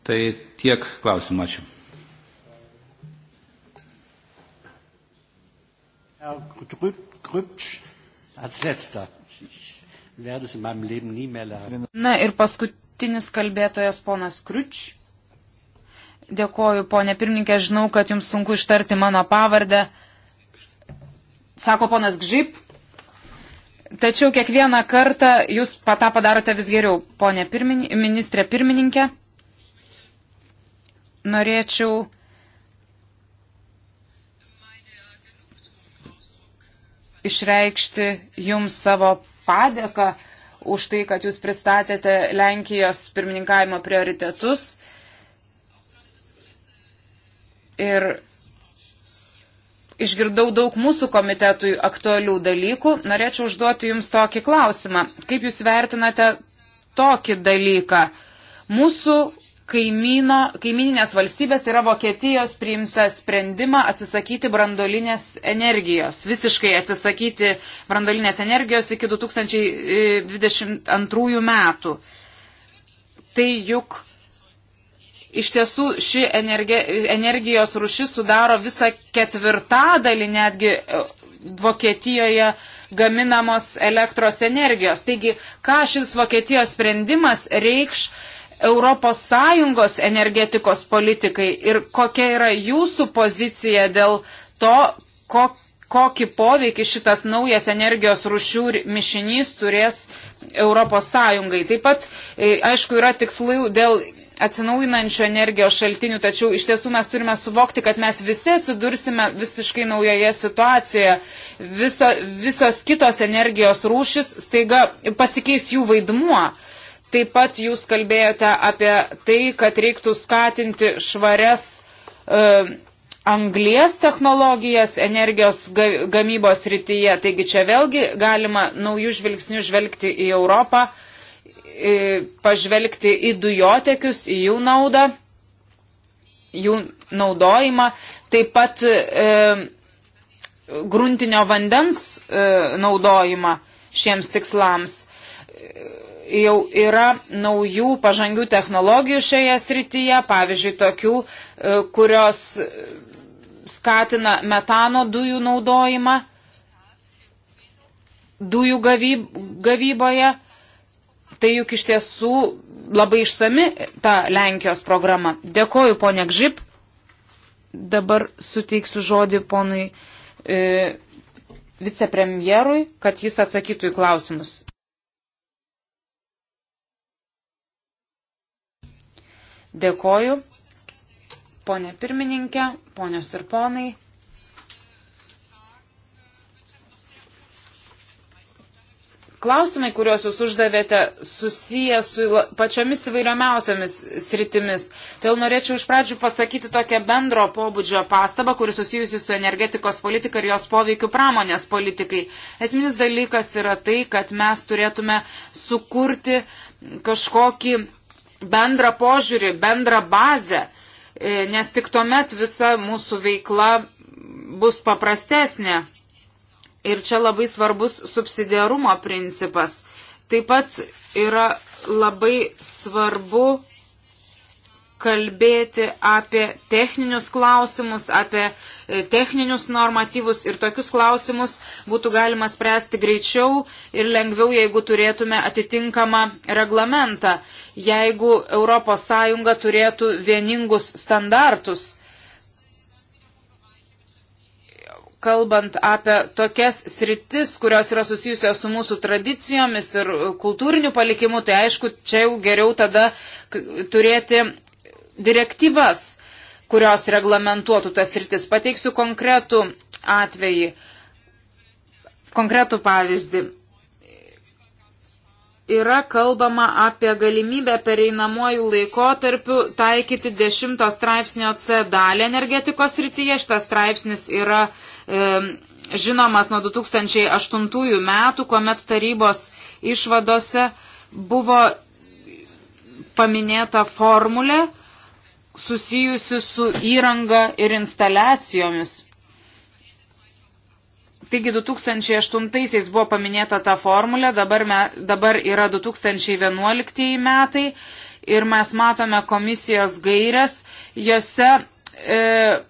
Tai tiek klausimų. Ačiū. Herr Grübsch als letzter. Ich werde es in meinem Leben nie mehr lernen. Na ir paskutinis kalbėtojas ponas Grübsch. Dėkoju, ponė pirmininkė, žinau, kad jums sunku ištarti mano pavardę. Sako ponas Gžyp. Tačiau kiekvieną kartą jūs patą padarote vis geriau, ponė pirmin, ministrė pirmininkė. Norėčiau. Išreikšti jums savo padėką už tai, kad jūs pristatėte Lenkijos pirmininkavimo prioritetus Ir išgirdau daug mūsų komitetui aktualių dalykų. Norėčiau užduoti Jums tokį klausimą. Kaip Jūs vertinate tokį dalyką? Mūsų kaimyno, kaimininės valstybės tai yra Vokietijos priimta sprendimą atsisakyti brandolinės energijos, visiškai atsisakyti brandolinės energijos iki 2022 e, metų. Tai juk Iš tiesų, ši energi, energijos rušis sudaro visą ketvirtadalį netgi e, Vokietijoje gaminamos elektros energijos. Taigi, ką šis Vokietijos sprendimas reikš ES energetikos politikai ir kokia yra jūsų pozicija dėl to, kokia kokį poveikį šitas naujas energijos rušių mišinys turės ES. Taip pat, e, aišku, yra tikslai dėl atsinaujinančių energijos šaltinių, tačiau iš tiesų mes turime suvokti, kad mes visi atsidursime visiškai naujoje situacijoje. Viso, visos kitos energijos rūšis staiga pasikeis jų vaidmuo. Taip pat jūs kalbėjote apie tai, kad reiktų skatinti švarias uh, anglies technologijas energijos ga, gamybos rytyje. Taigi čia vėlgi galima naujų žvilgsnių žvelgti į Europą. Uh, pažvelgti į dujotekius, į jų naudą, jų naudojimą, taip pat e, gruntinio vandens e, naudojimą šiems tikslams. E, jau yra naujų pažangių technologijų šioje srityje, pavyzdžiui, tokių, e, kurios skatina metano dujų naudojimą dujų gavyb, gavyboje tai juk iš tiesų labai išsami ta Lenkijos programa. Dėkoju, ponė Gžip. Dabar suteiksiu žodį ponui e, vicepremjerui, kad jis atsakytų į klausimus. Dėkoju, ponė pirmininkė, ponios ir ponai. klausimai, kuriuos jūs uždavėte, susiję su pačiomis įvairiomiausiamis sritimis. Todėl norėčiau iš pradžių pasakyti tokią bendro pobūdžio pastabą, kuri susijusi su energetikos politika ir jos poveikiu pramonės politikai. Esminis dalykas yra tai, kad mes turėtume sukurti kažkokį bendrą požiūrį, bendrą bazę, e, nes tik tuomet visa mūsų veikla bus paprastesnė. Ir čia labai svarbus subsidiarumo principas. Taip pat yra labai svarbu kalbėti apie techninius klausimus, apie e, techninius normatyvus ir tokius klausimus būtų galima spręsti greičiau ir lengviau, jeigu turėtume atitinkamą reglamentą, jeigu ES turėtų vieningus standartus kalbant apie tokias sritis, kurios yra susijusios su mūsų tradicijomis ir kultūriniu palikimu, tai aišku, čia jau geriau tada turėti direktyvas, kurios reglamentuotų tas sritis. Pateiksiu konkretų atvejį, konkretų pavyzdį. Yra kalbama apie galimybę pereinamojų laikotarpių taikyti 10 straipsnio C dalį energetikos srityje. Šitas straipsnis yra uh, E, žinomas nuo 2008 metų, kuomet tarybos išvadose buvo paminėta formulė susijusi su įranga ir instaliacijomis. Taigi 2008-aisiais buvo paminėta ta formulė, dabar, me, dabar yra 2011 metai ir mes matome komisijos gairias, jose e,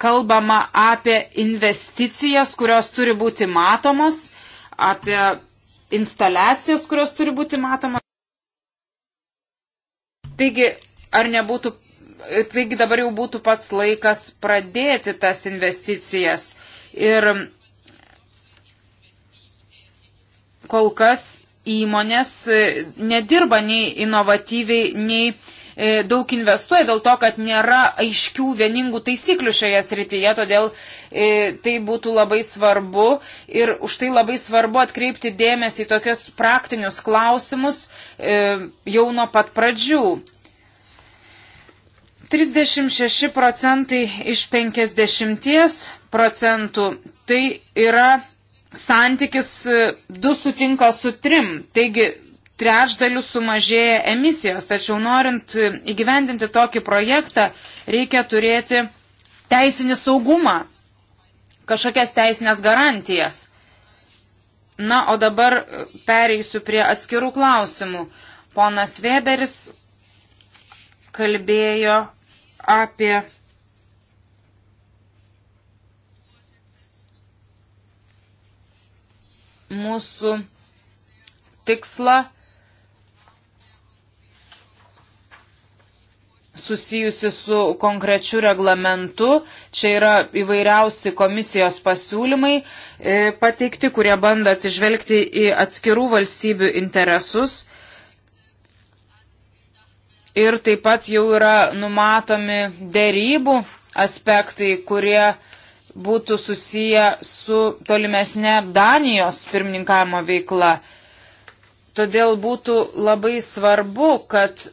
kalbama apie investicijas, kurios turi būti matomos, apie instaliacijas, kurios turi būti matomos. Taigi, ar nebūtų, taigi dabar jau būtų pats laikas pradėti tas investicijas. Ir kol kas įmonės nedirba nei inovatyviai, nei E, daug investuoja dėl to, kad nėra aiškių vieningų taisyklių šioje srityje, todėl e, tai būtų labai svarbu ir už tai labai svarbu atkreipti dėmesį į tokius praktinius klausimus e, jau nuo pat pradžių. 36 procentai iš 50 procentų tai yra santykis 2 sutinka su 3. Taigi trečdaliu sumažėja emisijos. Tačiau norint įgyvendinti tokį projektą, reikia turėti teisinį saugumą, kažkokias teisinės garantijas. Na, o dabar pereisiu prie atskirų klausimų. Ponas Weberis kalbėjo apie mūsų tikslą susijusi su konkrečiu reglamentu. Čia yra įvairiausi komisijos pasiūlymai e, pateikti, kurie bando atsižvelgti į atskirų valstybių interesus. Ir taip pat jau yra numatomi dėrybų aspektai, kurie būtų susiję su tolimesnė Danijos pirmininkavimo veikla. Todėl būtų labai svarbu, kad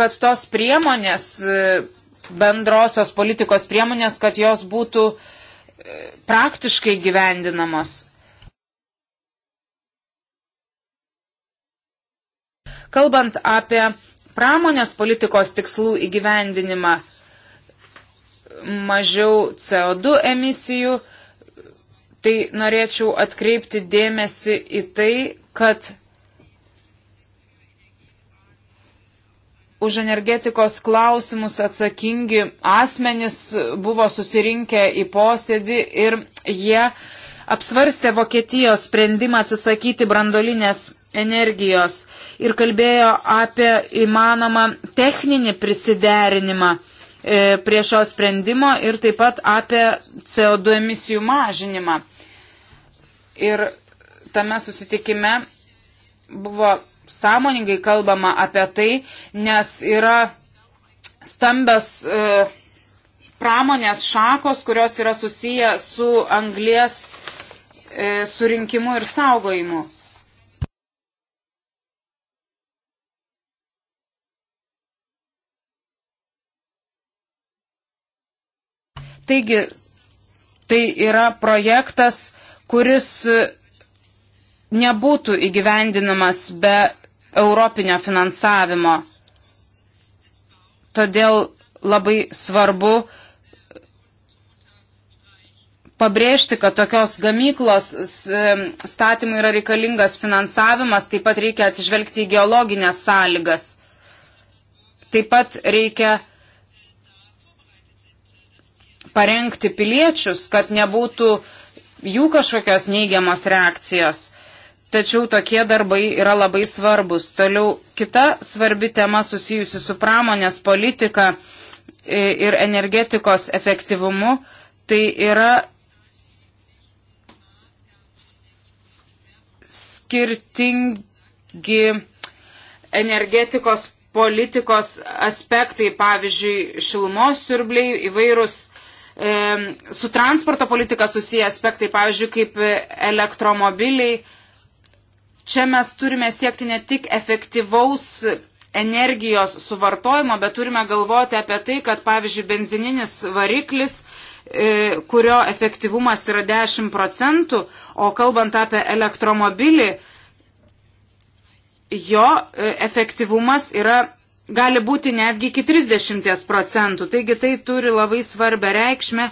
kad tos priemonės, e, bendrosios politikos priemonės, kad jos būtų e, praktiškai gyvendinamos. Kalbant apie pramonės politikos tikslų įgyvendinimą, mažiau CO2 emisijų, tai norėčiau atkreipti dėmesį į tai, kad už energetikos klausimus atsakingi asmenys buvo susirinkę į posėdį ir jie apsvarstė Vokietijos sprendimą atsisakyti brandolinės energijos ir kalbėjo apie įmanomą techninį prisiderinimą e, prie šio sprendimo ir taip pat apie CO2 emisijų mažinimą. Ir tame susitikime buvo sąmoningai kalbama apie tai, nes yra stambios e, pramonės šakos, kurios yra susiję su anglės e, surinkimu ir saugojimu. Taigi, tai yra projektas, kuris nebūtų įgyvendinamas be europinio finansavimo. Todėl labai svarbu pabrėžti, kad tokios gamyklos statymui yra reikalingas finansavimas, taip pat reikia atsižvelgti į geologinės sąlygas. Taip pat reikia parengti piliečius, kad nebūtų jų kažkokios neigiamos reakcijos tačiau tokie darbai yra labai svarbus. Toliau kita svarbi tema susijusi su pramonės politika e, ir energetikos efektyvumu, tai yra skirtingi energetikos politikos aspektai, pavyzdžiui, šilumos siurbliai, įvairūs e, su transporto politika susiję aspektai, pavyzdžiui, kaip e, elektromobiliai, Čia mes turime siekti ne tik efektyvaus energijos suvartojimo, bet turime galvoti apie tai, kad pavyzdžiui benzininis variklis, e, kurio efektyvumas yra 10 procentų, o kalbant apie elektromobilį, jo e, efektyvumas yra gali būti netgi iki 30 procentų. Taigi tai turi labai svarbę reikšmę,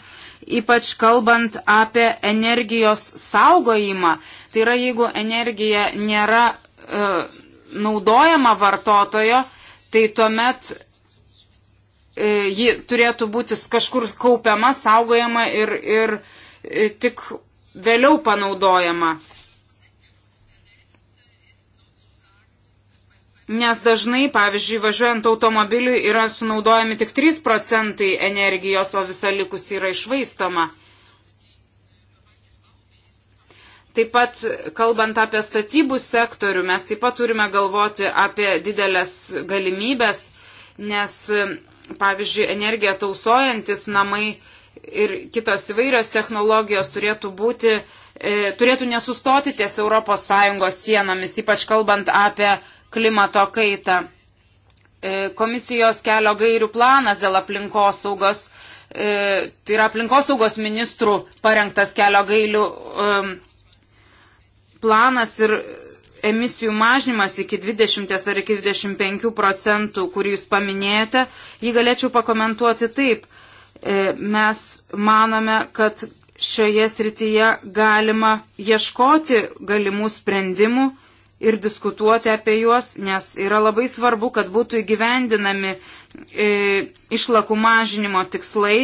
ypač kalbant apie energijos saugojimą. Tai yra, jeigu energija nėra e, naudojama vartotojo, tai tuomet e, ji turėtų būti kažkur kaupiama, saugojama ir, ir e, tik vėliau panaudojama. Nes dažnai, pavyzdžiui, važiuojant automobiliu yra sunaudojami tik 3 procentai energijos, o visa likus yra išvaistoma. Taip pat, kalbant apie statybų sektorių, mes taip pat turime galvoti apie didelės galimybės, nes, pavyzdžiui, energiją tausojantis namai ir kitos įvairios technologijos turėtų būti, e, turėtų nesustoti ties ES sienomis, ypač kalbant apie klimato kaitą. E, komisijos kelio gairių planas dėl aplinkosaugos, e, tai yra aplinkosaugos ministrų parengtas kelio gailių. E, planas ir emisijų mažinimas iki 20 ar iki 25 procentų, kurį jūs paminėjote, jį galėčiau pakomentuoti taip. E, mes manome, kad šioje srityje galima ieškoti galimų sprendimų ir diskutuoti apie juos, nes yra labai svarbu, kad būtų įgyvendinami e, išlakų mažinimo tikslai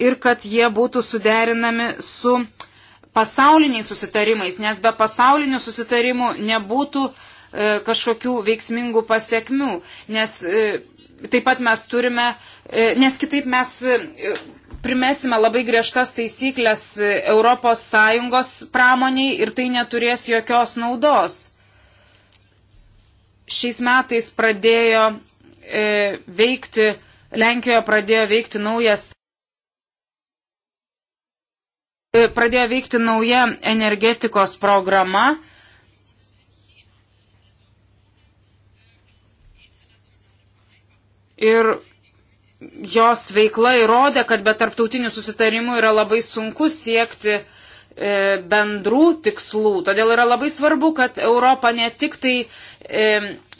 ir kad jie būtų suderinami su pasauliniais susitarimais, nes be pasaulinių susitarimų nebūtų e, kažkokių veiksmingų pasiekmių, nes e, taip pat mes turime, e, nes kitaip mes. E, Primesime labai griežtas taisyklės ES pramoniai ir tai neturės jokios naudos. Šiais metais pradėjo e, veikti, Lenkijoje pradėjo veikti naujas E, pradėjo veikti nauja energetikos programa. Ir jos veikla įrodė, kad be tarptautinių susitarimų yra labai sunku siekti e, bendrų tikslų. Todėl yra labai svarbu, kad Europa ne tik tai e,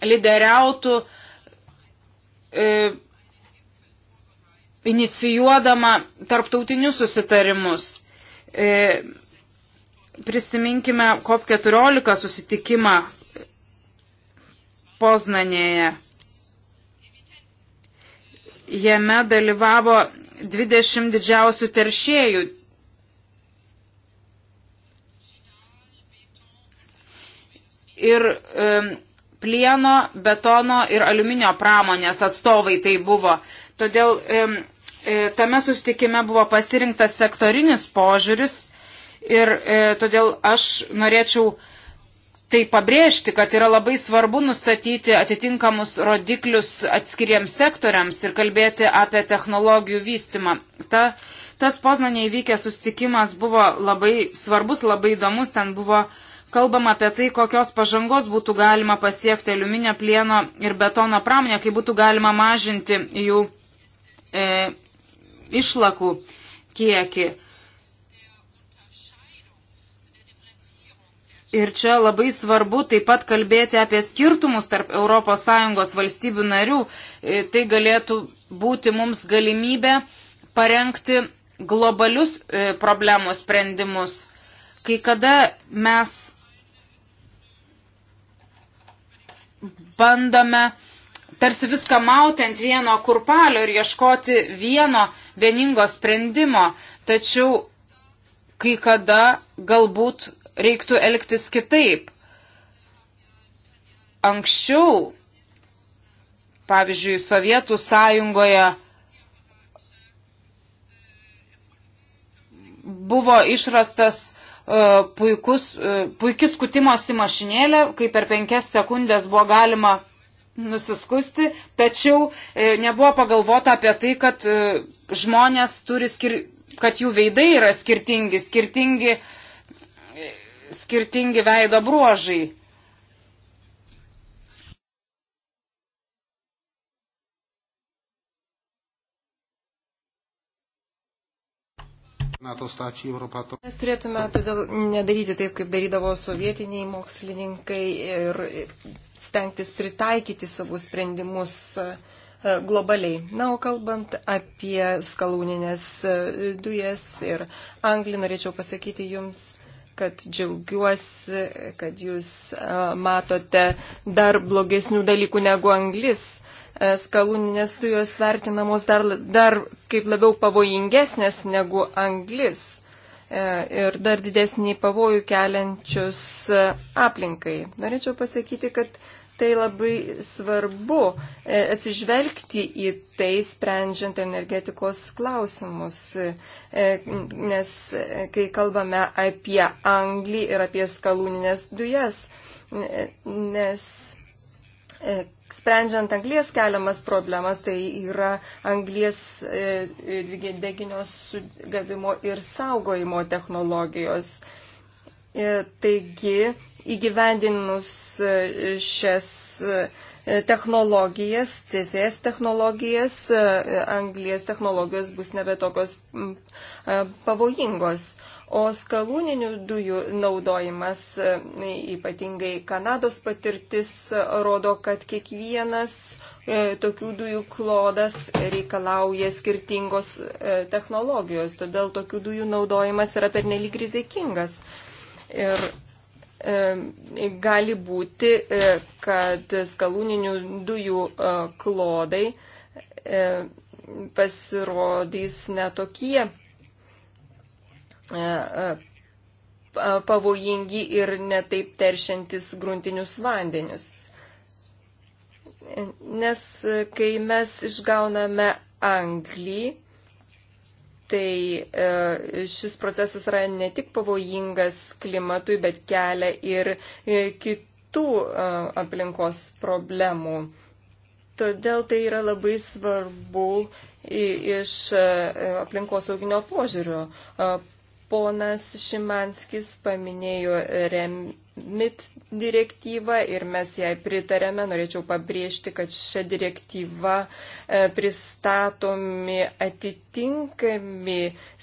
lyderiautų inicijuodama tarptautinius susitarimus. E, prisiminkime COP14 susitikimą Poznanėje. Jame dalyvavo 20 didžiausių teršėjų. Ir e, plieno, betono ir aliuminio pramonės atstovai tai buvo. Todėl e, E, tame susitikime buvo pasirinktas sektorinis požiūris ir e, todėl aš norėčiau tai pabrėžti, kad yra labai svarbu nustatyti atitinkamus rodiklius atskiriems sektoriams ir kalbėti apie technologijų vystimą. Ta, tas Poznanė įvykęs sustikimas buvo labai svarbus, labai įdomus, ten buvo kalbama apie tai, kokios pažangos būtų galima pasiekti aliuminio plieno ir betono pramonė, kai būtų galima mažinti jų e, išlakų kiekį. Ir čia labai svarbu taip pat kalbėti apie skirtumus tarp ES valstybių narių. E, tai galėtų būti mums galimybė parengti globalius e, problemų sprendimus. Kai kada mes bandome tarsi viską mauti ant vieno kurpalio ir ieškoti vieno vieningo sprendimo. Tačiau kai kada galbūt reiktų elgtis kitaip. Anksčiau, pavyzdžiui, Sovietų sąjungoje buvo išrastas e, puikus, e, puikis skutimosi mašinėlė, kai per penkias sekundės buvo galima nusiskusti, tačiau e, nebuvo pagalvota apie tai, kad e, žmonės turi, skir... kad jų veidai yra skirtingi, skirtingi, e, skirtingi veido bruožai. Mes turėtume todėl nedaryti taip, kaip darydavo sovietiniai mokslininkai ir stengtis pritaikyti savo sprendimus e, globaliai. Na, o kalbant apie skalūninės e, dujas ir Anglį, norėčiau pasakyti Jums, kad džiaugiuosi, kad Jūs e, matote dar blogesnių dalykų negu Anglis. Skalūninės dujos vertinamos dar, dar kaip labiau pavojingesnės negu Anglis. E, ir dar didesnį pavojų keliančius e, aplinkai. Norėčiau pasakyti, kad tai labai svarbu e, atsižvelgti į tai, sprendžiant energetikos klausimus, nes kai kalbame apie anglį ir apie skalūninės dujas, nes sprendžiant anglies keliamas problemas, tai yra anglies e, e, deginio sugavimo ir saugojimo technologijos. E, taigi, įgyvendinus šias technologijas, CCS technologijas, anglies technologijos bus nebe tokios pavojingos. O skalūninių dujų naudojimas, e, ypatingai Kanados patirtis, e, rodo, kad kiekvienas e, tokių dujų klodas reikalauja skirtingos technologijos, todėl tokių dujų naudojimas yra pernelyg rizikingas. Ir gali būti, kad skalūninių dujų klodai pasirodys netokie E, e, pavojingi ir netaip teršiantis gruntinius vandenius. Nes e, kai mes išgauname anglį, tai šis procesas yra ne tik pavojingas klimatui, bet kelia ir kitų aplinkos problemų. Todėl tai yra labai svarbu iš aplinkosauginio požiūrio. Ponas Šimanskis paminėjo REMIT direktyvą ir mes jai pritarėme. Norėčiau pabrėžti, kad šią direktyvą e, pristatomi atitinkami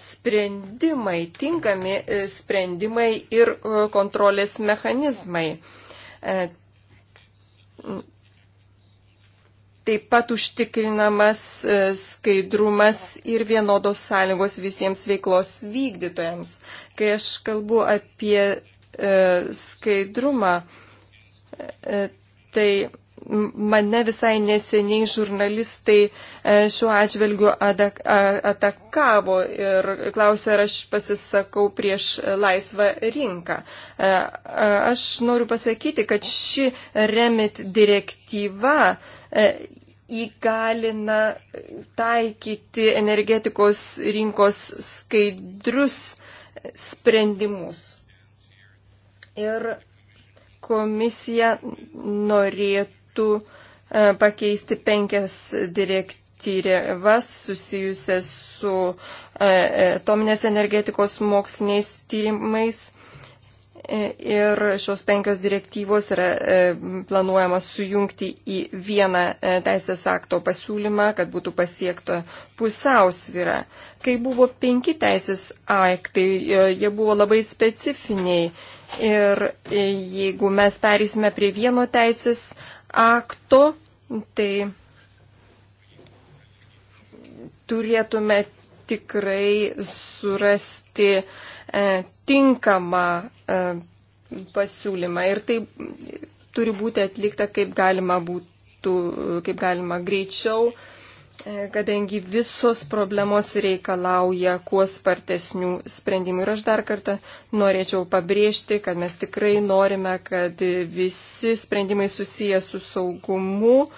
sprendimai, tinkami e, sprendimai ir e, kontrolės mechanizmai Taip pat užtikrinamas e, skaidrumas ir vienodos sąlygos visiems veiklos vykdytojams. Kai aš kalbu apie e, skaidrumą, e, tai mane visai neseniai žurnalistai šiuo atžvilgiu atakavo ir klausė, ar aš pasisakau prieš laisvą rinką. Aš noriu pasakyti, kad ši remit direktyva įgalina taikyti energetikos rinkos skaidrius sprendimus. Ir komisija norėtų e, pakeisti penkias direktyvas tyrimas susijusias su e, e, atominės energetikos moksliniais tyrimais, E, ir šios penkios direktyvos yra e, planuojamas sujungti į vieną e, teisės akto pasiūlymą, kad būtų pasiekta pusiausvyra. Kai buvo penki teisės aktai, jie buvo labai specifiniai ir jeigu mes perėsime prie vieno teisės akto, tai turėtume tikrai surasti uh, E, tinkamą e, pasiūlymą ir tai turi būti atlikta kaip galima, būtų, kaip galima greičiau, e, kadangi visos problemos reikalauja kuo spartesnių sprendimų. Ir aš dar kartą norėčiau pabrėžti, kad mes tikrai norime, kad visi sprendimai susiję su saugumu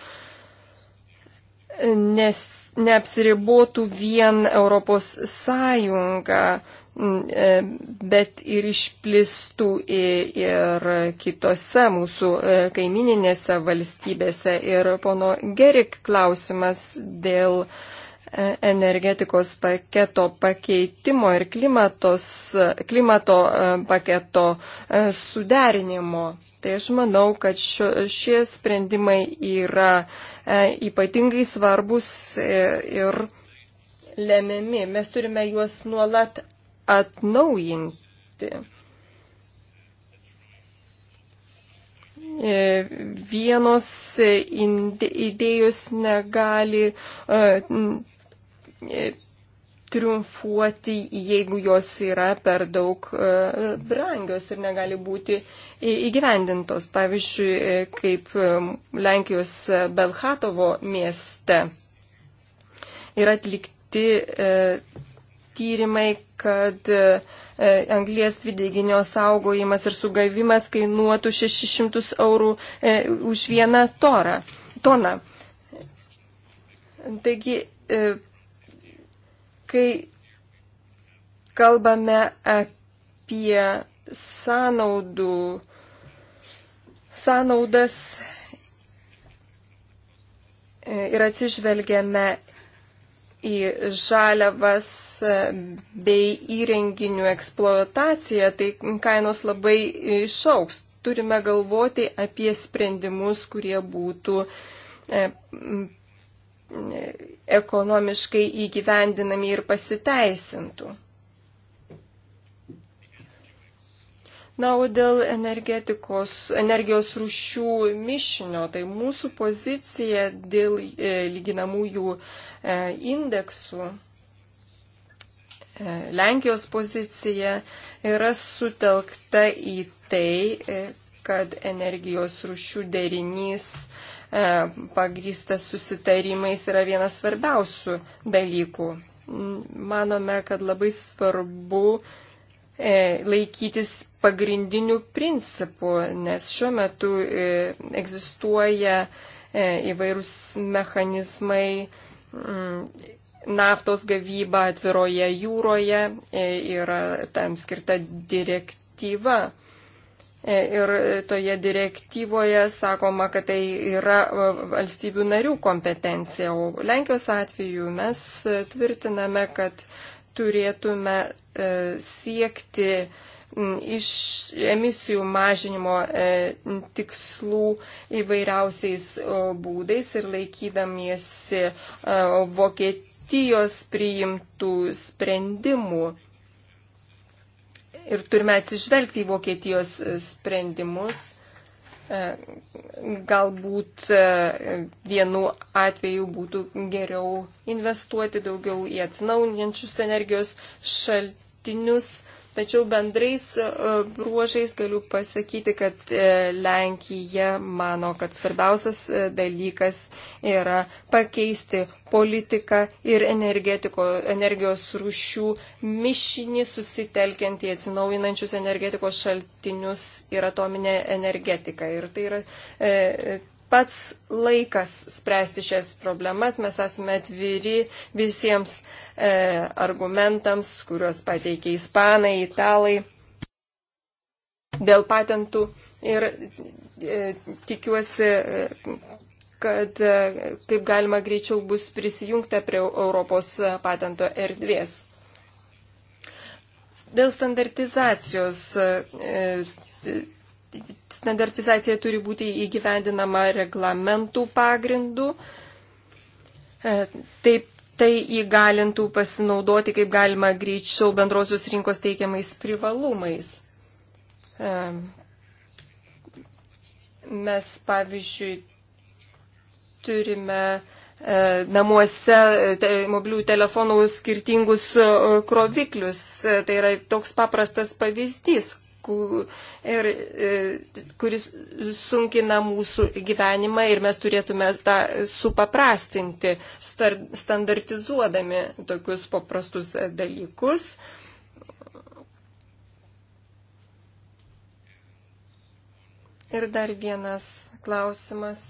nes neapsiribotų vien Europos Sąjunga Mm, e, bet ir išplistų ir kitose mūsų e, kaimininėse valstybėse. Ir pono Gerik klausimas dėl e, energetikos paketo pakeitimo ir klimatos, klimato paketo suderinimo. Tai aš manau, kad šie sprendimai yra ypatingai svarbus ir lemiami. Mes turime juos nuolat atnaujinti. E, vienos idėjos negali e, e, triumfuoti, jeigu jos yra per daug brangios ir negali būti įgyvendintos. Pavyzdžiui, kaip Lenkijos Belhatovo mieste yra atlikti tyrimai, kad e, anglės dvideginio saugojimas ir sugavimas kainuotų 600 eurų e, už vieną torą, toną. Taigi, e, kai kalbame apie sąnaudų, sąnaudas ir atsižvelgiame į žaliavas e, bei įrenginių eksploataciją, tai kainos labai išauks. Turime galvoti apie sprendimus, kurie būtų e, e, ekonomiškai įgyvendinami ir pasiteisintų. Na, o dėl energijos rūšių mišinio, tai mūsų pozicija dėl e, lyginamųjų e, indeksų, e, Lenkijos pozicija yra sutelkta į tai, e, kad energijos rūšių derinys e, pagrįstas susitarimais yra vienas svarbiausių dalykų. Manome, kad labai svarbu e, E, laikytis pagrindinių principų, nes šiuo metu e, egzistuoja e, įvairūs mechanizmai mm, naftos gavyba atviroje jūroje, yra tam skirta direktyva. Ir toje direktyvoje sakoma, kad tai yra valstybių narių kompetencija, o Lenkijos atveju mes tvirtiname, kad turėtume e, siekti iš emisijų mažinimo e, tikslų įvairiausiais būdais ir laikydamiesi e, Vokietijos priimtų sprendimų. Ir turime atsižvelgti į Vokietijos sprendimus E, galbūt e, vienu atveju būtų geriau investuoti daugiau į atsinaujinančius energijos šaltinius Tačiau bendrais e, bruožais galiu pasakyti, kad e, Lenkija mano, kad svarbiausias e, dalykas yra pakeisti politiką ir energijos rūšių mišinį susitelkiant į atsinaujinančius energetikos šaltinius ir atominę energetiką. Ir tai yra e, pats laikas spręsti šias problemas. Mes esame atviri visiems e, argumentams, kuriuos pateikia ispanai, italai dėl patentų. Ir e, tikiuosi, kad e, kaip galima greičiau bus prisijungta prie Europos patento erdvės. Dėl standartizacijos. E, e, standartizacija turi būti įgyvendinama reglamentų pagrindu. E, taip tai įgalintų pasinaudoti kaip galima greičiau bendrosios rinkos teikiamais privalumais. E, mes, pavyzdžiui, turime e, namuose te, mobilių telefonų skirtingus kroviklius. Tai yra toks paprastas pavyzdys, ir, e, kuris sunkina mūsų gyvenimą ir mes turėtume tą supaprastinti, standartizuodami tokius paprastus e, dalykus. Ir dar vienas klausimas.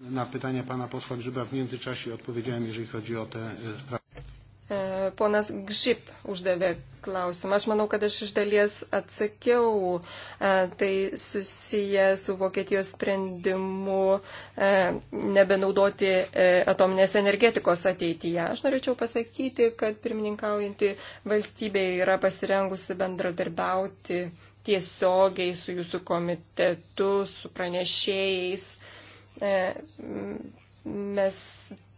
Na pytanie pana posła Grzyba w międzyczasie odpowiedziałem, jeżeli chodzi o te e, sprawy. E, ponas Gžip uždavė klausimą. Aš manau, kad aš iš dalies atsakiau. E, tai susiję su Vokietijos sprendimu e, nebenaudoti atominės energetikos ateityje. Aš norėčiau pasakyti, kad pirmininkaujanti valstybė yra pasirengusi bendradarbiauti tiesiogiai su jūsų komitetu, su pranešėjais mes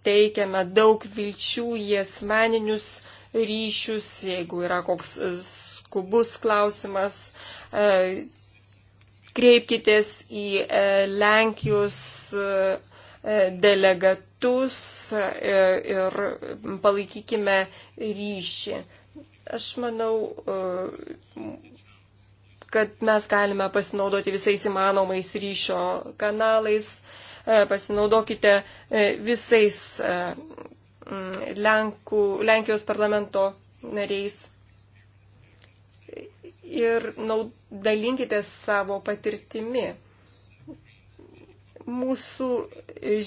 teikiame daug vilčių į asmeninius ryšius, jeigu yra koks e, skubus klausimas, e, kreipkitės į e, Lenkijos delegatus ir palaikykime ryšį. Aš manau, kad mes galime pasinaudoti visais įmanomais ryšio kanalais. E, pasinaudokite e, visais e, mm, Lenkų, Lenkijos parlamento nariais ir naud, dalinkite savo patirtimi. Mūsų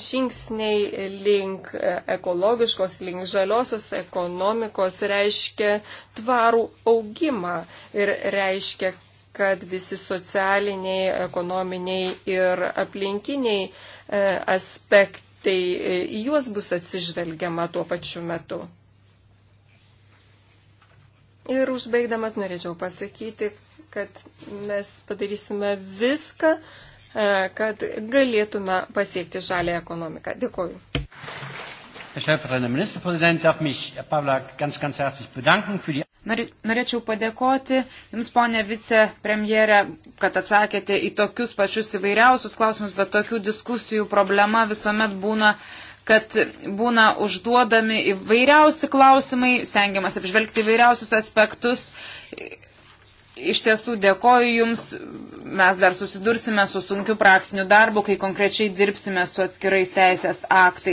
žingsniai link ekologiškos, link žaliosios ekonomikos reiškia tvarų augimą ir reiškia, kad visi socialiniai, ekonominiai ir aplinkiniai E, aspektai, e, į juos bus atsižvelgiama tuo pačiu metu. Ir užbaigdamas norėčiau pasakyti, kad mes padarysime viską, e, kad galėtume pasiekti žalę ekonomiką. Dėkuoju. Herr stellvertretender Ministerpräsident darf mich, Herr Pavlak, ganz, ganz herzlich bedanken für die Norėčiau padėkoti Jums, ponė vicepremjerė, kad atsakėte į tokius pačius įvairiausius klausimus, bet tokių diskusijų problema visuomet būna kad būna užduodami įvairiausi klausimai, stengiamas apžvelgti įvairiausius aspektus. Iš tiesų dėkoju Jums, mes dar susidursime su sunkiu praktiniu darbu, kai konkrečiai dirbsime su atskirais teisės aktais.